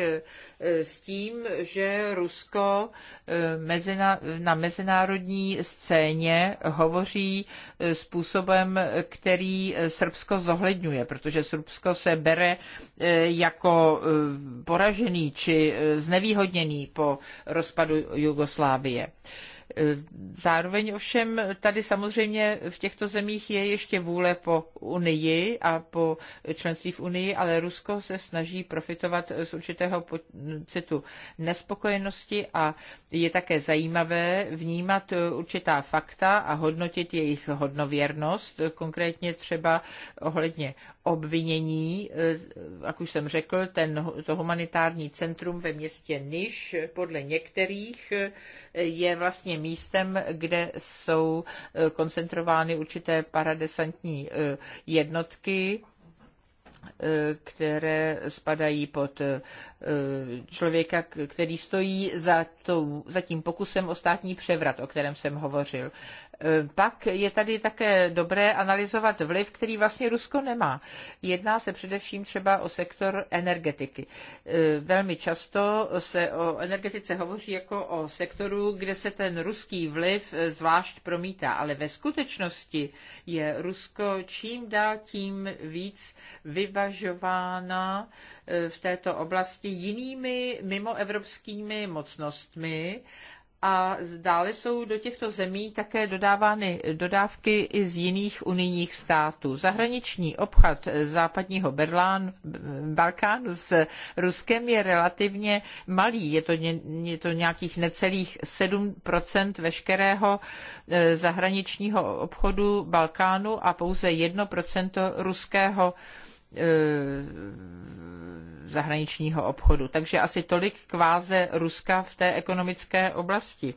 s tím, že Rusko na mezinárodní mezinárodní scéně hovoří eh, způsobem, který eh, Srbsko zohledňuje, protože Srbsko se bere eh, jako poražený či znevýhodněný po rozpadu Jugoslávie. Zároveň ovšem tady samozřejmě v těchto zemích je ještě vůle po Unii a po členství v Unii, ale Rusko se snaží profitovat z určitého pocitu nespokojenosti a je také zajímavé vnímat určitá fakta a hodnotit jejich hodnověrnost, konkrétně třeba ohledně obvinění, jak už jsem řekl, ten, to humanitární centrum ve městě Niš podle některých je vlastně místem, kde jsou eh, koncentrovány určité paradesantní eh, jednotky, eh, které spadají pod člověka, který stojí za, tou, za tím pokusem o státní převrat, o kterém jsem hovořil. Pak je tady také dobré analyzovat vliv, který vlastně Rusko nemá. Jedná se především třeba o sektor energetiky. E, velmi často se o energetice hovoří jako o sektoru, kde se ten ruský vliv e, zvlášť promítá, ale ve skutečnosti je Rusko čím dál tím víc vyvažována e, v této oblasti jinými mimoevropskými mocnostmi, a dále jsou do těchto zemí také dodávány dodávky i z jiných unijních států. Zahraniční obchod západního Berlán, Balkánu s Ruskem je relativně malý, je to, ně, je to nějakých necelých 7 veškerého e, zahraničního obchodu Balkánu a pouze 1 ruského E, zahraničního obchodu. Takže asi tolik kváze Ruska v té ekonomické oblasti.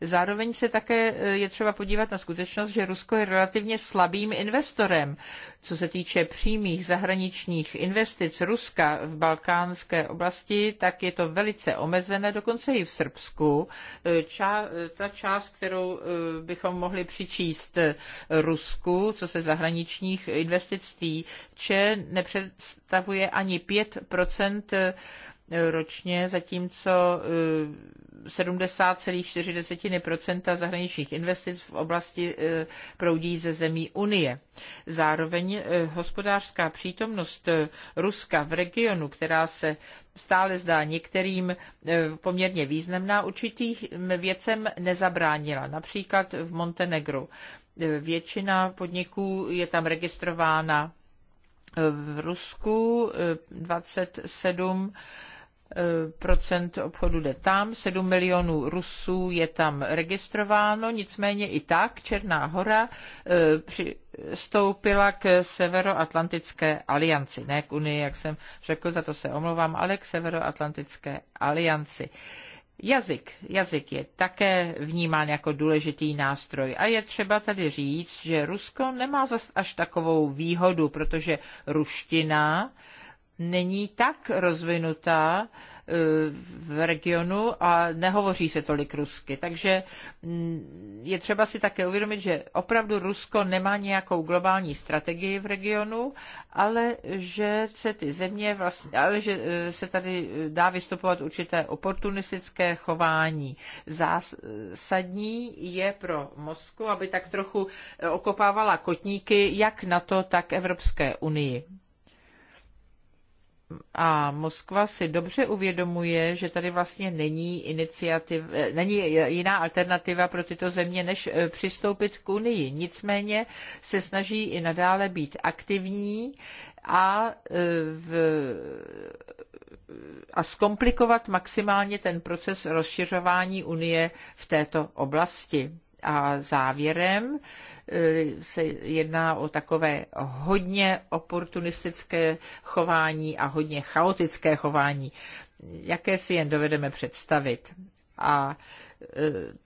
Zároveň se také e, je třeba podívat na skutečnost, že Rusko je relativně slabým investorem. Co se týče přímých zahraničních investic Ruska v balkánské oblasti, tak je to velice omezené, dokonce i v Srbsku. E, ta část, kterou e, bychom mohli přičíst e, Rusku, co se zahraničních investic týče, nepředstavuje ani 5 ročně, zatímco 70,4 eh, zahraničních investic v oblasti eh, proudí ze zemí Unie. Zároveň eh, hospodářská přítomnost Ruska v regionu, která se stále zdá některým poměrně významná, určitým věcem nezabránila, například v Montenegru. Většina podniků je tam registrována v Rusku, 27 procent obchodu jde tam, 7 milionů Rusů je tam registrováno, nicméně i tak Černá hora e, přistoupila k Severoatlantické alianci, ne k Unii, jak jsem řekl, za to se omlouvám, ale k Severoatlantické alianci. Jazyk. Jazyk je také vnímán jako důležitý nástroj a je třeba tady říct, že Rusko nemá zas až takovou výhodu, protože ruština není tak rozvinutá eh, v regionu a nehovoří se tolik rusky. Takže mm, je třeba si také uvědomit, že opravdu Rusko nemá nějakou globální strategii v regionu, ale že se ty země vlastně, ale že eh, se tady eh, dá vystupovat určité oportunistické chování. Zásadní je pro Moskvu, aby tak trochu okopávala kotníky jak na to, tak Evropské unii a Moskva si dobře uvědomuje, že tady vlastně není, iniciativ, eh, není jiná alternativa pro tyto země, než eh, přistoupit k Unii. Nicméně se snaží i nadále být aktivní a, eh, v, a zkomplikovat maximálně ten proces rozšiřování Unie v této oblasti. A závěrem Eh, se jedná o takové hodně oportunistické chování a hodně chaotické chování, jaké si jen dovedeme představit. A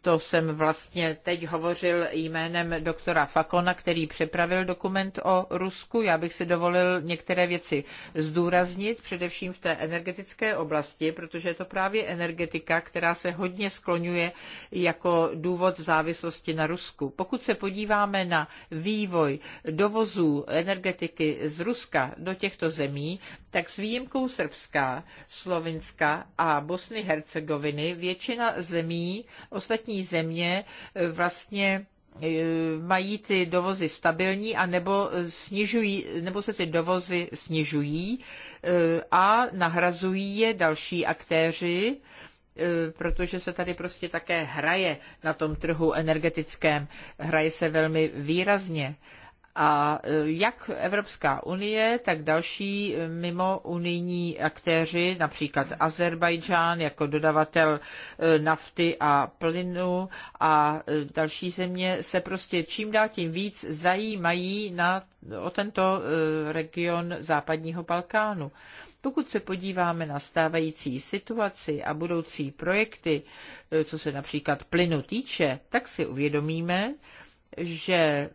to jsem vlastně teď hovořil jménem doktora Fakona, který připravil dokument o Rusku. Já bych si dovolil některé věci zdůraznit, především v té energetické oblasti, protože je to právě energetika, která se hodně skloňuje jako důvod závislosti na Rusku. Pokud se podíváme na vývoj dovozů energetiky z Ruska do těchto zemí, tak s výjimkou Srbska, Slovinska a Bosny Hercegoviny většina zemí ostatní, země eh, vlastně eh, mají ty dovozy stabilní a nebo, snižují, nebo se ty dovozy snižují eh, a nahrazují je další aktéři, protože se tady prostě také hraje na tom trhu energetickém, hraje se velmi výrazně. A e, jak Evropská unie, tak další e, mimo unijní aktéři, například Azerbajdžán jako dodavatel e, nafty a plynu a další země se prostě čím dál tím víc zajímají na, o tento region západního Balkánu. Pokud se podíváme na stávající situaci a budoucí projekty, co se například plynu týče, tak si uvědomíme, že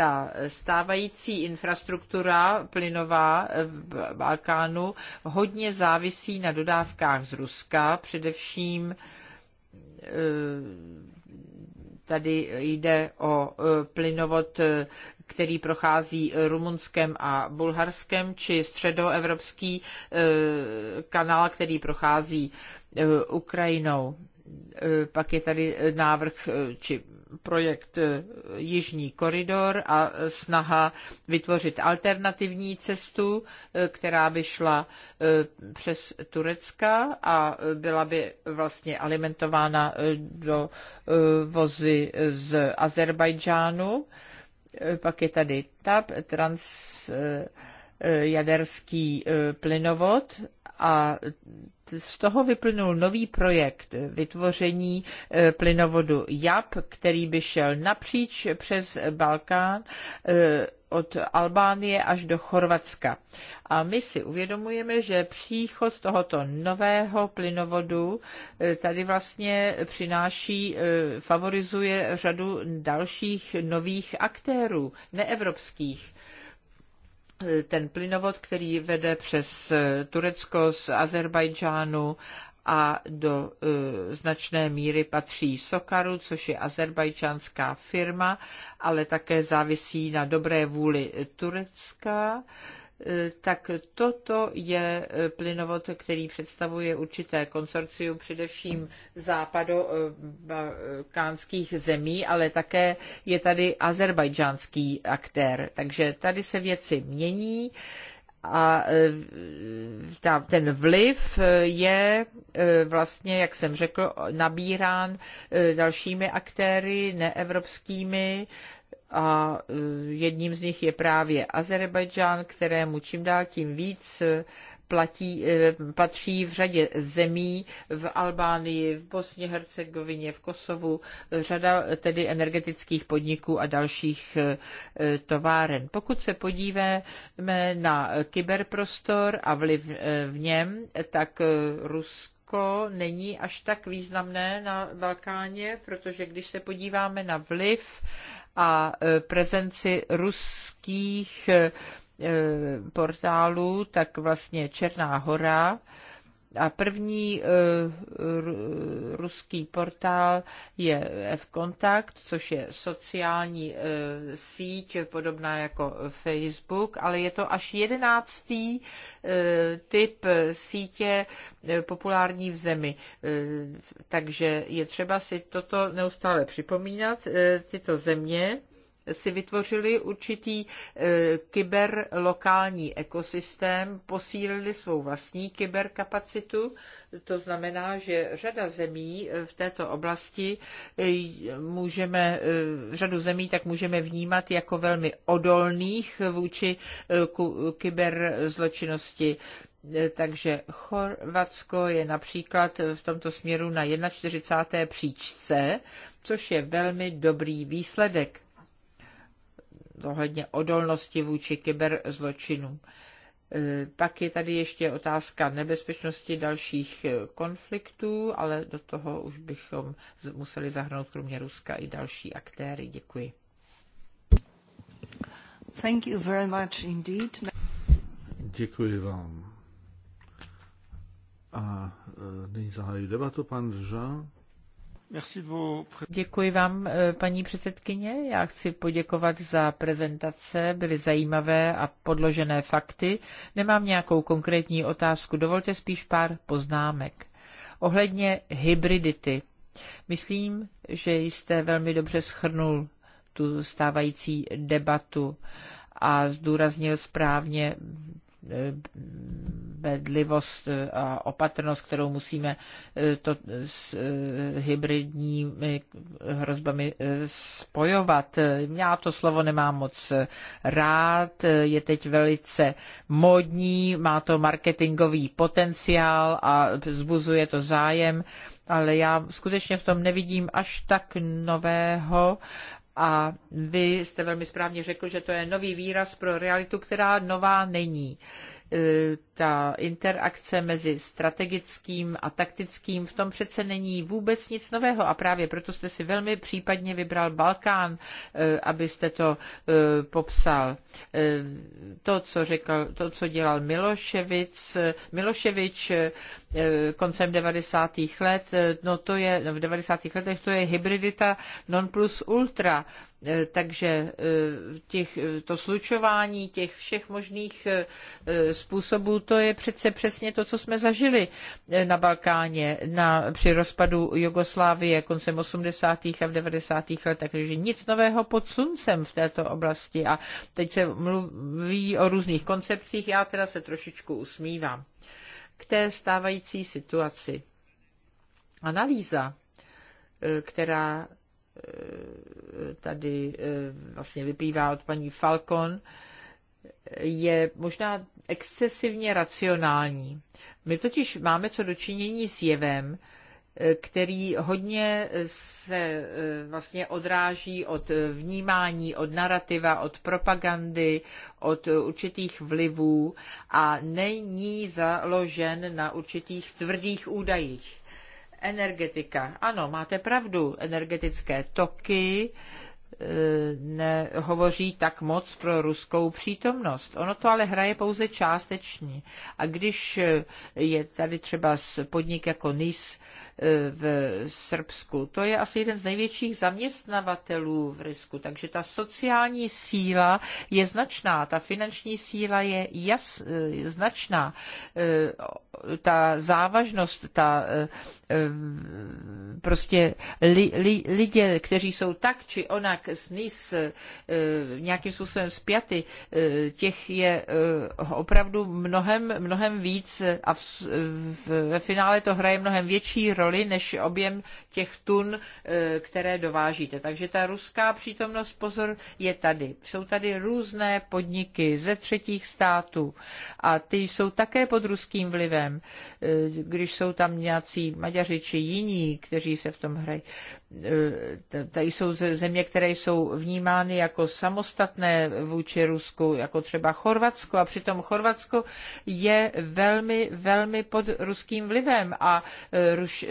ta stávající infrastruktura plynová v Balkánu hodně závisí na dodávkách z Ruska, především e, tady jde o e, plynovod, e, který prochází Rumunskem a Bulharskem, či středoevropský kanál, který prochází Ukrajinou. Eh, pak je tady eh, návrh eh, či projekt Jižní koridor a snaha vytvořit alternativní cestu, která by šla přes Turecka a byla by vlastně alimentována do vozy z Azerbajdžánu. Pak je tady TAP, transjaderský plynovod a z toho vyplynul nový projekt vytvoření eh, plynovodu JAP, který by šel napříč přes Balkán eh, od Albánie až do Chorvatska. A my si uvědomujeme, že příchod tohoto nového plynovodu eh, tady vlastně přináší, favorizuje řadu dalších nových aktérů, neevropských ten plynovod, který vede přes eh, Turecko z Azerbajdžánu a do e, značné míry patří Sokaru, což je azerbajdžánská firma, ale také závisí na dobré vůli Turecka. E, tak toto je eh, plynovod, který představuje určité konsorcium především západokánských eh, zemí, ale také je tady azerbajdžánský aktér. Takže tady se věci mění a eh, ta, ten vliv je vlastně, jak jsem řekl, nabírán dalšími aktéry, neevropskými, a e, jedním z nich je právě Azerbajdžán, kterému čím dál tím víc e, platí, e, patří v řadě zemí v Albánii, v Bosně, Hercegovině, v Kosovu, řada tedy energetických podniků a dalších továren. Pokud se podíváme na kyberprostor a vliv v něm, tak Rusko není až tak významné na Balkáně, protože když se podíváme na vliv a e, prezenci ruských e, e, portálů, tak vlastně Černá hora a první eh, ruský portál je F-Kontakt, což je sociální eh, síť podobná jako Facebook, ale je to až jedenáctý eh, typ sítě populární v zemi. Takže je třeba si toto neustále připomínat, tyto země, si vytvořili určitý e, kyberlokální ekosystém, posílili svou vlastní kyberkapacitu. To znamená, že řada zemí e, v této oblasti e, můžeme, řadu zemí tak můžeme vnímat jako velmi odolných vůči kyberzločinnosti. Takže Chorvatsko je například v tomto směru na 41. příčce, což je velmi dobrý výsledek ohledně odolnosti vůči kyberzločinům. E, pak je tady ještě otázka nebezpečnosti dalších e, konfliktů, ale do toho už bychom museli zahrnout kromě Ruska i další aktéry. Děkuji. Thank you very much indeed. Děkuji vám. A e, nyní zahájí debatu pan žá. Děkuji vám, eh, paní předsedkyně. Já chci poděkovat za prezentace, byly zajímavé a podložené fakty. Nemám nějakou konkrétní otázku, dovolte spíš pár poznámek. Ohledně hybridity. Myslím, že jste velmi dobře schrnul tu stávající debatu a zdůraznil správně bedlivost eh, a opatrnost, kterou musíme eh, to s eh, hybridními hrozbami spojovat. Já to slovo nemám moc rád, je teď velice modní, má to marketingový potenciál a zbuzuje to zájem ale já skutečně v tom nevidím až tak nového a vy jste velmi správně řekl, že to je nový výraz pro realitu, která nová není ta interakce mezi strategickým a taktickým, v tom přece není vůbec nic nového a právě proto jste si velmi případně vybral Balkán, eh, abyste to eh, popsal. Eh, to, co řekl, to, co dělal Miloševic, Miloševič koncem 90. let, no to je, no v 90. letech to je hybridita non plus ultra. Eh, takže eh, těch, eh, to slučování těch všech možných způsobů, to je přece přesně to, co jsme zažili na Balkáně na, při rozpadu Jugoslávie koncem 80. a v 90. letech, Takže nic nového pod sluncem v této oblasti. A teď se mluví o různých koncepcích, já teda se trošičku usmívám. K té stávající situaci. Analýza, která tady eh, vlastně vyplývá od paní Falcon, je možná excesivně racionální. My totiž máme co dočinění s jevem, eh, který hodně se eh, vlastně odráží od vnímání, od narrativa, od propagandy, od určitých vlivů a není založen na určitých tvrdých údajích. Energetika. Ano, máte pravdu. Energetické toky eh, nehovoří tak moc pro ruskou přítomnost. Ono to ale hraje pouze částečně. A když eh, je tady třeba podnik jako NIS, v Srbsku. To je asi jeden z největších zaměstnavatelů v Rysku, takže ta sociální síla je značná, ta finanční síla je jas, eh, značná. Eh, ta závažnost, ta eh, prostě li, li, lidé, kteří jsou tak či onak s NIS nějakým způsobem zpěty, těch je opravdu mnohem, mnohem víc a v, v, ve finále to hraje mnohem větší roli roli než objem těch tun, eh, které dovážíte. Takže ta ruská přítomnost, pozor, je tady. Jsou tady různé podniky ze třetích států a ty jsou také pod ruským vlivem, eh, když jsou tam nějací Maďaři či jiní, kteří se v tom hrají. E, tady jsou země, které jsou vnímány jako samostatné vůči Rusku, jako třeba Chorvatsko. A přitom Chorvatsko je velmi, velmi pod ruským vlivem a e, ruš, e,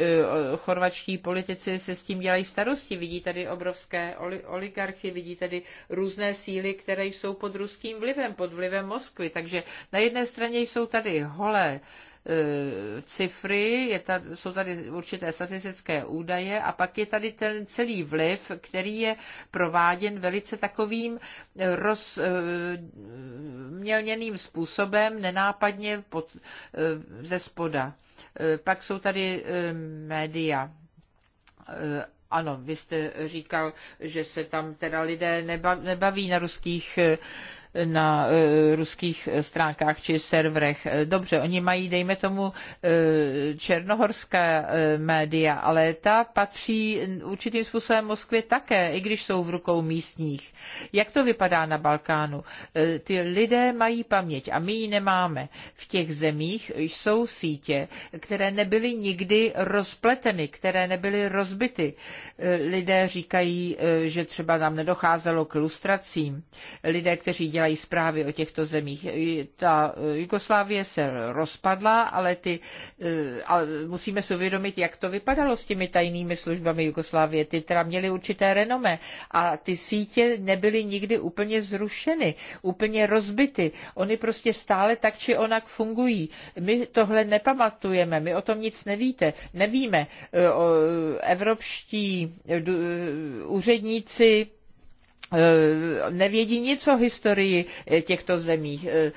chorvačtí politici se s tím dělají starosti. Vidí tady obrovské oligarchy, vidí tady různé síly, které jsou pod ruským vlivem, pod vlivem Moskvy. Takže na jedné straně jsou tady holé E, cifry, je tady, jsou tady určité statistické údaje a pak je tady ten celý vliv, který je prováděn velice takovým rozmělněným e, způsobem, nenápadně pod, e, ze spoda. Pak jsou tady média. Ano, vy jste říkal, že se tam teda lidé nebaví na ruských na e, ruských e, stránkách či serverech. E, dobře, oni mají, dejme tomu, černohorská média, ale ta patří určitým způsobem Moskvě také, i když jsou v rukou místních. Jak to vypadá na Balkánu? Ty lidé mají paměť a my ji nemáme. V těch zemích jsou sítě, které nebyly nikdy rozpleteny, které nebyly rozbity. Lidé říkají, že třeba nám nedocházelo k lustracím. Lidé, kteří dělají dělají zprávy o těchto zemích. Ta eh, Jugoslávie se rozpadla, ale, ty, eh, ale musíme si uvědomit, jak to vypadalo s těmi tajnými službami Jugoslávie. Ty teda měly určité renome a ty sítě nebyly nikdy úplně zrušeny, úplně rozbity. Oni prostě stále tak či onak fungují. My tohle nepamatujeme, my o tom nic nevíte, nevíme. Eh, evropští úředníci Eh, nevědí nic o historii eh, těchto zemí. Eh,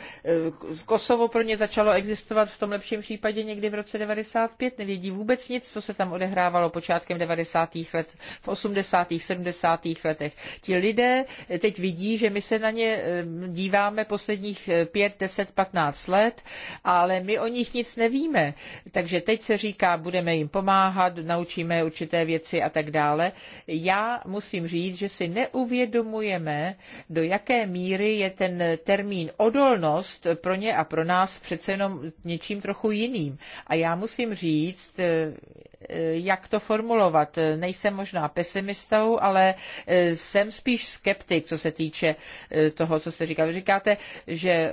Kosovo pro ně začalo existovat v tom lepším případě někdy v roce 95, nevědí vůbec nic, co se tam odehrávalo počátkem 90. let, v 80. 70. letech. Ti lidé teď vidí, že my se na ně díváme posledních 5, 10, 15 let, ale my o nich nic nevíme. Takže teď se říká, budeme jim pomáhat, naučíme určité věci a tak dále. Já musím říct, že si neuvědomuji, uvědomujeme, do jaké míry je ten termín odolnost pro ně a pro nás přece jenom něčím trochu jiným. A já musím říct, jak to formulovat. Nejsem možná pesimistou, ale eh, jsem spíš skeptik, co se týče eh, toho, co jste říkal. Vy říkáte, že eh,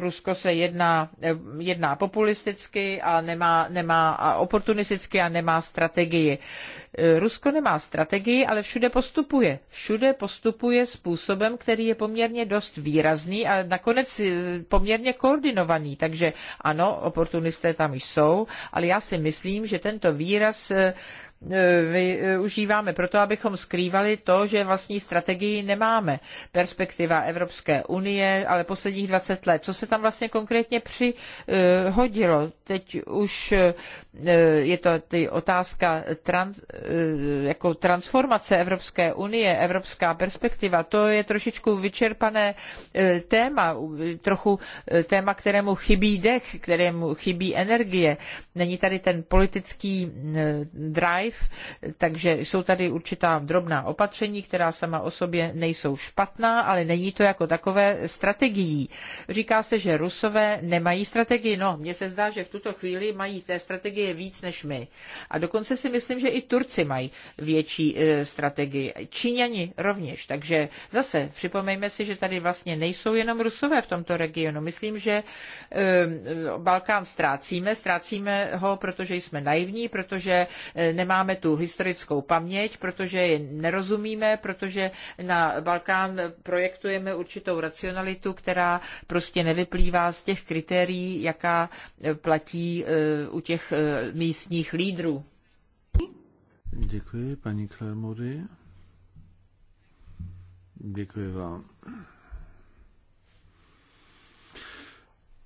Rusko se jedná, jedná populisticky a nemá, nemá a oportunisticky a nemá strategii. Rusko nemá strategii, ale všude postupuje. Všude postupuje způsobem, který je poměrně dost výrazný a nakonec poměrně koordinovaný. Takže ano, oportunisté tam jsou, ale já si myslím, že tento výraz výraz eh, využíváme e, e, proto, abychom skrývali to, že vlastní strategii nemáme. Perspektiva Evropské unie, ale posledních 20 let. Co se tam vlastně konkrétně přihodilo? Teď už e, je to ty otázka trans, jako transformace Evropské unie, evropská perspektiva. To je trošičku vyčerpané téma, trochu téma, kterému chybí dech, kterému chybí energie. Není tady ten politický drive, Life, takže jsou tady určitá drobná opatření, která sama o sobě nejsou špatná, ale není to jako takové strategií. Říká se, že Rusové nemají strategii. No, mně se zdá, že v tuto chvíli mají té strategie víc než my. A dokonce si myslím, že i Turci mají větší e, strategii. Číňani rovněž. Takže zase připomeňme si, že tady vlastně nejsou jenom Rusové v tomto regionu. Myslím, že e, Balkán ztrácíme, ztrácíme ho, protože jsme naivní, protože e, nemáme nemáme tu historickou paměť, protože je nerozumíme, protože na Balkán projektujeme určitou racionalitu, která prostě nevyplývá z těch kritérií, jaká platí eh, u těch eh, místních lídrů. Děkuji, paní Klermody. Děkuji vám.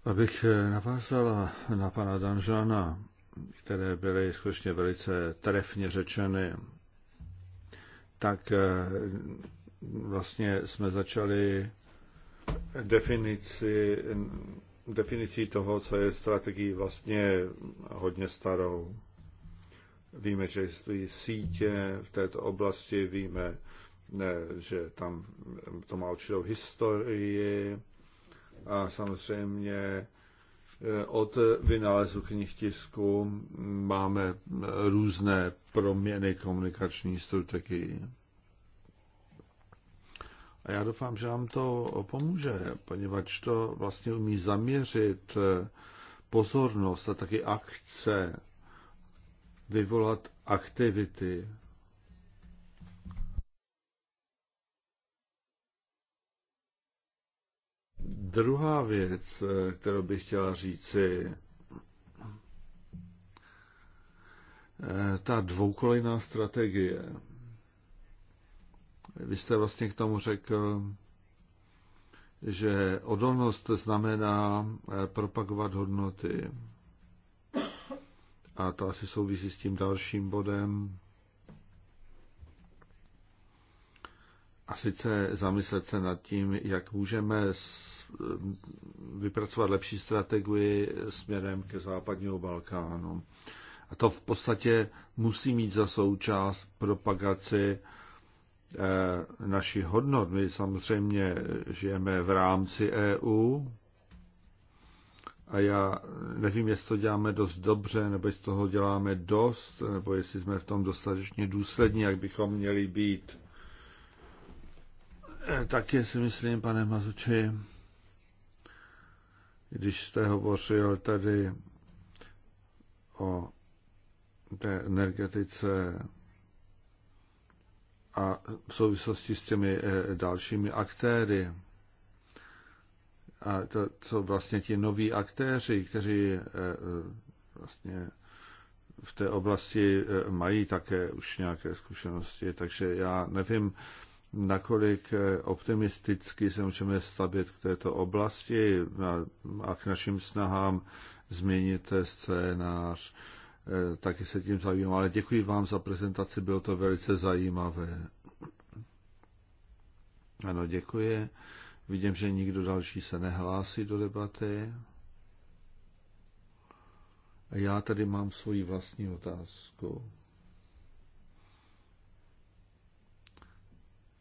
Abych eh, navázala na pana Danžana, které byly skutečně velice trefně řečeny, tak eh, vlastně jsme začali definici, definicí toho, co je strategií vlastně hodně starou. Víme, že existují sítě v této oblasti, víme, ne, eh, že tam to má určitou historii a samozřejmě Eh, od vynálezu knih tisku máme eh, různé proměny komunikační strategii. A já doufám, že vám to pomůže, poněvadž to vlastně umí zaměřit eh, pozornost a taky akce, vyvolat aktivity, Druhá věc, eh, kterou bych chtěla říci, eh, ta dvoukolejná strategie. Vy jste vlastně k tomu řekl, že odolnost znamená eh, propagovat hodnoty. A to asi souvisí s tím dalším bodem. A sice zamyslet se nad tím, jak můžeme s Eh, vypracovat lepší strategii směrem ke západního Balkánu. A to v podstatě musí mít za součást propagaci eh, naši hodnot. My samozřejmě žijeme v rámci EU a já nevím, jestli to děláme dost dobře, nebo jestli toho děláme dost, nebo jestli jsme v tom dostatečně důslední, jak bychom měli být. Eh, taky si myslím, pane Mazuči, když jste hovořil tady o té energetice a v souvislosti s těmi eh, dalšími aktéry, a to, co vlastně ti noví aktéři, kteří eh, vlastně v té oblasti eh, mají také už nějaké zkušenosti, takže já nevím, nakolik eh, optimisticky se můžeme stavit k této oblasti a k našim snahám změnit scénář. Eh, taky se tím zabývám, ale děkuji vám za prezentaci, bylo to velice zajímavé. Ano, děkuji. Vidím, že nikdo další se nehlásí do debaty. Já tady mám svoji vlastní otázku.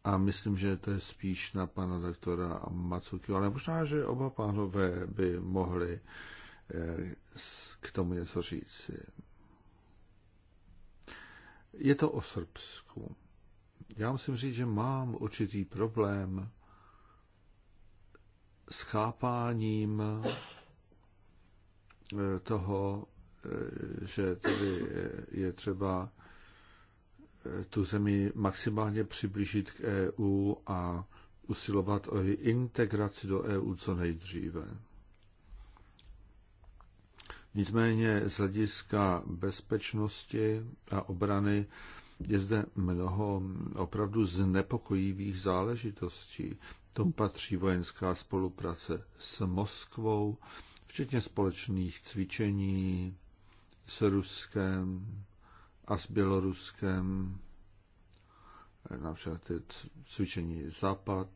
a myslím, že to je spíš na pana doktora Macukiho, ale možná, že oba pánové by mohli eh, k tomu něco říci. Je to o Srbsku. Já musím říct, že mám určitý problém s chápáním eh, toho, eh, že tady je třeba tu zemi maximálně přiblížit k EU a usilovat o její integraci do EU co nejdříve. Nicméně z hlediska bezpečnosti a obrany je zde mnoho opravdu znepokojivých záležitostí. Tomu patří vojenská spolupráce s Moskvou, včetně společných cvičení s Ruskem, a s Běloruskem, například ty cvičení Západ.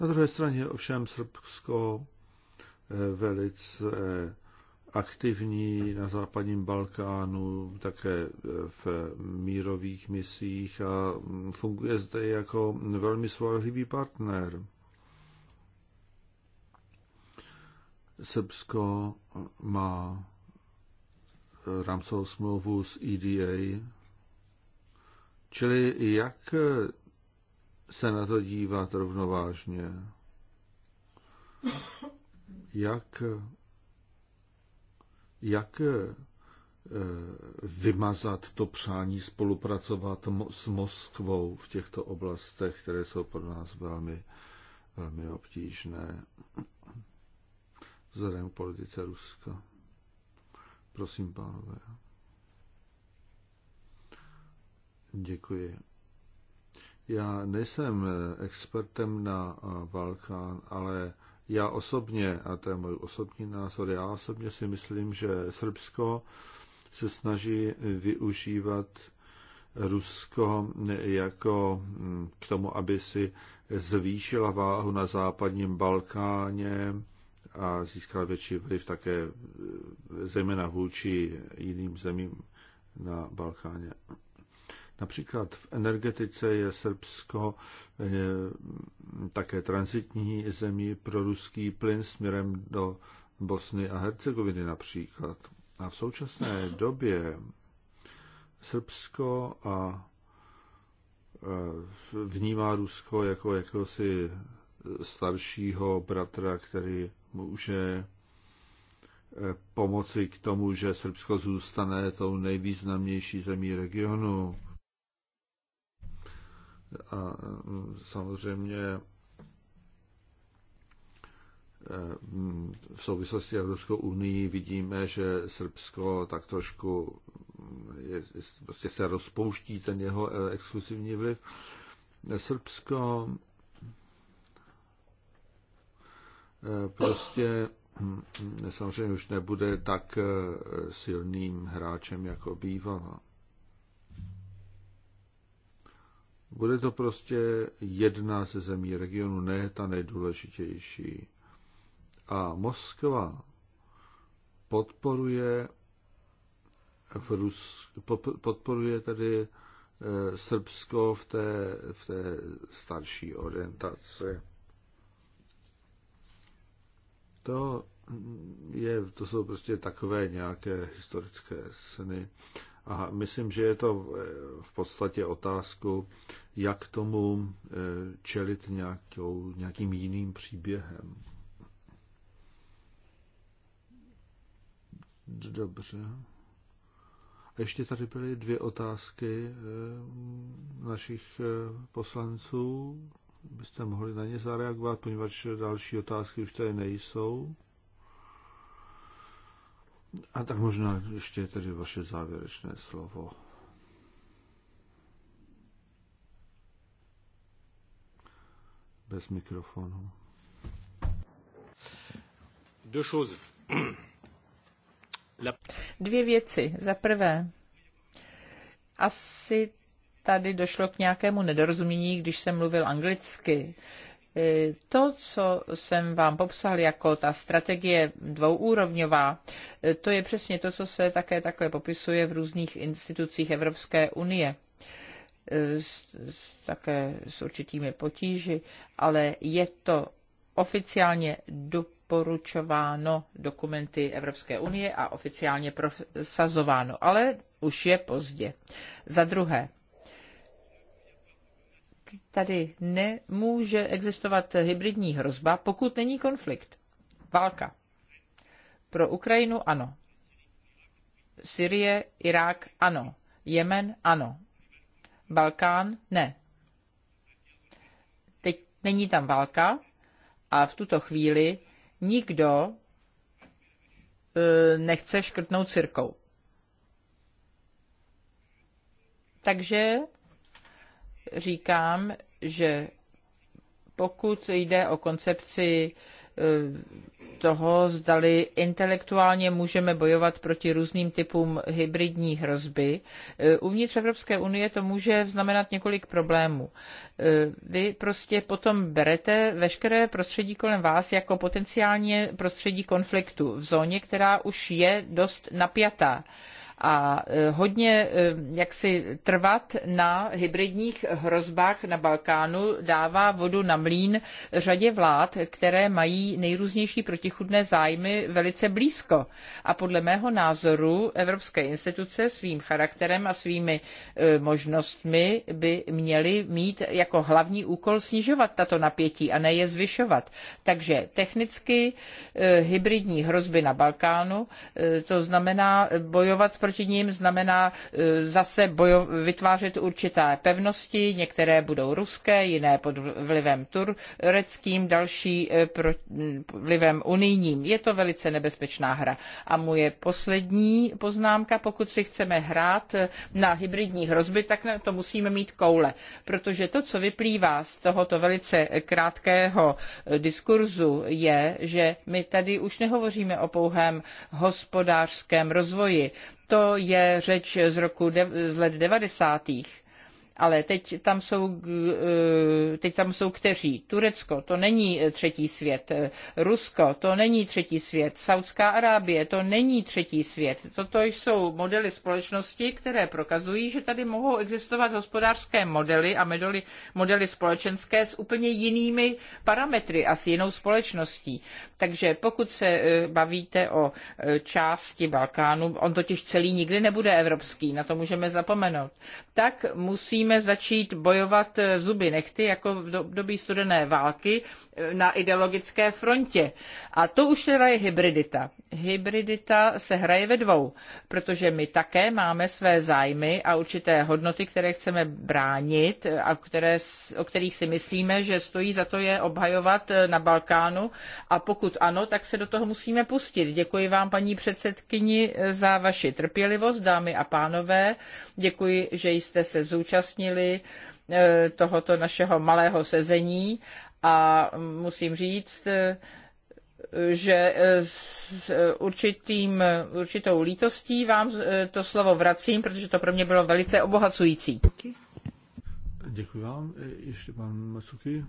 Na druhé straně ovšem Srbsko eh, velice eh, aktivní na západním Balkánu, také eh, v mírových misích a mm, funguje zde jako velmi svolhlivý partner. Srbsko má rámcovou smlouvu s EDA. Čili jak se na to dívat rovnovážně? Jak, jak eh, vymazat to přání spolupracovat s Moskvou v těchto oblastech, které jsou pro nás velmi, velmi obtížné vzhledem k politice Ruska. Prosím, pánové. Děkuji. Já nejsem eh, expertem na eh, Balkán, ale já osobně, a to je můj osobní názor, já osobně si myslím, že Srbsko se snaží využívat Rusko eh, jako hm, k tomu, aby si zvýšila váhu na západním Balkáně, a získal větší vliv také e, zejména vůči jiným zemím na Balkáně. Například v energetice je Srbsko e, také transitní zemí pro ruský plyn směrem do Bosny a Hercegoviny například. A v současné době Srbsko a e, vnímá Rusko jako jakéhosi staršího bratra, který může eh, pomoci k tomu, že Srbsko zůstane tou nejvýznamnější zemí regionu. A eh, samozřejmě eh, v souvislosti s Evropskou unii vidíme, že Srbsko tak trošku je, prostě se rozpouští ten jeho exkluzivní vliv. Srbsko Eh, prostě hm, hm, samozřejmě už nebude tak eh, silným hráčem, jako bývala. Bude to prostě jedna ze zemí regionu, ne ta nejdůležitější. A Moskva podporuje v Rus, podporuje tedy eh, Srbsko v té, v té starší orientaci. To, je, to jsou prostě takové nějaké historické sny. A myslím, že je to v podstatě otázku, jak tomu eh, čelit nějakou, nějakým jiným příběhem. Dobře. A ještě tady byly dvě otázky eh, našich eh, poslanců byste mohli na ně zareagovat, poněvadž další otázky už tady nejsou. A tak možná ještě tedy vaše závěrečné slovo. Bez mikrofonu. Dvě věci. Za prvé, asi tady došlo k nějakému nedorozumění, když jsem mluvil anglicky. E, to, co jsem vám popsal jako ta strategie dvouúrovňová, e, to je přesně to, co se také takhle popisuje v různých institucích Evropské unie. E, s, s, také s určitými potíži, ale je to oficiálně doporučováno dokumenty Evropské unie a oficiálně prosazováno, ale už je pozdě. Za druhé, tady nemůže existovat hybridní hrozba, pokud není konflikt. Válka. Pro Ukrajinu ano. Syrie, Irák ano. Jemen ano. Balkán ne. Teď není tam válka a v tuto chvíli nikdo eh, nechce škrtnout cirkou. Takže říkám, že pokud jde o koncepci eh, toho, zdali intelektuálně můžeme bojovat proti různým typům hybridní hrozby. Eh, uvnitř Evropské unie to může znamenat několik problémů. Eh, vy prostě potom berete veškeré prostředí kolem vás jako potenciálně prostředí konfliktu v zóně, která už je dost napjatá a e, hodně e, jaksi trvat na hybridních hrozbách na Balkánu dává vodu na mlín řadě vlád, které mají nejrůznější protichudné zájmy velice blízko. A podle mého názoru evropské instituce svým charakterem a svými e, možnostmi by měly mít jako hlavní úkol snižovat tato napětí a ne je zvyšovat. Takže technicky hybridní hrozby na Balkánu, to znamená bojovat proti proti nim znamená e, zase bojo, vytvářet určité pevnosti, některé budou ruské, jiné pod vlivem tureckým, další e, pro, vlivem unijním. Je to velice nebezpečná hra. A moje poslední poznámka, pokud si chceme hrát e, na hybridní hrozby, tak to musíme mít koule, protože to, co vyplývá z tohoto velice krátkého diskurzu, je, že my tady už nehovoříme o pouhém hospodářském rozvoji. To je řeč z roku de, z let 90 ale teď tam jsou, eh, teď tam jsou kteří? Turecko, to není eh, třetí svět. Eh, Rusko, to není třetí svět. Saudská Arábie, to není třetí svět. Toto jsou modely společnosti, které prokazují, že tady mohou existovat hospodářské modely a modely, modely společenské s úplně jinými parametry a s jinou společností. Takže pokud se bavíte o části Balkánu, on totiž celý nikdy nebude evropský, na to můžeme zapomenout, tak musí musíme začít bojovat eh, zuby nechty, jako v období studené války, eh, na ideologické frontě. A to už teda je hybridita. Hybridita se hraje ve dvou, protože my také máme své zájmy a určité hodnoty, které chceme bránit a které, o kterých si myslíme, že stojí za to je obhajovat eh, na Balkánu. A pokud ano, tak se do toho musíme pustit. Děkuji vám, paní předsedkyni, za vaši trpělivost, dámy a pánové. Děkuji, že jste se zúčastnili zúčastnili eh, tohoto našeho malého sezení a musím říct, eh, že eh, s určitým, určitou lítostí vám to slovo vracím, protože to pro mě bylo velice obohacující. Děkuji vám. Ještě pan Macuky.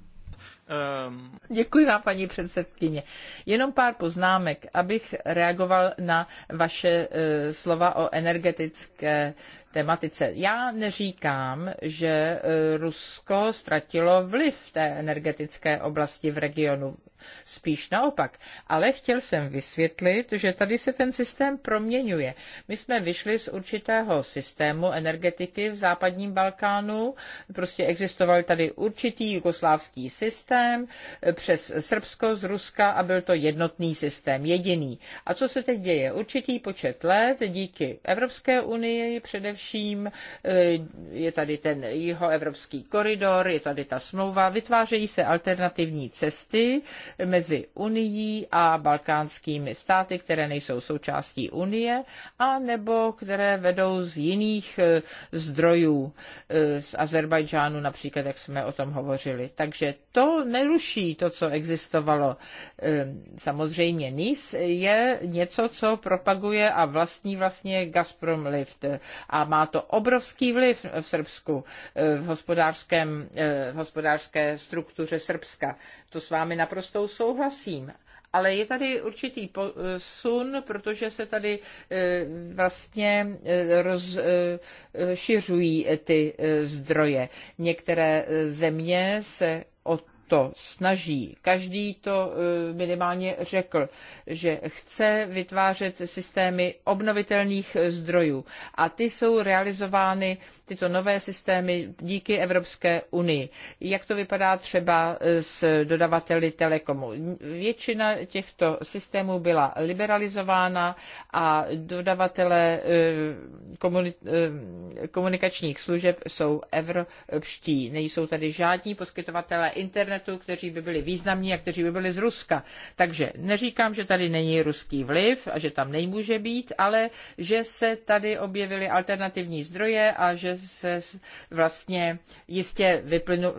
Um, Děkuji vám, paní předsedkyně. Jenom pár poznámek, abych reagoval na vaše eh, slova o energetické tematice. Já neříkám, že eh, Rusko ztratilo vliv v té energetické oblasti v regionu spíš naopak. Ale chtěl jsem vysvětlit, že tady se ten systém proměňuje. My jsme vyšli z určitého systému energetiky v západním Balkánu, prostě existoval tady určitý jugoslávský systém e, přes Srbsko z Ruska a byl to jednotný systém, jediný. A co se teď děje? Určitý počet let díky Evropské unii především e, je tady ten jihoevropský koridor, je tady ta smlouva, vytvářejí se alternativní cesty mezi Unií a balkánskými státy, které nejsou součástí Unie, a nebo které vedou z jiných e, zdrojů e, z Azerbajdžánu, například, jak jsme o tom hovořili. Takže to neruší to, co existovalo. E, samozřejmě NIS je něco, co propaguje a vlastní vlastně Gazprom Lift. A má to obrovský vliv v Srbsku, v, hospodářském, v hospodářské struktuře Srbska. To s vámi naprosto souhlasím. Ale je tady určitý posun, protože se tady e, vlastně e, rozšiřují e, ty zdroje. Některé země se od to snaží. Každý to eh, minimálně řekl, že chce vytvářet systémy obnovitelných eh, zdrojů. A ty jsou realizovány, tyto nové systémy, díky Evropské unii. Jak to vypadá třeba eh, s dodavateli telekomu? Většina těchto systémů byla liberalizována a dodavatelé komunikačních služeb jsou evropští. Nejsou tady žádní poskytovatelé internetu, expertů, kteří by byli významní a kteří by byli z Ruska. Takže neříkám, že tady není ruský vliv a že tam nejmůže být, ale že se tady objevily alternativní zdroje a že se vlastně jistě vyplynu,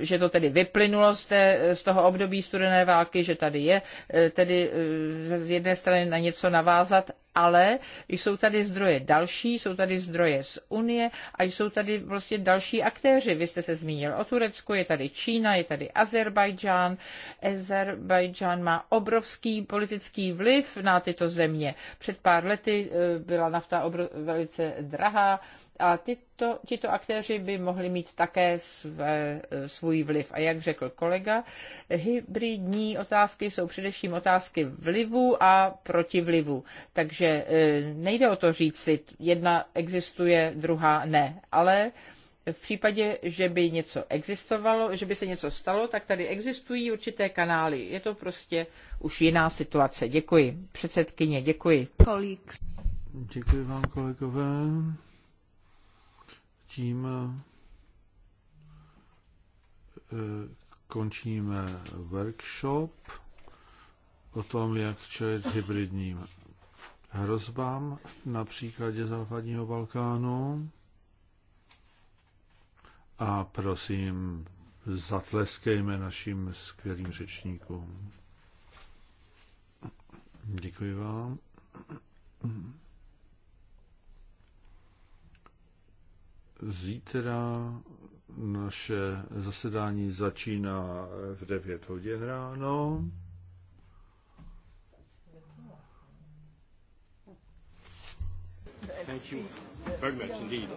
že to tedy vyplynulo z, té, z toho období studené války, že tady je eh, tedy eh, z jedné strany na něco navázat ale jsou tady zdroje další, jsou tady zdroje z Unie a jsou tady prostě další aktéři. Vy jste se zmínil o Turecku, je tady Čína, je tady Azerbajdžán. Azerbajdžán má obrovský politický vliv na tyto země. Před pár lety eh, byla nafta obro- velice drahá, a tyto, tyto aktéři by mohli mít také své, eh, svůj vliv. A jak řekl kolega, hybridní otázky jsou především otázky vlivu a protivlivu. Takže eh, nejde o to říct si, jedna existuje, druhá ne. Ale v případě, že by něco existovalo, že by se něco stalo, tak tady existují určité kanály. Je to prostě už jiná situace. Děkuji. Předsedkyně, děkuji. Kolik. Děkuji vám, kolegové tím eh, končíme workshop o tom, jak čelit hybridním hrozbám na příkladě západního Balkánu. A prosím, zatleskejme našim skvělým řečníkům. Děkuji vám. Zítra naše zasedání začíná v 9 hodin ráno. Thank you very much indeed.